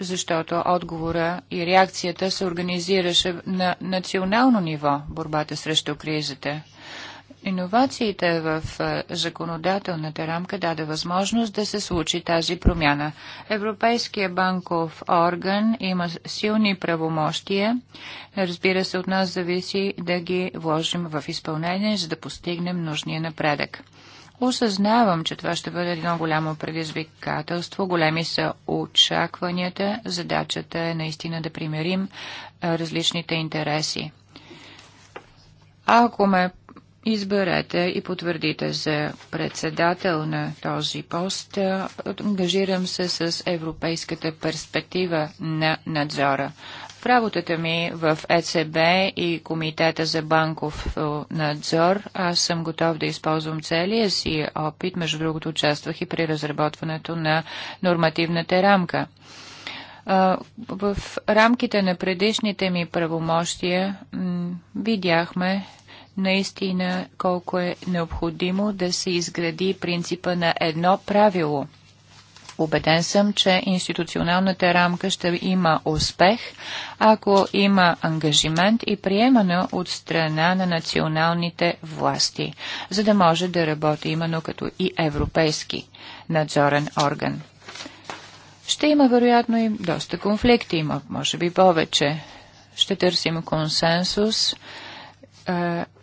защото отговора и реакцията се организираше на национално ниво борбата срещу кризите иновациите в законодателната рамка даде възможност да се случи тази промяна. Европейския банков орган има силни правомощия. Разбира се, от нас зависи да ги вложим в изпълнение, за да постигнем нужния напредък. Осъзнавам, че това ще бъде едно голямо предизвикателство. Големи са очакванията. Задачата е наистина да примерим различните интереси. Ако ме изберете и потвърдите за председател на този пост. Ангажирам се с европейската перспектива на надзора. В работата ми в ЕЦБ и Комитета за банков е, надзор аз съм готов да използвам целия си опит. Между другото участвах и при разработването на нормативната рамка. В рамките на предишните ми правомощия видяхме, наистина колко е необходимо да се изгради принципа на едно правило. Убеден съм, че институционалната рамка ще има успех, ако има ангажимент и приемане от страна на националните власти, за да може да работи именно като и европейски надзорен орган. Ще има вероятно и доста конфликти, има може би повече. Ще търсим консенсус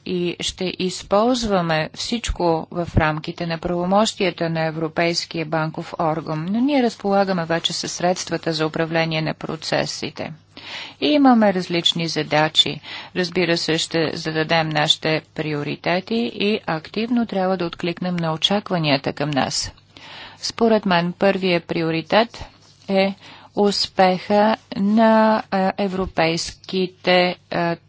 и ще използваме всичко в рамките на правомощията на Европейския банков орган, но ние разполагаме вече със средствата за управление на процесите. И имаме различни задачи. Разбира се, ще зададем нашите приоритети и активно трябва да откликнем на очакванията към нас. Според мен първият приоритет е успеха на европейските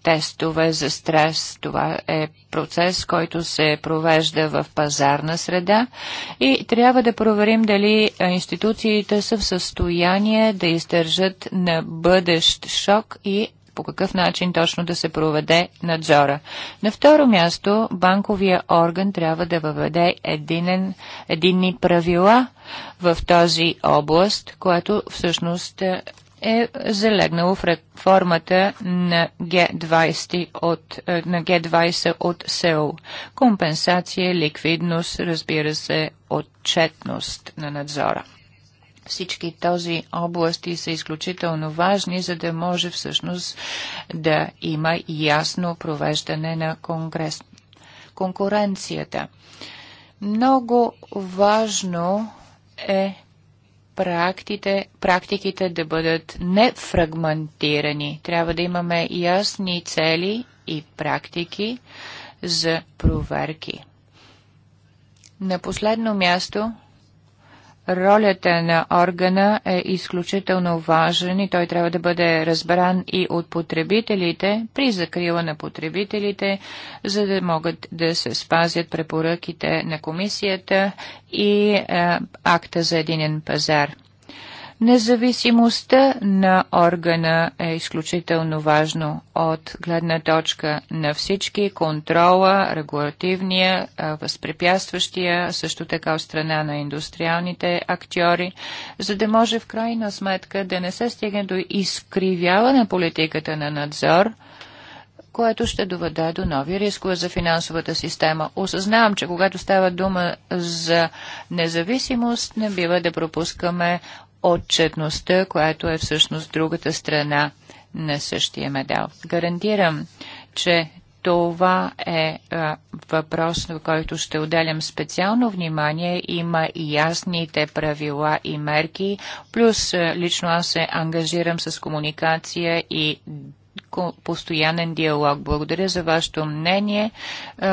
тестове за стрес. Това е процес, който се провежда в пазарна среда и трябва да проверим дали институциите са в състояние да издържат на бъдещ шок и по какъв начин точно да се проведе надзора. На второ място, банковия орган трябва да въведе единен, единни правила в този област, което всъщност е залегнало в реформата на g 20 от, е, на g 20 от СЕО. Компенсация, ликвидност, разбира се, отчетност на надзора всички този области са изключително важни, за да може всъщност да има ясно провеждане на конгрес. Конкуренцията. Много важно е практите, практиките да бъдат нефрагментирани. Трябва да имаме ясни цели и практики за проверки. На последно място ролята на органа е изключително важен и той трябва да бъде разбран и от потребителите, при закрила на потребителите, за да могат да се спазят препоръките на комисията и е, акта за единен пазар. Независимостта на органа е изключително важно от гледна точка на всички контрола, регулативния, възпрепятстващия, също така от страна на индустриалните актьори, за да може в крайна сметка да не се стигне до изкривяване политиката на надзор, което ще доведе до нови рискове за финансовата система. Осъзнавам, че когато става дума за независимост, не бива да пропускаме отчетността, която е всъщност другата страна на същия медал. Гарантирам, че това е въпрос, на който ще отделям специално внимание. Има и ясните правила и мерки, плюс лично аз се ангажирам с комуникация и постоянен диалог. Благодаря за вашето мнение.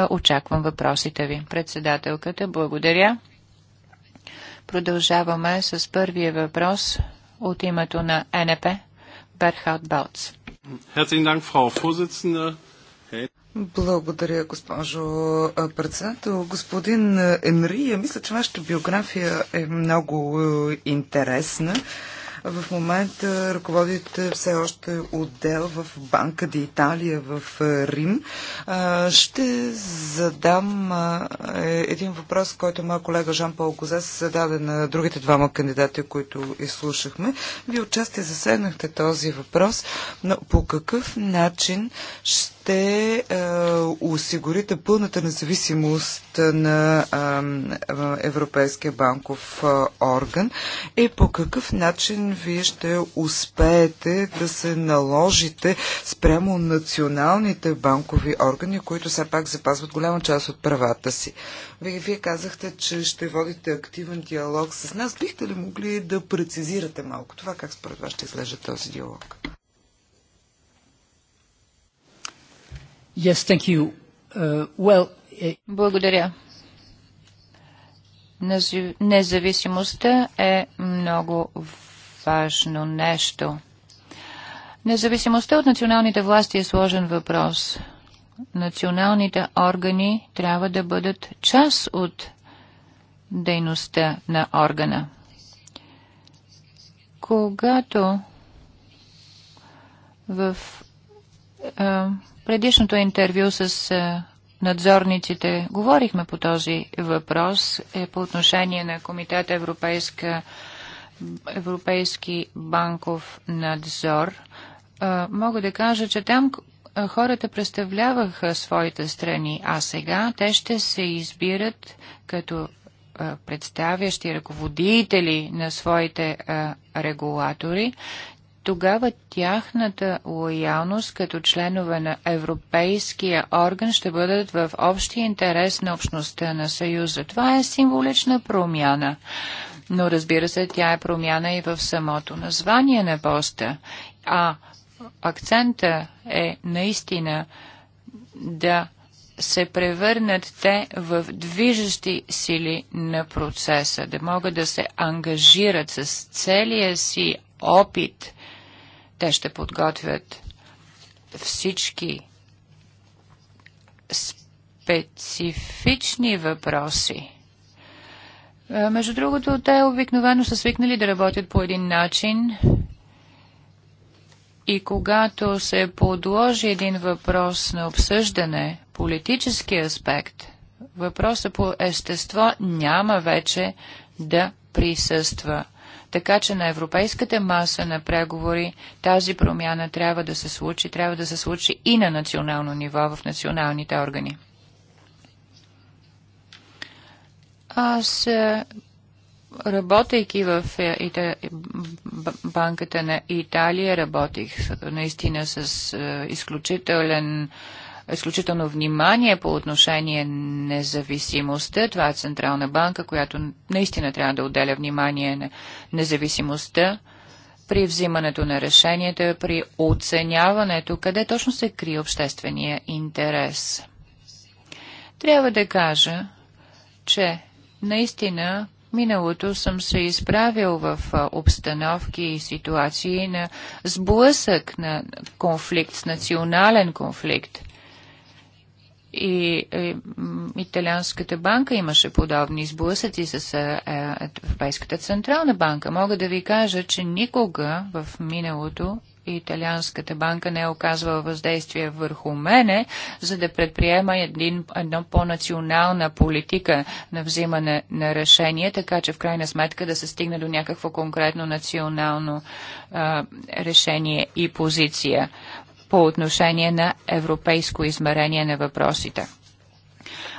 очаквам въпросите ви. Председателката, благодаря. Продължаваме с първия въпрос от името на НП Берхард Балц. Благодаря, госпожо председател. Господин Енрия, мисля, че вашата биография е много интересна. В момента ръководите все още отдел в Банка де Италия в Рим. Ще задам е, един въпрос, който моя колега Жан-Пол Козес зададе на другите двама кандидати, които изслушахме. Вие отчасти засегнахте този въпрос, но по какъв начин ще ще а, е, осигурите пълната независимост на а, е, Европейския банков е, орган и по какъв начин вие ще успеете да се наложите спрямо националните банкови органи, които все пак запазват голяма част от правата си. Вие, вие казахте, че ще водите активен диалог с нас. Бихте ли могли да прецизирате малко това, как според вас ще изглежда този диалог? Yes, thank you. Uh, well, it... Eh, Благодаря. Независимостта е много важно нещо. Независимостта от националните власти е сложен въпрос. Националните органи трябва да бъдат част от дейността на органа. Когато в е, предишното интервю с е, надзорниците говорихме по този въпрос е по отношение на Комитета Европейска, Европейски банков надзор. Е, мога да кажа, че там е, хората представляваха своите страни, а сега те ще се избират като представящи ръководители на своите регулатори тогава тяхната лоялност като членове на Европейския орган ще бъдат в общия интерес на общността на Съюза. Това е символична промяна. Но разбира се, тя е промяна и в самото название на поста. А акцента е наистина да се превърнат те в движещи сили на процеса, да могат да се ангажират с целия си опит те ще подготвят всички специфични въпроси. Е, между другото, те обикновено са свикнали да работят по един начин и когато се подложи един въпрос на обсъждане, политически аспект, въпроса по естество няма вече да присъства така че на европейската маса на преговори тази промяна трябва да се случи, трябва да се случи и на национално ниво, в националните органи. Аз е, работейки в е, банката на Италия, работих наистина с е, изключителен изключително внимание по отношение независимостта. Това е Централна банка, която наистина трябва да отделя внимание на независимостта при взимането на решенията, при оценяването, къде точно се крие обществения интерес. Трябва да кажа, че наистина миналото съм се изправил в обстановки и ситуации на сблъсък на конфликт, с национален конфликт и, е, Италианската банка имаше подобни сблъсъци с е, е, Европейската централна банка. Мога да ви кажа, че никога в миналото Италианската банка не е оказвала въздействие върху мене, за да предприема един, едно по-национална политика на взимане на решение, така че в крайна сметка да се стигне до някакво конкретно национално а, решение и позиция по отношение на европейско измерение на въпросите.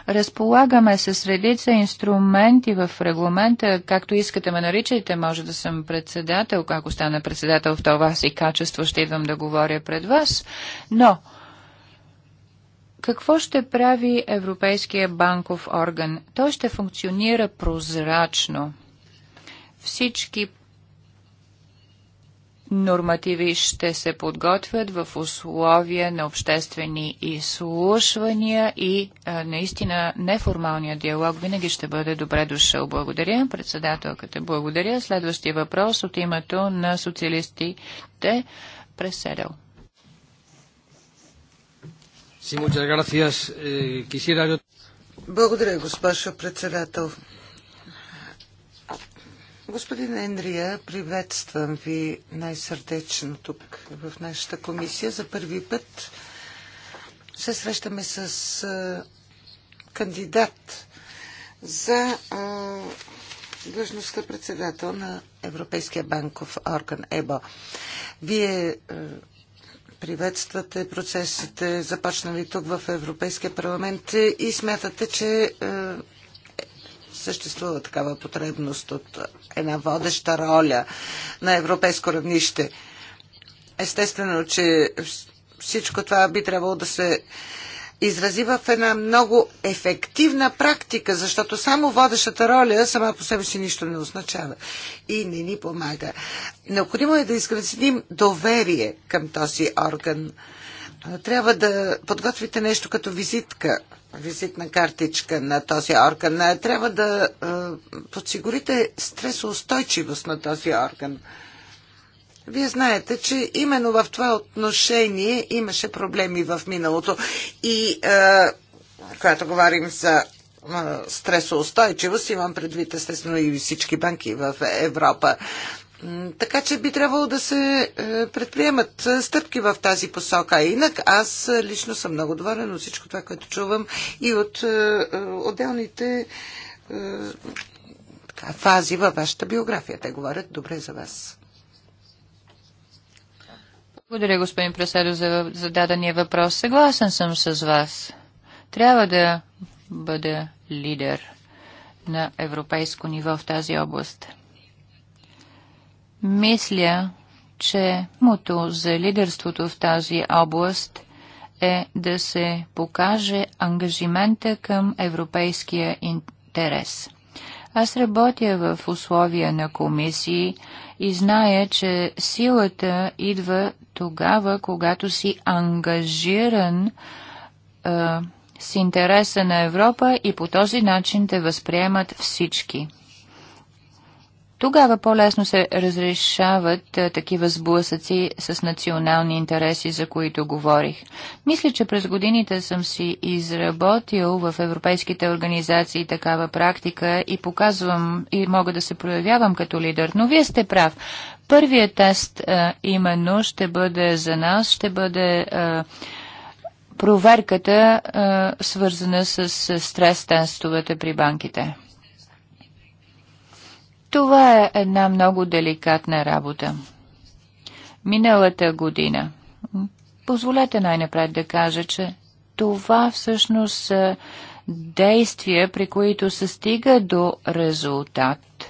Разполагаме с редица инструменти в регламента, както искате ме наричайте, може да съм председател, ако стана председател в това си качество, ще идвам да говоря пред вас, но какво ще прави Европейския банков орган? Той ще функционира прозрачно. Всички нормативи ще се подготвят в условия на обществени изслушвания и а, наистина неформалният диалог винаги ще бъде добре дошъл. Благодаря. Председателката, благодаря. Следващия въпрос от името на социалистите преседел. Eh, благодаря, госпожо председател. Господин Ендрия, приветствам ви най-сърдечно тук в нашата комисия. За първи път се срещаме с кандидат за длъжността председател на Европейския банков орган ЕБО. Вие приветствате процесите, започнали тук в Европейския парламент и смятате, че съществува такава потребност от една водеща роля на европейско равнище. Естествено, че всичко това би трябвало да се изрази в една много ефективна практика, защото само водещата роля сама по себе си нищо не означава и не ни помага. Необходимо е да изградим доверие към този орган. Трябва да подготвите нещо като визитка визитна картичка на този орган. Е, трябва да е, подсигурите стресоустойчивост на този орган. Вие знаете, че именно в това отношение имаше проблеми в миналото. И е, когато говорим за е, стресоустойчивост, имам предвид естествено и всички банки в Европа. Така че би трябвало да се е, предприемат е, стъпки в тази посока. Инак аз е, лично съм много доволен от всичко това, което чувам и от отделните така, фази във вашата биография. Те говорят добре за вас. Благодаря, господин Преседо, за зададения въпрос. Съгласен съм с вас. Трябва да бъда лидер на европейско ниво в тази област. Мисля, че мото за лидерството в тази област е да се покаже ангажимента към европейския интерес. Аз работя в условия на комисии и зная, че силата идва тогава, когато си ангажиран е, с интереса на Европа и по този начин те възприемат всички. Тогава по-лесно се разрешават а, такива сблъсъци с национални интереси, за които говорих. Мисля, че през годините съм си изработил в европейските организации такава практика и показвам и мога да се проявявам като лидер. Но вие сте прав. Първият тест а, именно ще бъде за нас, ще бъде. А, проверката, свързана с стрес-тестовете при банките. Това е една много деликатна работа. Миналата година. Позволете най-напред да кажа, че това всъщност са действия, при които се стига до резултат.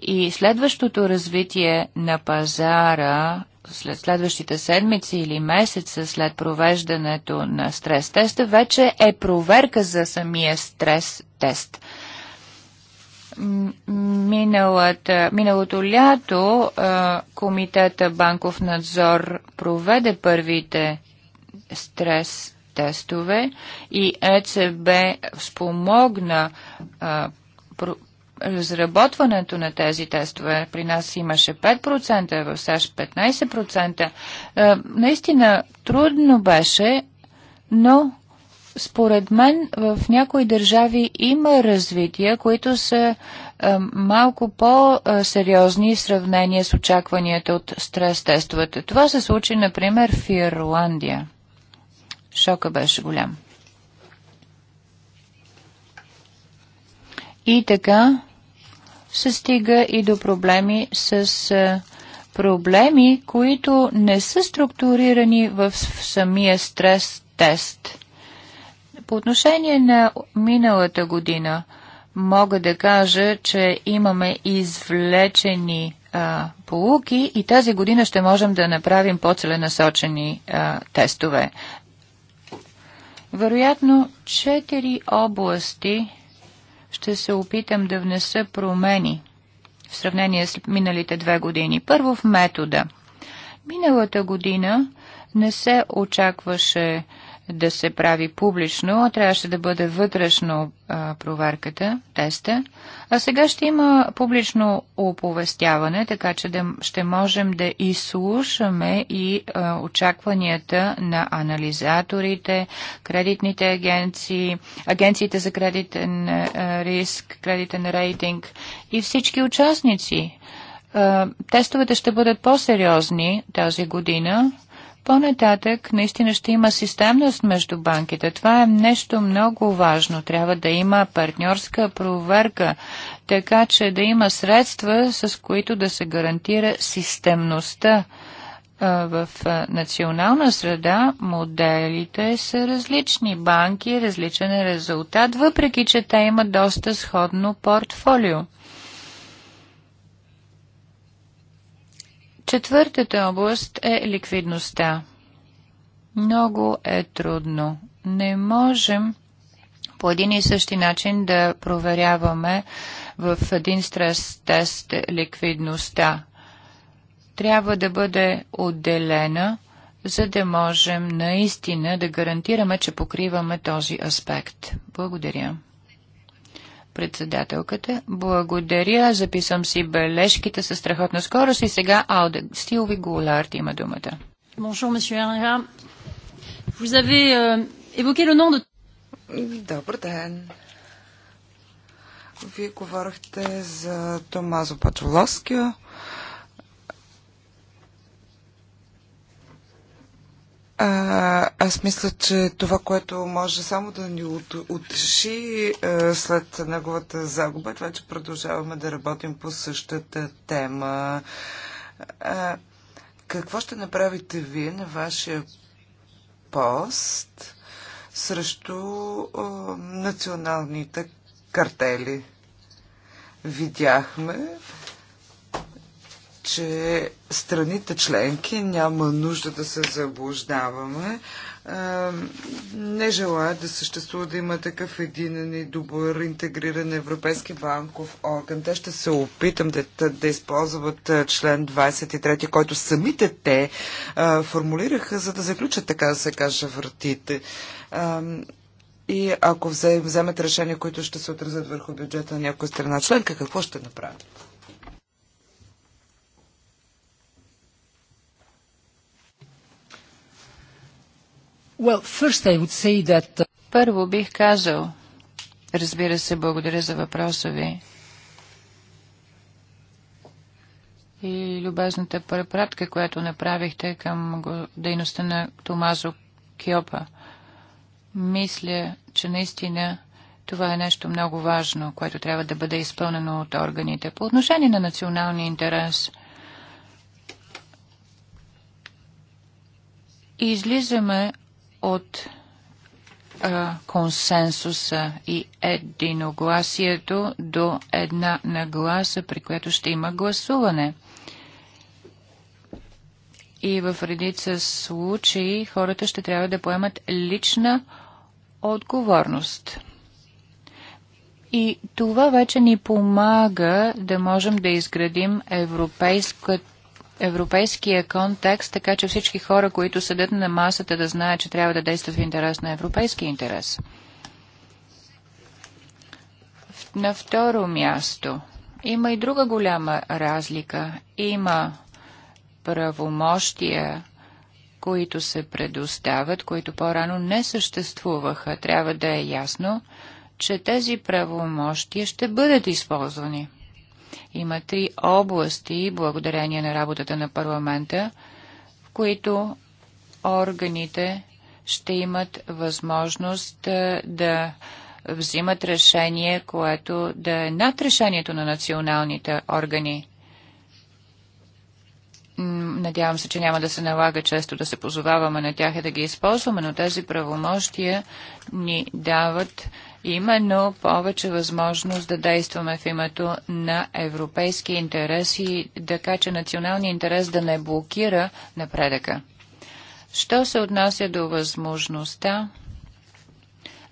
И следващото развитие на пазара след следващите седмици или месеца след провеждането на стрес теста вече е проверка за самия стрес тест. Миналата, миналото лято комитета Банков надзор проведе първите стрес тестове и ЕЦБ спомогна разработването на тези тестове. При нас имаше 5%, в САЩ 15%. наистина трудно беше, но според мен в някои държави има развития, които са е, малко по-сериозни в сравнение с очакванията от стрес-тестовете. Това се случи, например, в Ирландия. Шока беше голям. И така се стига и до проблеми с е, проблеми, които не са структурирани в самия стрес-тест. По отношение на миналата година, мога да кажа, че имаме извлечени а, полуки и тази година ще можем да направим по-целенасочени тестове. Вероятно, четири области ще се опитам да внеса промени в сравнение с миналите две години. Първо в метода. Миналата година не се очакваше да се прави публично, трябваше да бъде вътрешно а, проверката, теста, а сега ще има публично оповестяване, така че да, ще можем да изслушаме и а, очакванията на анализаторите, кредитните агенции, агенциите за кредитен а, риск, кредитен рейтинг и всички участници. А, тестовете ще бъдат по-сериозни тази година по-нататък наистина ще има системност между банките. Това е нещо много важно. Трябва да има партньорска проверка, така че да има средства, с които да се гарантира системността. В национална среда моделите са различни банки, различен е резултат, въпреки че те имат доста сходно портфолио. Четвъртата област е ликвидността. Много е трудно. Не можем по един и същи начин да проверяваме в един стрес тест ликвидността. Трябва да бъде отделена, за да можем наистина да гарантираме, че покриваме този аспект. Благодаря. Председателката, благодаря. Записвам си бележките със страхотна скорост и сега Ауде. Стилви Гулард има думата. Bonjour, monsieur Herrera. Vous avez euh, évoqué le nom de... Добър ден. Вие говорихте за Томазо Пачоловския. А, аз мисля, че това, което може само да ни от, отреши е, след неговата загуба, е това, че продължаваме да работим по същата тема. А, какво ще направите вие на вашия пост срещу а, е, националните картели? Видяхме, че страните членки няма нужда да се заблуждаваме. Не желая да съществува да има такъв един и добър интегриран европейски банков орган. Те ще се опитам да, да използват член 23, който самите те формулираха, за да заключат, така да се каже, вратите. И ако вземат решения, които ще се отразят върху бюджета на някоя страна членка, какво ще направят? Well, first I would say that... Uh, Първо бих казал, разбира се, благодаря за въпроса ви и любезната препратка, която направихте към дейността на Томазо Киопа. Мисля, че наистина това е нещо много важно, което трябва да бъде изпълнено от органите. По отношение на националния интерес, излизаме от консенсуса и единогласието до една нагласа, при която ще има гласуване. И в редица случаи хората ще трябва да поемат лична отговорност. И това вече ни помага да можем да изградим европейската европейския контекст, така че всички хора, които седят на масата, да знаят, че трябва да действат в интерес на европейски интерес. На второ място има и друга голяма разлика. Има правомощия, които се предоставят, които по-рано не съществуваха. Трябва да е ясно, че тези правомощия ще бъдат използвани. Има три области, благодарение на работата на парламента, в които органите ще имат възможност да, е, да взимат решение, което да е над решението на националните органи. Надявам се, че няма да се налага често да се позоваваме на тях и да ги използваме, но тези правомощия ни дават именно повече възможност да действаме в името на европейски интерес и така, че националния интерес да не блокира напредъка. Що се отнася до възможността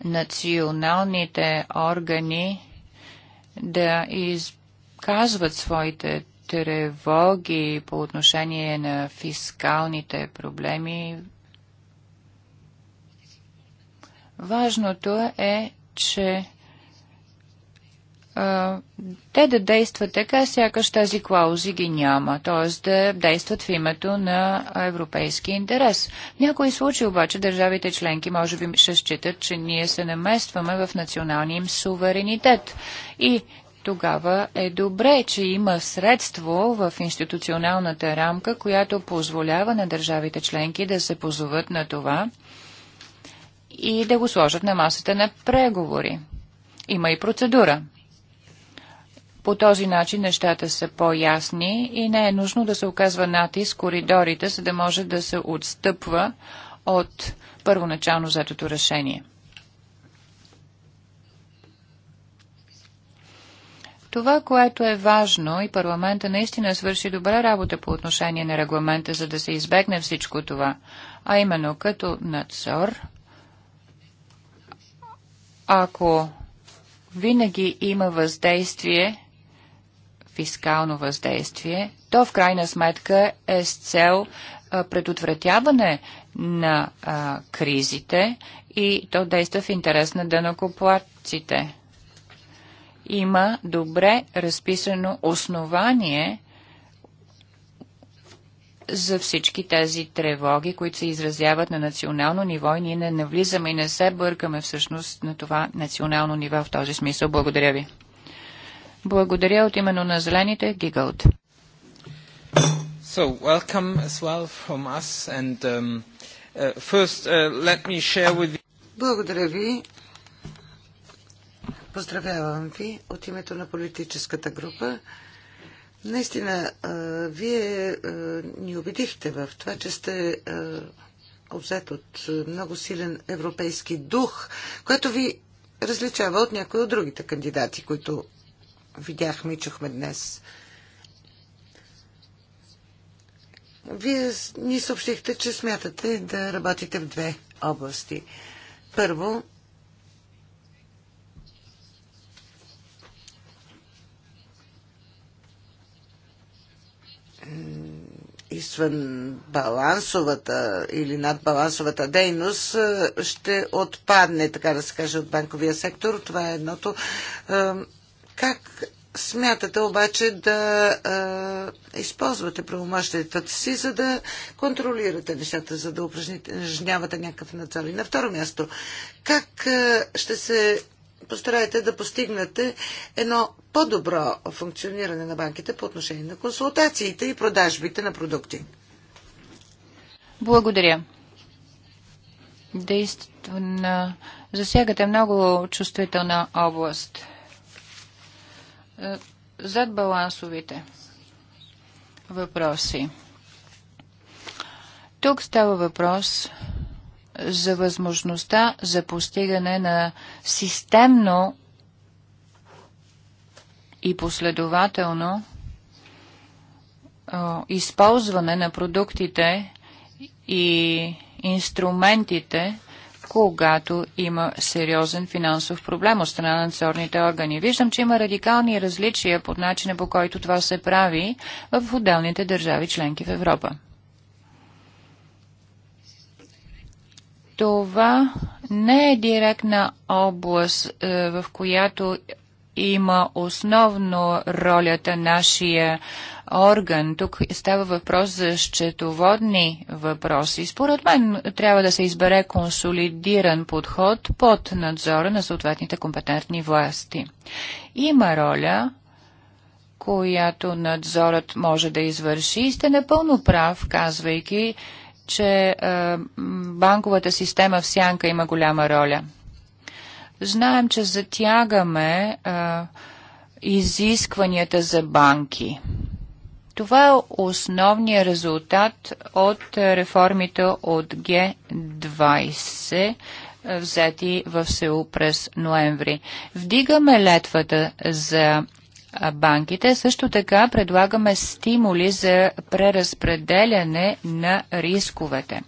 националните органи да изказват своите тревоги по отношение на фискалните проблеми. Важното е че а, те да действат така, сякаш тези клаузи ги няма, т.е. да действат в името на европейски интерес. В някои случаи обаче държавите членки може би ще считат, че ние се наместваме в националния им суверенитет и тогава е добре, че има средство в институционалната рамка, която позволява на държавите членки да се позоват на това и да го сложат на масата на преговори. Има и процедура. По този начин нещата са по-ясни и не е нужно да се оказва натиск коридорите, за да може да се отстъпва от първоначално взетото решение. Това, което е важно и парламента наистина свърши добра работа по отношение на регламента, за да се избегне всичко това, а именно като надзор ако винаги има въздействие, фискално въздействие, то в крайна сметка е с цел предотвратяване на а, кризите и то действа в интерес на дънокоплаците. Има добре разписано основание за всички тези тревоги, които се изразяват на национално ниво и ние не навлизаме и не се бъркаме всъщност на това национално ниво в този смисъл. Благодаря ви. Благодаря от именно на зелените Гигълт. So, welcome as well from us and um, uh, first uh, let me share with you... Благодаря ви. Поздравявам ви от името на политическата група. Наистина, вие ни убедихте в това, че сте обзет от много силен европейски дух, който ви различава от някои от другите кандидати, които видяхме и чухме днес. Вие ни съобщихте, че смятате да работите в две области. Първо, извън балансовата или надбалансовата дейност е, ще отпадне, така да се каже, от банковия сектор. Това е едното. Е, как смятате обаче да е, използвате правомащията си, за да контролирате нещата, за да упражнявате някакъв надзор. И на второ място, как ще се постараете да постигнете едно по-добро функциониране на банките по отношение на консултациите и продажбите на продукти. Благодаря. Действително, засягате много чувствителна област. Е, зад балансовите въпроси. Тук става въпрос за възможността за постигане на системно и последователно използване на продуктите и инструментите, когато има сериозен финансов проблем от страна на надзорните органи. Виждам, че има радикални различия под начина по който това се прави в отделните държави членки в Европа. Това не е директна област, е, в която има основно ролята нашия орган. Тук става въпрос за счетоводни въпроси. Според мен трябва да се избере консолидиран подход под надзора на съответните компетентни власти. Има роля която надзорът може да извърши. И сте напълно прав, казвайки, че е, банковата система в сянка има голяма роля. Знаем, че затягаме е, изискванията за банки. Това е основният резултат от реформите от Г20, е, взети в Сеул през ноември. Вдигаме летвата за банките. Също така предлагаме стимули за преразпределяне на рисковете.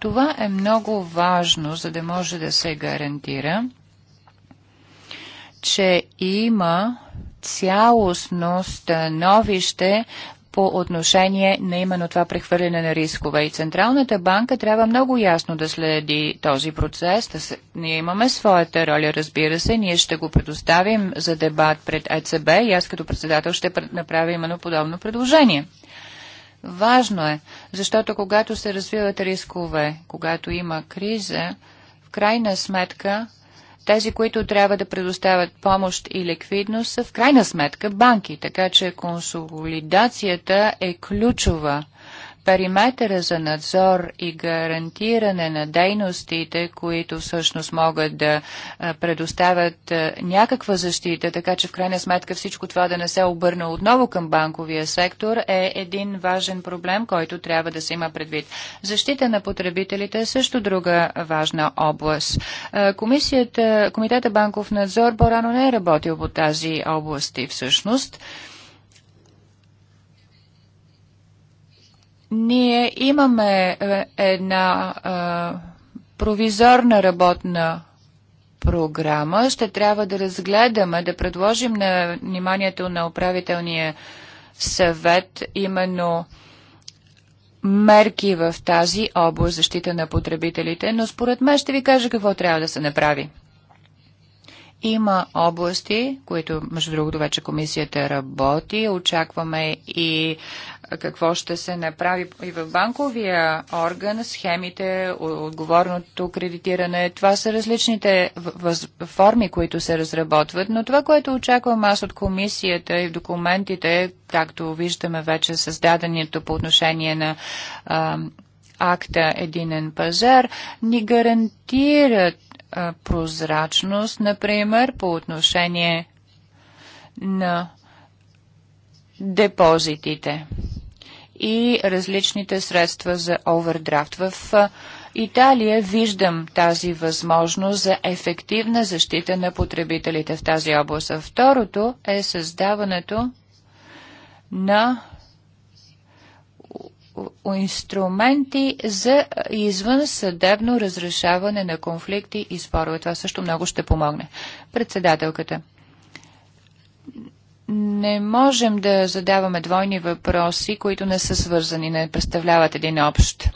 Това е много важно, за да може да се гарантира, че има цялостно становище по отношение на именно това прехвърляне на рискове. И Централната банка трябва много ясно да следи този процес. Да се... Ние имаме своята роля, разбира се. Ние ще го предоставим за дебат пред ЕЦБ и аз като председател ще направя именно подобно предложение. Важно е, защото когато се развиват рискове, когато има криза, в крайна сметка тези, които трябва да предоставят помощ и ликвидност, са в крайна сметка банки, така че консолидацията е ключова – периметъра за надзор и гарантиране на дейностите, които всъщност могат да предоставят някаква защита, така че в крайна сметка всичко това да не се обърне отново към банковия сектор, е един важен проблем, който трябва да се има предвид. Защита на потребителите е също друга важна област. Комисията, Комитета банков надзор по-рано не е работил по тази и всъщност. Ние имаме е, една а, е, провизорна работна програма. Ще трябва да разгледаме, да предложим на вниманието на управителния съвет именно мерки в тази област защита на потребителите, но според мен ще ви кажа какво трябва да се направи. Има области, които, между другото, вече комисията работи. Очакваме и какво ще се направи и в банковия орган, схемите, отговорното кредитиране. Това са различните форми, които се разработват, но това, което очаквам аз от комисията и в документите, както виждаме вече създаденето по отношение на а, акта Единен пазар, ни гарантират прозрачност, например, по отношение на депозитите и различните средства за овердрафт. В Италия виждам тази възможност за ефективна защита на потребителите в тази област. А второто е създаването на инструменти за извън съдебно разрешаване на конфликти и спорове. Това също много ще помогне. Председателката. Не можем да задаваме двойни въпроси, които не са свързани, не представляват един общ.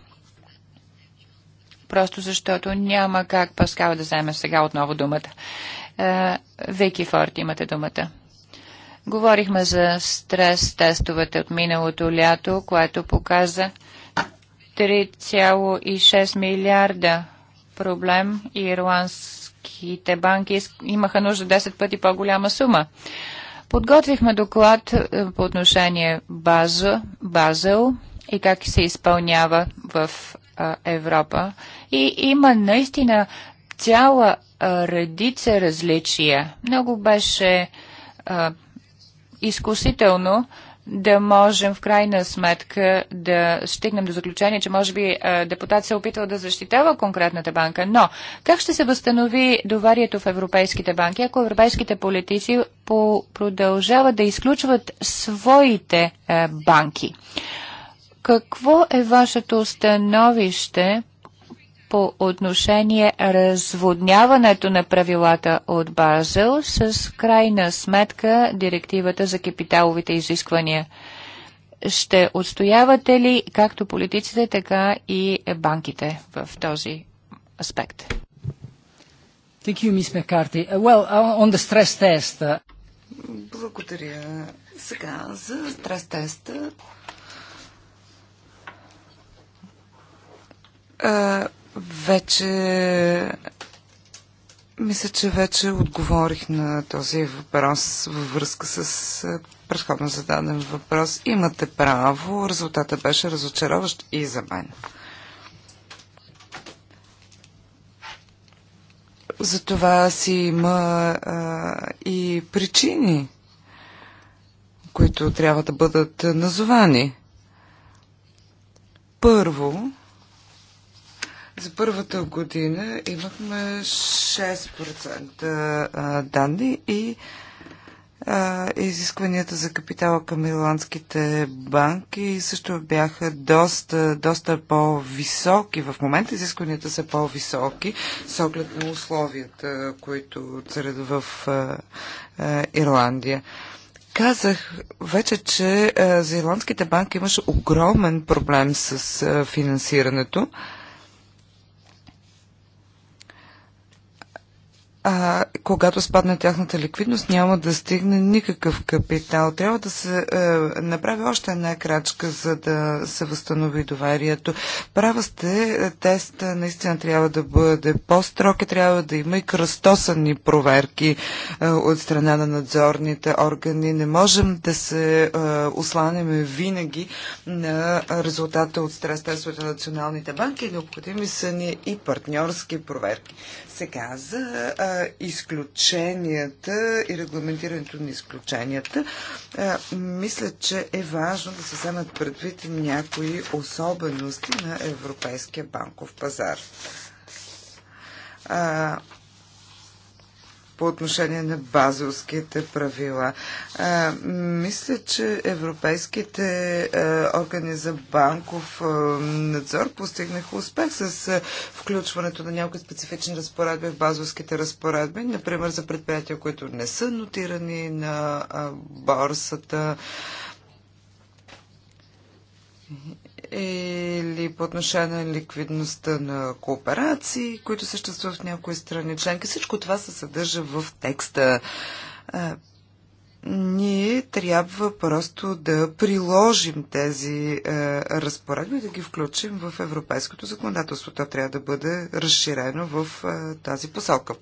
Просто защото няма как Паскал да вземе сега отново думата. Веки Форд, имате думата. Говорихме за стрес-тестовете от миналото лято, което показа 3,6 милиарда проблем и ирландските банки имаха нужда 10 пъти по-голяма сума. Подготвихме доклад е, по отношение база, Базел и как се изпълнява в е, Европа. И има наистина цяла е, редица различия. Много беше а, изкусително да можем в крайна сметка да стигнем до заключение, че може би е, депутат се опитва да защитава конкретната банка. Но как ще се възстанови доверието в европейските банки, ако европейските политици продължават да изключват своите е, банки? Какво е вашето становище по отношение разводняването на правилата от Базел с крайна сметка директивата за капиталовите изисквания. Ще отстоявате ли както политиците, така и банките в този аспект? Благодаря. Сега за стрес теста. Uh, вече мисля, че вече отговорих на този въпрос във връзка с предходно зададен въпрос. Имате право. резултата беше разочароващ и за мен. За това си има а, и причини, които трябва да бъдат назовани. Първо, за първата година имахме 6% данни и изискванията за капитала към ирландските банки също бяха доста, доста по-високи. В момента изискванията са по-високи с оглед на условията, които царят в Ирландия. Казах вече, че за ирландските банки имаше огромен проблем с финансирането. а, когато спадне тяхната ликвидност, няма да стигне никакъв капитал. Трябва да се е, направи още една крачка, за да се възстанови доверието. Права сте, е, тест е, наистина трябва да бъде по-строг и трябва да има и кръстосани проверки е, от страна на надзорните органи. Не можем да се е, осланяме винаги на резултата от стрес-тестовете на националните банки. Необходими са ни и партньорски проверки. Сега за а, изключенията и регламентирането на изключенията, а, мисля, че е важно да се вземат предвид някои особености на европейския банков пазар. А, по отношение на базовските правила. А, мисля, че европейските а, органи за банков а, надзор постигнаха успех с а, включването на някои специфични разпоредби в базовските разпоредби, например за предприятия, които не са нотирани на а, борсата или по отношение на ликвидността на кооперации, които съществуват в някои страни членки. Всичко това се съдържа в текста. Е, ние трябва просто да приложим тези е, разпоредби, да ги включим в европейското законодателство. То трябва да бъде разширено в е, тази посока.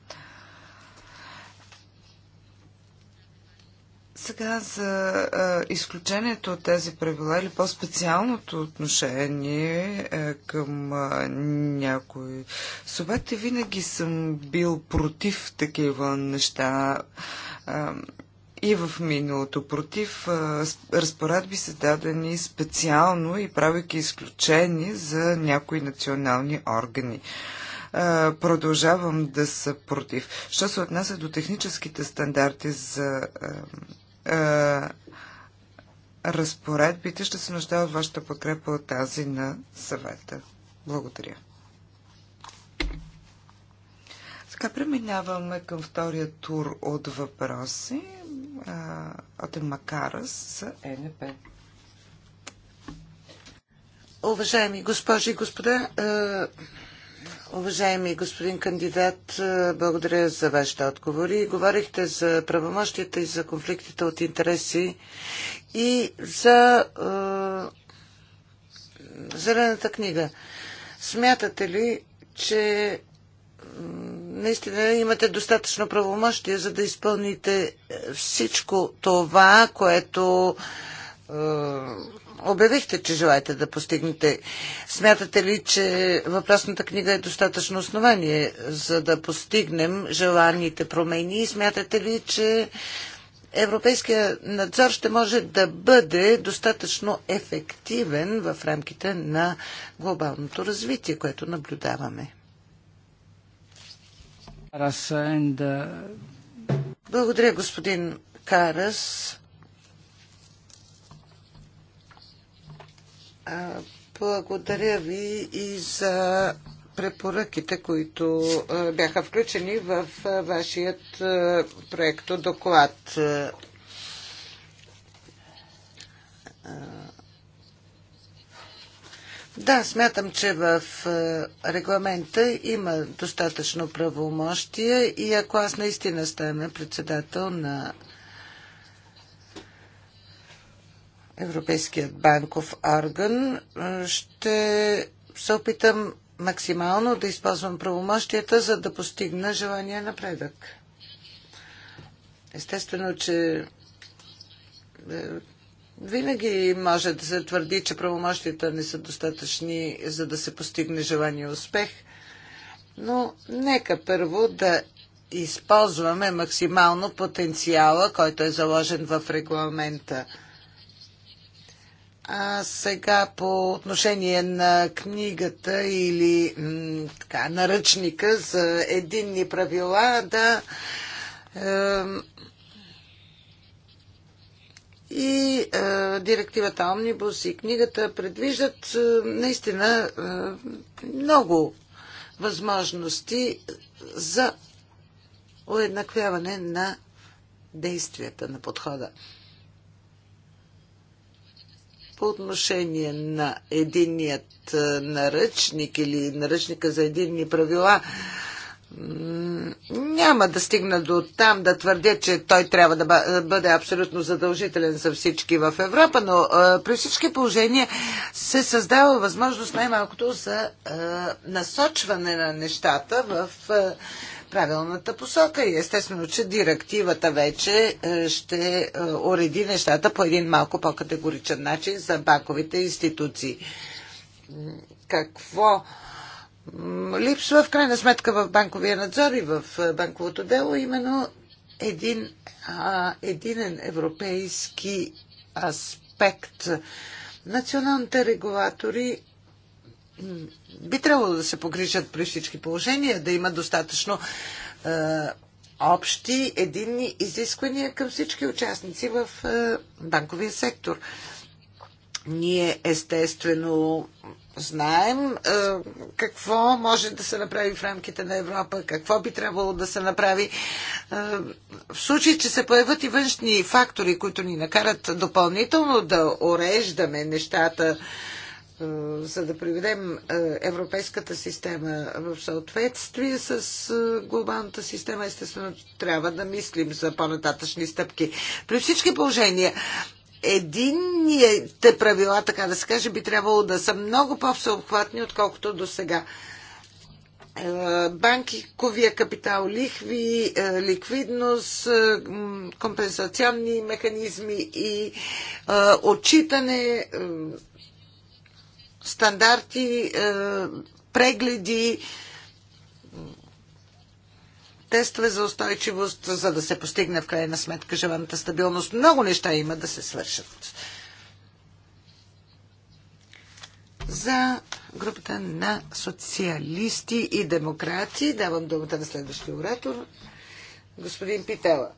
Сега за а, изключението от тези правила или по-специалното отношение а, към а, някои субекти, винаги съм бил против такива неща. А, и в миналото против а, разпоредби са дадени специално и правейки изключение за някои национални органи продължавам да са против. Що се отнася до техническите стандарти за е, разпоредбите ще се нуждае от вашата подкрепа от тази на съвета. Благодаря. Сега преминаваме към втория тур от въпроси. Е, от Макарас с ЕНП. Уважаеми госпожи и господа, е, Уважаеми господин кандидат, е, благодаря за вашите отговори. Говорихте за правомощията и за конфликтите от интереси и за е, Зелената книга. Смятате ли, че наистина имате достатъчно правомощия, за да изпълните всичко това, което е, обявихте, че желаете да постигнете. Смятате ли, че въпросната книга е достатъчно основание, за да постигнем желаните промени? И смятате ли, че Европейския надзор ще може да бъде достатъчно ефективен в рамките на глобалното развитие, което наблюдаваме? Uh, Благодаря, господин Карас. Благодаря ви и за препоръките, които бяха включени в вашият проекто доклад. Да, смятам, че в регламента има достатъчно правомощия и ако аз наистина стана председател на Европейският банков орган. Ще се опитам максимално да използвам правомощията, за да постигна желания напредък. Естествено, че е, винаги може да се твърди, че правомощията не са достатъчни, за да се постигне желания успех. Но нека първо да използваме максимално потенциала, който е заложен в регламента. А сега по отношение на книгата или така, наръчника за единни правила, да. и е, директивата Омнибус и книгата предвиждат е, наистина е, много възможности за уеднаквяване на действията на подхода по отношение на единият е, наръчник или наръчника за единни правила, няма да стигна до там да твърдя, че той трябва да е, бъде абсолютно задължителен за всички в Европа, но е, при всички положения се създава възможност най-малкото за насочване на нещата в правилната посока и естествено, че директивата вече е, ще е, уреди нещата по един малко по-категоричен начин за банковите институции. Какво липсва в крайна сметка в банковия надзор и в е, банковото дело именно един а, единен европейски аспект. Националните регулатори би трябвало да се погрижат при всички положения, да има достатъчно е, общи, единни изисквания към всички участници в е, банковия сектор. Ние естествено знаем е, какво може да се направи в рамките на Европа, какво би трябвало да се направи. Е, в случай, че се появят и външни фактори, които ни накарат допълнително да уреждаме нещата, е, е, за да приведем е, европейската система в съответствие с е, глобалната система, естествено трябва да мислим за по-нататъчни стъпки. При всички положения, единните правила, така да се каже, би трябвало да са много по-всеобхватни, отколкото до сега. Банки ковия, капитал, лихви, ликвидност, компенсационни механизми и отчитане стандарти, е, прегледи, тестове за устойчивост, за да се постигне в крайна сметка желаната стабилност. Много неща има да се свършат. За групата на социалисти и демократи давам думата на следващия оратор, господин Питела.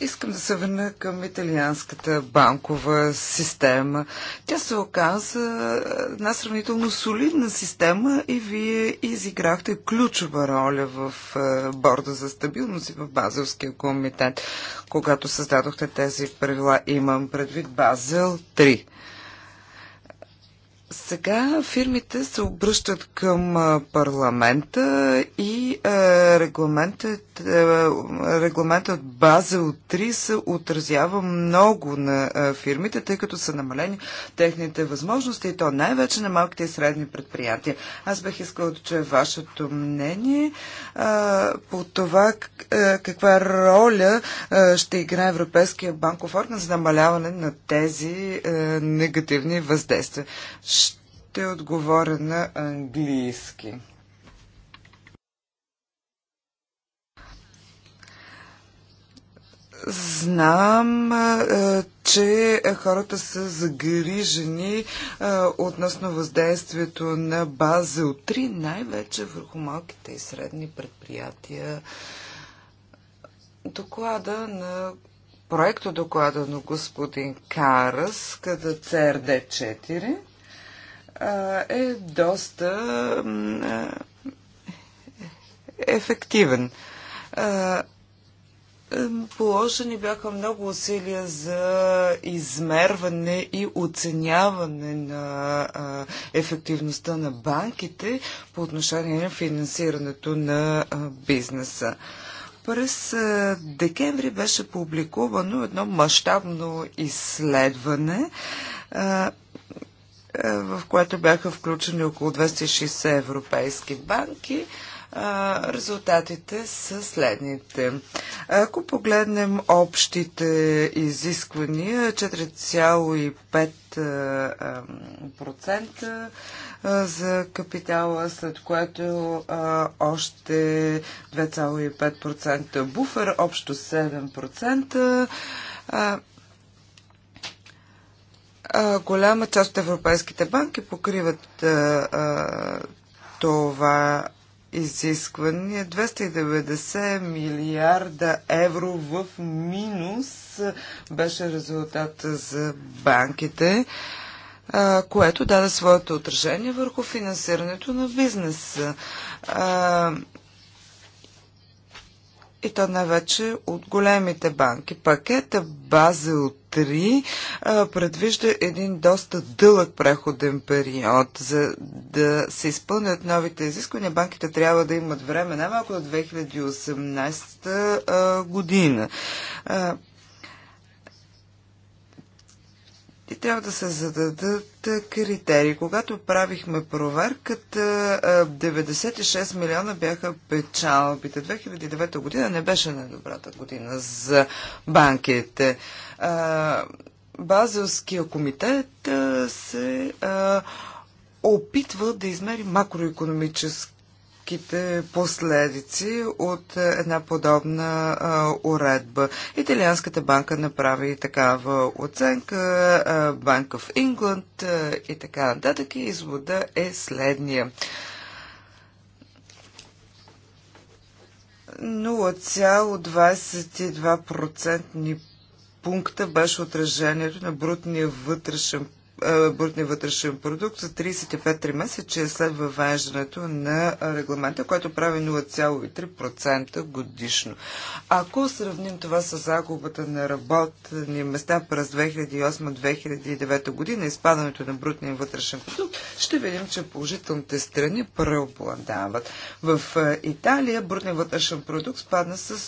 Искам да се върна към италианската банкова система. Тя се оказа една сравнително солидна система и вие изиграхте ключова роля в е, борда за стабилност и в Базелския комитет, когато създадохте тези правила. Имам предвид Базел сега фирмите се обръщат към парламента и регламентът, регламентът Базел 3 се отразява много на фирмите, тъй като са намалени техните възможности и то най-вече на малките и средни предприятия. Аз бих искала да чуя вашето мнение по това каква роля ще играе Европейския банков орган за намаляване на тези негативни въздействия ще отговоря на английски. Знам, че хората са загрижени относно въздействието на база от 3, най-вече върху малките и средни предприятия. Доклада на проекто доклада на господин Карас, като CRD 4 е доста ефективен. Положени бяха много усилия за измерване и оценяване на ефективността на банките по отношение на финансирането на бизнеса. През декември беше публикувано едно мащабно изследване е, в което бяха включени около 260 европейски банки. Е, резултатите са следните. Ако погледнем общите изисквания, 4,5% е, за капитала, след което още 2,5% буфер, общо 7% голяма част от европейските банки покриват а, а, това изискване. 290 милиарда евро в минус беше резултат за банките, а, което даде своето отражение върху финансирането на бизнеса. А, и то най-вече от големите банки. Пакета Базел 3 предвижда един доста дълъг преходен период. За да се изпълнят новите изисквания, банките трябва да имат време най-малко до 2018 година. Ти трябва да се зададат е, критерии. Когато правихме проверката, 96 е, милиона бяха печалбите. 2009 година не беше най-добрата година за банките. Е, Базелския комитет се опитва да измери макроекономически тежките последици от е, една подобна а, е, уредба. Италианската банка направи такава оценка, е, Bank of England а, и така нататък. И извода е следния. 0,22% пункта беше отражението на брутния вътрешен е, брутния вътрешен продукт за 35-3 месече след въвеждането на регламента, който прави 0,3% годишно. Ако сравним това с загубата на работни места през 2008-2009 година, изпадането на брутния вътрешен продукт, ще видим, че положителните страни преобладават. В е, Италия брутния вътрешен продукт спадна с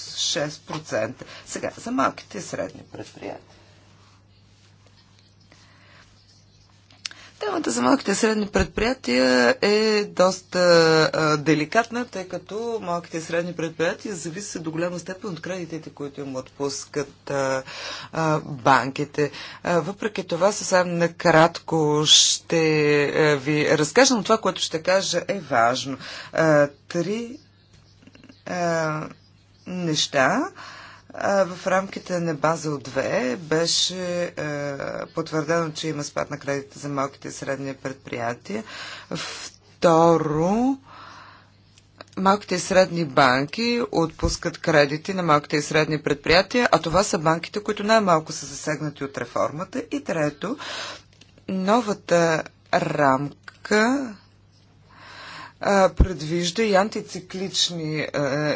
6%. Сега, за малките и средни предприятия. Темата за малките и средни предприятия е доста а, деликатна, тъй като малките и средни предприятия зависят до голяма степен от кредитите, които им отпускат а, а, банките. А, въпреки това, съвсем накратко ще а, ви разкажа, но това, което ще кажа е важно. А, три а, неща. А, в рамките на Базел 2 беше потвърдено, че има спад на кредита за малките и средни предприятия. Второ, малките и средни банки отпускат кредити на малките и средни предприятия, а това са банките, които най-малко са засегнати от реформата. И трето, новата рамка предвижда и антициклични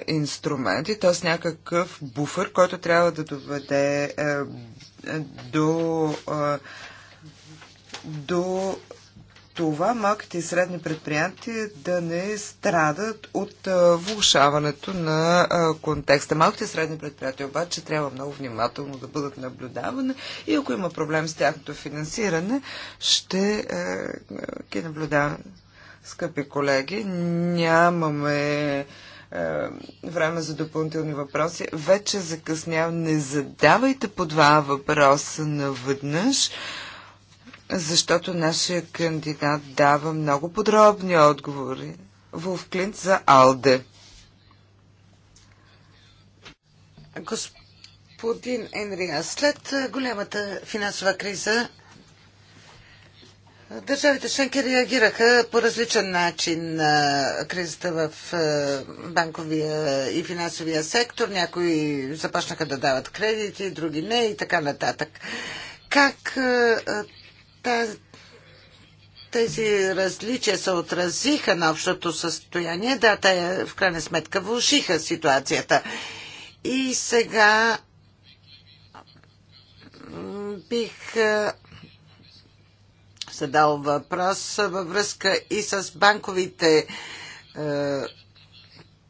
инструменти, т.е. някакъв буфер, който трябва да доведе до, до това малките и средни предприятия да не страдат от влушаването на контекста. Малките и средни предприятия обаче трябва много внимателно да бъдат наблюдавани и ако има проблем с тяхното финансиране, ще ги наблюдаваме Скъпи колеги, нямаме е, време за допълнителни въпроси. Вече закъснявам. Не задавайте по два въпроса наведнъж, защото нашия кандидат дава много подробни отговори. Вулф Клинт за Алде. Господин Енрия, след е, голямата финансова криза Държавите членки реагираха по различен начин на кризата в е, банковия и финансовия сектор. Някои започнаха да дават кредити, други не и така нататък. Как е, е, тези различия се отразиха на общото състояние? Да, те в крайна сметка влушиха ситуацията. И сега бих се дал въпрос във връзка и с банковите е,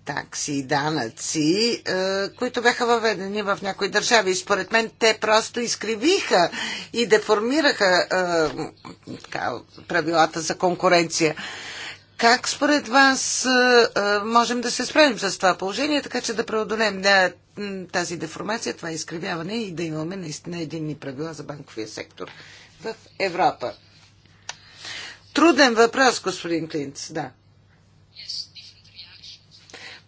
такси и данъци, е, които бяха въведени в някои държави. И според мен те просто изкривиха и деформираха е, така, правилата за конкуренция. Как според вас можем да се справим с това положение, така че да преодолеем да, тази деформация, това изкривяване и да имаме наистина единни правила за банковия сектор в Европа? Труден въпрос, господин Клинц, да.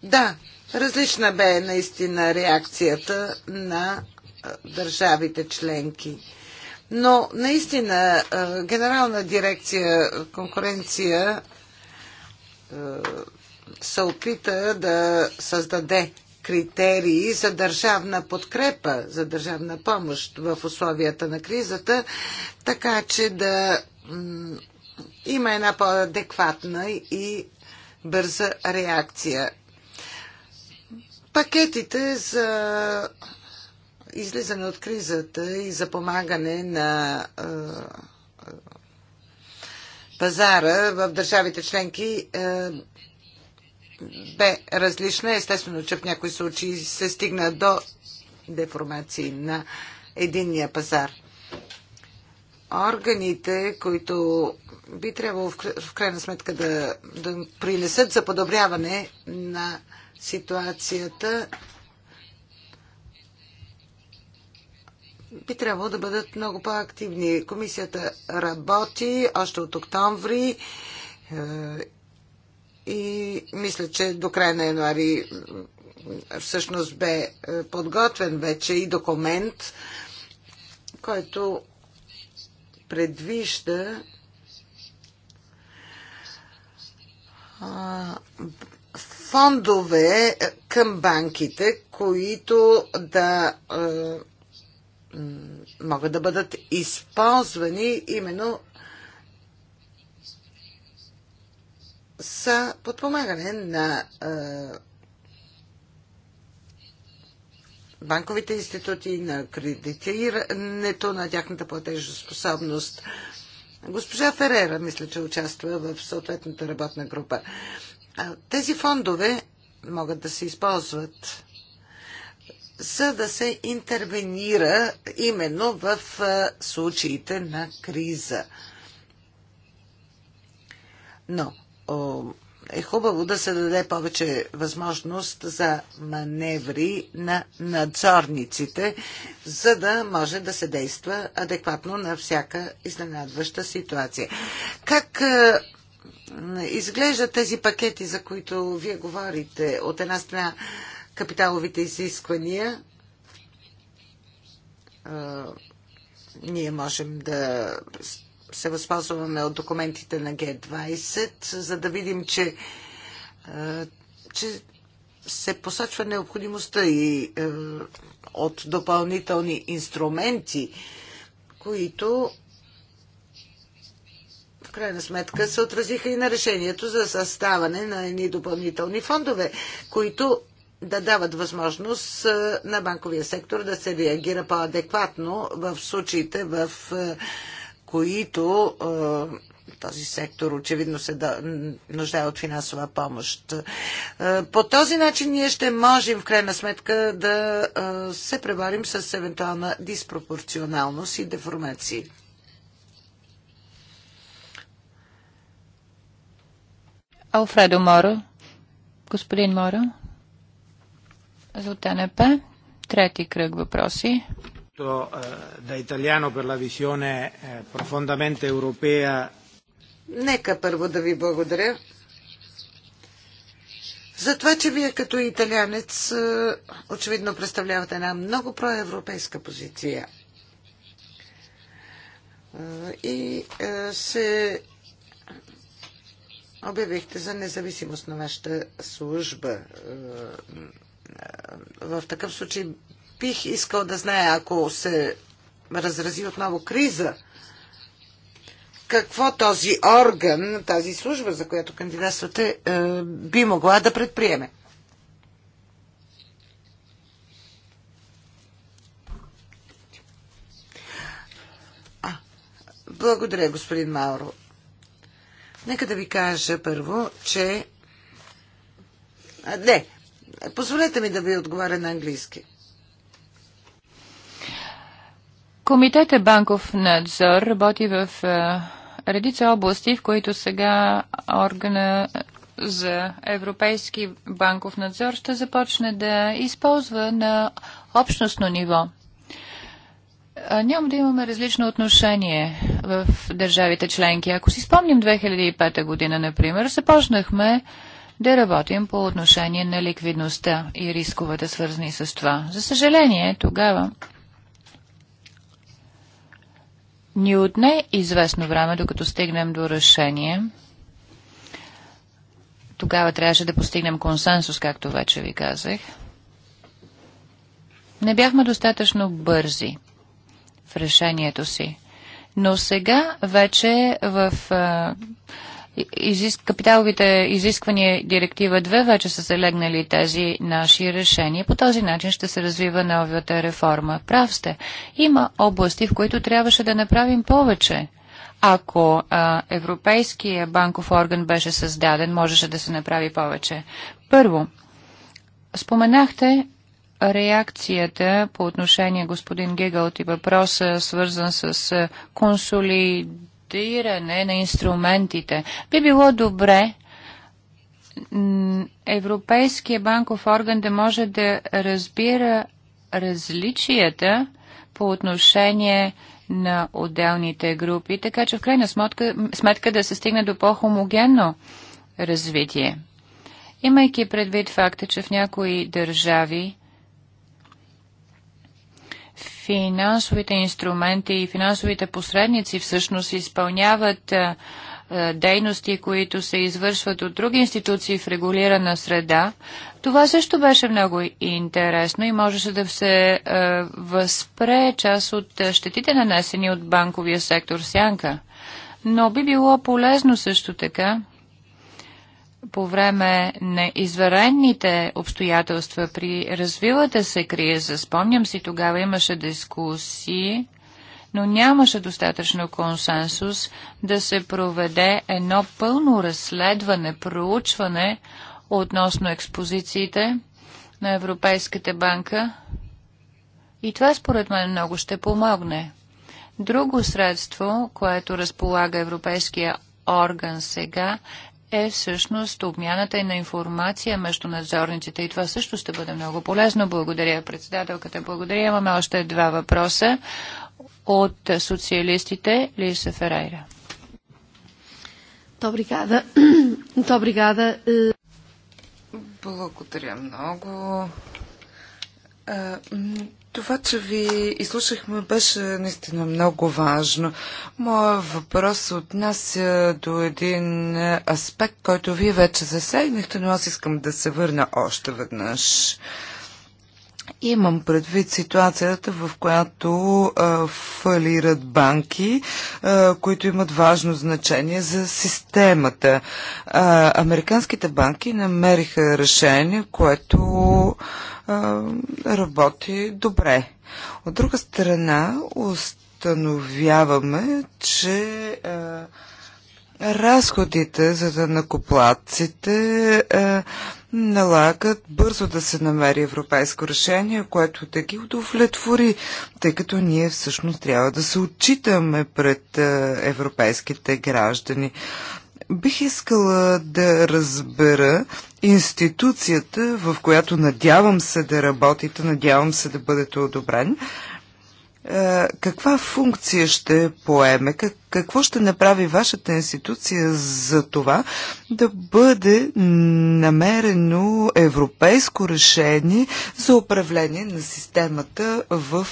Да, различна бе наистина реакцията на държавите членки. Но наистина Генерална дирекция конкуренция се опита да създаде критерии за държавна подкрепа, за държавна помощ в условията на кризата, така че да има една по-адекватна и бърза реакция. Пакетите за излизане от кризата и за помагане на пазара в държавите членки бе различна. Естествено, че в някои случаи се стигна до деформации на единния пазар. Органите, които би трябвало в крайна сметка да, да принесат за подобряване на ситуацията, би трябвало да бъдат много по-активни. Комисията работи още от октомври е, и мисля, че до края на януари всъщност бе е, подготвен вече и документ, който предвижда фондове към банките, които да могат да бъдат използвани именно са подпомагане на банковите институти, на кредитирането на тяхната платежоспособност. способност Госпожа Ферера, мисля, че участва в съответната работна група. Тези фондове могат да се използват за да се интервенира именно в случаите на криза. Но е хубаво да се даде повече възможност за маневри на надзорниците, за да може да се действа адекватно на всяка изненадваща ситуация. Как е, изглеждат тези пакети, за които вие говорите? От една страна капиталовите изисквания, е, ние можем да се възползваме от документите на Г20, за да видим, че, че се посочва необходимостта и от допълнителни инструменти, които в крайна сметка се отразиха и на решението за съставане на едни допълнителни фондове, които да дават възможност на банковия сектор да се реагира по-адекватно в случаите, в които този сектор очевидно се да, нуждае от финансова помощ. По този начин ние ще можем в крайна сметка да се преварим с евентуална диспропорционалност и деформации. Алфредо Моро, господин Моро, за ТНП, трети кръг въпроси. Eh, eh, Нека първо да ви благодаря за това, че вие като италянец е, очевидно представлявате една много проевропейска позиция е, и е, се обявихте за независимост на вашата служба. В такъв случай бих искал да знае, ако се разрази отново криза, какво този орган, тази служба, за която кандидатствате, е, би могла да предприеме? А, благодаря, господин Мауро. Нека да ви кажа първо, че... А, не, позволете ми да ви отговаря на английски. Комитета банков надзор работи в е, редица области, в които сега органа за европейски банков надзор ще започне да използва на общностно ниво. Няма да имаме различно отношение в държавите членки. Ако си спомним 2005 година, например, започнахме да работим по отношение на ликвидността и рисковете, свързани с това. За съжаление, тогава ни отне известно време, докато стигнем до решение. Тогава трябваше да постигнем консенсус, както вече ви казах. Не бяхме достатъчно бързи в решението си. Но сега вече в а, изис... капиталовите изисквания директива 2 вече са залегнали тези наши решения. По този начин ще се развива новата реформа. Прав сте. Има области, в които трябваше да направим повече. Ако а, Европейския банков орган беше създаден, можеше да се направи повече. Първо, споменахте реакцията по отношение господин Гигълт и въпроса, свързан с консули адаптиране на инструментите. Би било добре Европейския банков орган да може да разбира различията по отношение на отделните групи, така че в крайна сметка, сметка да се стигне до по-хомогенно развитие. Имайки предвид факта, че в някои държави финансовите инструменти и финансовите посредници всъщност изпълняват е, е, дейности, които се извършват от други институции в регулирана среда. Това също беше много интересно и можеше да се е, възпре част от е, щетите нанесени от банковия сектор Сянка. Но би било полезно също така по време на изварените обстоятелства при развилата се криза, спомням си, тогава имаше дискусии, но нямаше достатъчно консенсус да се проведе едно пълно разследване, проучване относно експозициите на Европейската банка. И това според мен много ще помогне. Друго средство, което разполага Европейския орган сега, е всъщност обмяната и на информация между надзорниците. И това също ще бъде много полезно. Благодаря, председателката. Благодаря. Имаме още два въпроса от социалистите Лиса Ферайра. Добригада. [clears throat] Е, Благодаря много. Е, това, че ви изслушахме, беше наистина много важно. Моя въпрос отнася до един аспект, който вие вече засегнахте, но аз искам да се върна още веднъж. Имам предвид ситуацията, в която а, фалират банки, а, които имат важно значение за системата. А, американските банки намериха решение, което а, работи добре. От друга страна, установяваме, че а, разходите за накоплаците. А, налагат бързо да се намери европейско решение, което да ги удовлетвори, тъй като ние всъщност трябва да се отчитаме пред е, европейските граждани. Бих искала да разбера институцията, в която надявам се да работите, надявам се да бъдете одобрен, е, каква функция ще поеме, как, какво ще направи вашата институция за това да бъде намерено европейско решение за управление на системата в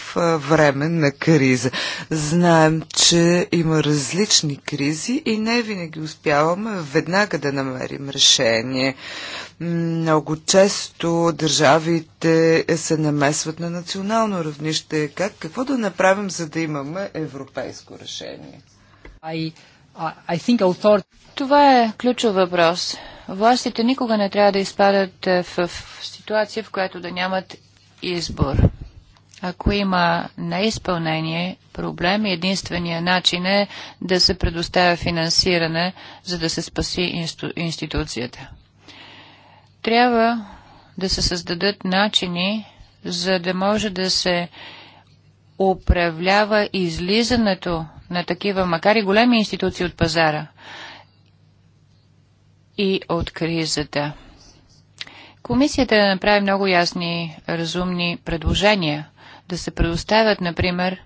време на криза? Знаем, че има различни кризи и не винаги успяваме веднага да намерим решение. Много често държавите се намесват на национално равнище. Как, какво да направим, за да имаме европейско решение? Това е ключов въпрос. Властите никога не трябва да изпадат е, в, ситуация, в която да нямат избор. Ако има неизпълнение, проблем, единствения начин е да се предоставя финансиране, за да се спаси институцията. Трябва да се създадат начини, за да може да се управлява излизането на такива, макар и големи институции от пазара и от кризата. Комисията да направи много ясни, разумни предложения да се предоставят, например,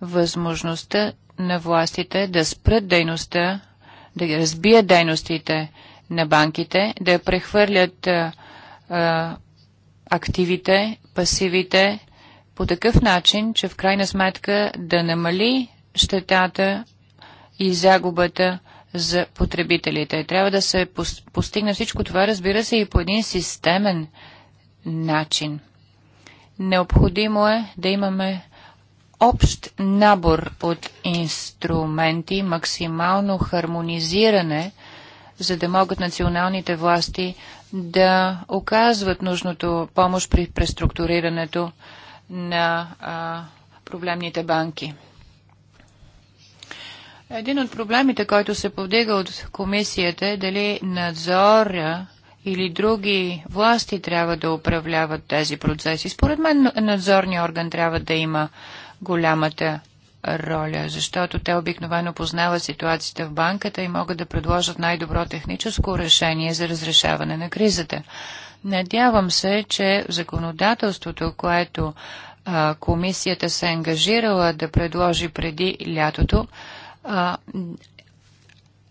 възможността на властите да спрат дейността, да разбият дейностите на банките, да прехвърлят а, а, активите, пасивите по такъв начин, че в крайна сметка да намали щетата и загубата за потребителите. Трябва да се постигне всичко това, разбира се, и по един системен начин. Необходимо е да имаме общ набор от инструменти, максимално хармонизиране, за да могат националните власти да оказват нужното помощ при преструктурирането на а, проблемните банки. Един от проблемите, който се повдига от комисията е дали надзора или други власти трябва да управляват тези процеси. Според мен надзорния орган трябва да има голямата роля, защото те обикновено познават ситуацията в банката и могат да предложат най-добро техническо решение за разрешаване на кризата. Надявам се, че законодателството, което а, комисията се е ангажирала да предложи преди лятото,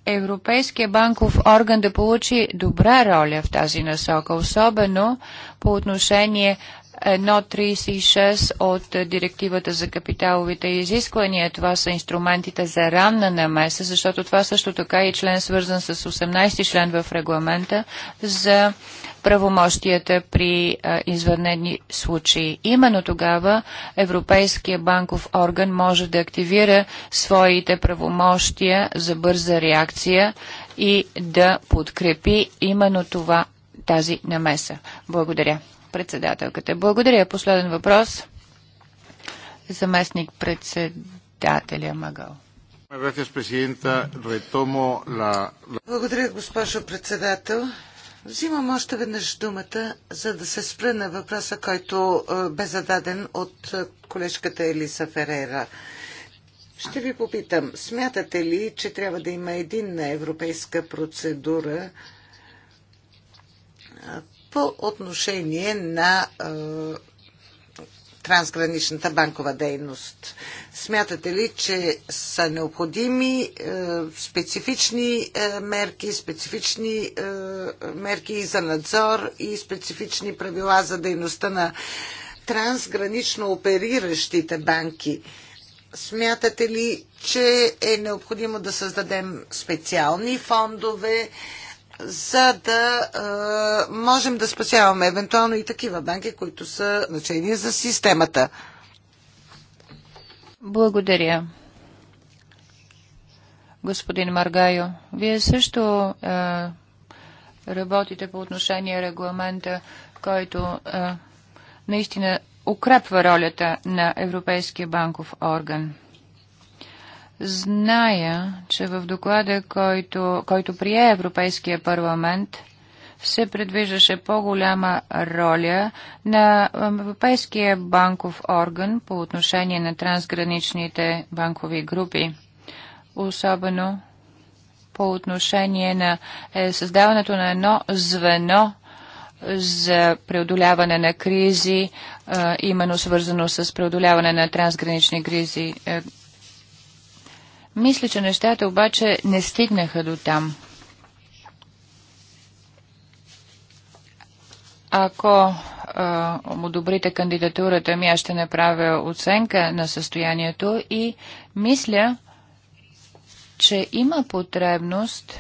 Европейския банков орган да получи добра роля в тази насока, особено по отношение 1.36 от директивата за капиталовите изисквания. Това са инструментите за ранна намеса, защото това също така е член свързан с 18 член в регламента за правомощията при извънредни случаи. Именно тогава Европейския банков орган може да активира своите правомощия за бърза реакция и да подкрепи именно това тази намеса. Благодаря. Председателката. Благодаря. Последен въпрос. Заместник председателя Магал. Благодаря, госпожо председател. Взимам още веднъж думата, за да се спра на въпроса, който е, бе зададен от е, колежката Елиса Ферера. Ще ви попитам, смятате ли, че трябва да има единна европейска процедура по отношение на трансграничната банкова дейност. Смятате ли, че са необходими специфични мерки, специфични мерки и за надзор и специфични правила за дейността на трансгранично опериращите банки? Смятате ли, че е необходимо да създадем специални фондове, за да а, можем да спасяваме евентуално и такива банки, които са значени за системата. Благодаря. Господин Маргайо, вие също а, работите по отношение регламента, който а, наистина укрепва ролята на Европейския банков орган. Зная, че в доклада, който, който прие Европейския парламент, се предвиждаше по-голяма роля на Европейския банков орган по отношение на трансграничните банкови групи, особено по отношение на е, създаването на едно звено за преодоляване на кризи, е, именно свързано с преодоляване на трансгранични кризи. Е, мисля, че нещата обаче не стигнаха до там. Ако а, одобрите кандидатурата ми, аз ще направя оценка на състоянието и мисля, че има потребност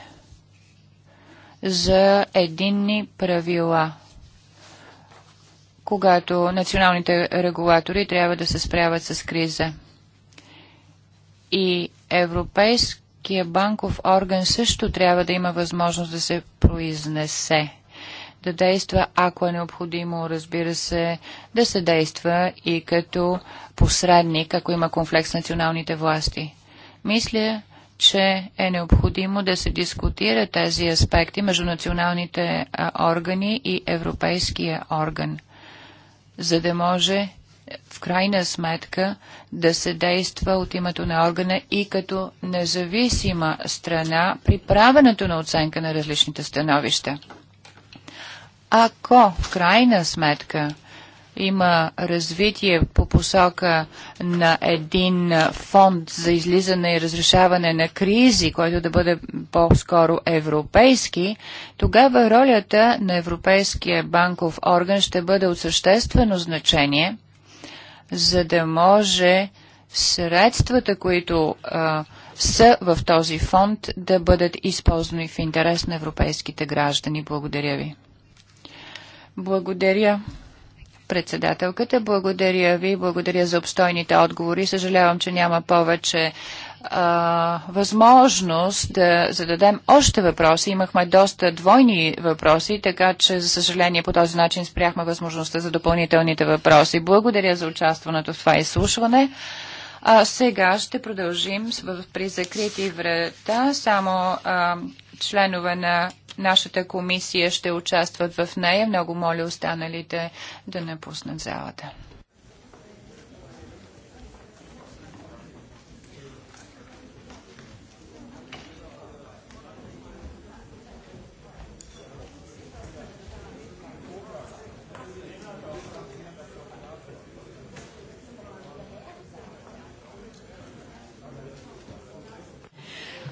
за единни правила, когато националните регулатори трябва да се справят с криза. И Европейския банков орган също трябва да има възможност да се произнесе да действа, ако е необходимо, разбира се, да се действа и като посредник, ако има конфликт с националните власти. Мисля, че е необходимо да се дискутира тези аспекти между националните органи и европейския орган, за да може в крайна сметка да се действа от името на органа и като независима страна при правенето на оценка на различните становища. Ако в крайна сметка има развитие по посока на един фонд за излизане и разрешаване на кризи, който да бъде по-скоро европейски, тогава ролята на Европейския банков орган ще бъде от съществено значение – за да може средствата, които а, са в този фонд, да бъдат използвани в интерес на европейските граждани. Благодаря ви. Благодаря председателката. Благодаря ви, благодаря за обстойните отговори. Съжалявам, че няма повече възможност да зададем още въпроси. Имахме доста двойни въпроси, така че, за съжаление, по този начин спряхме възможността за допълнителните въпроси. Благодаря за участването в това изслушване. А, сега ще продължим при закрити врата. Само а, членове на нашата комисия ще участват в нея. Много моля останалите да напуснат залата.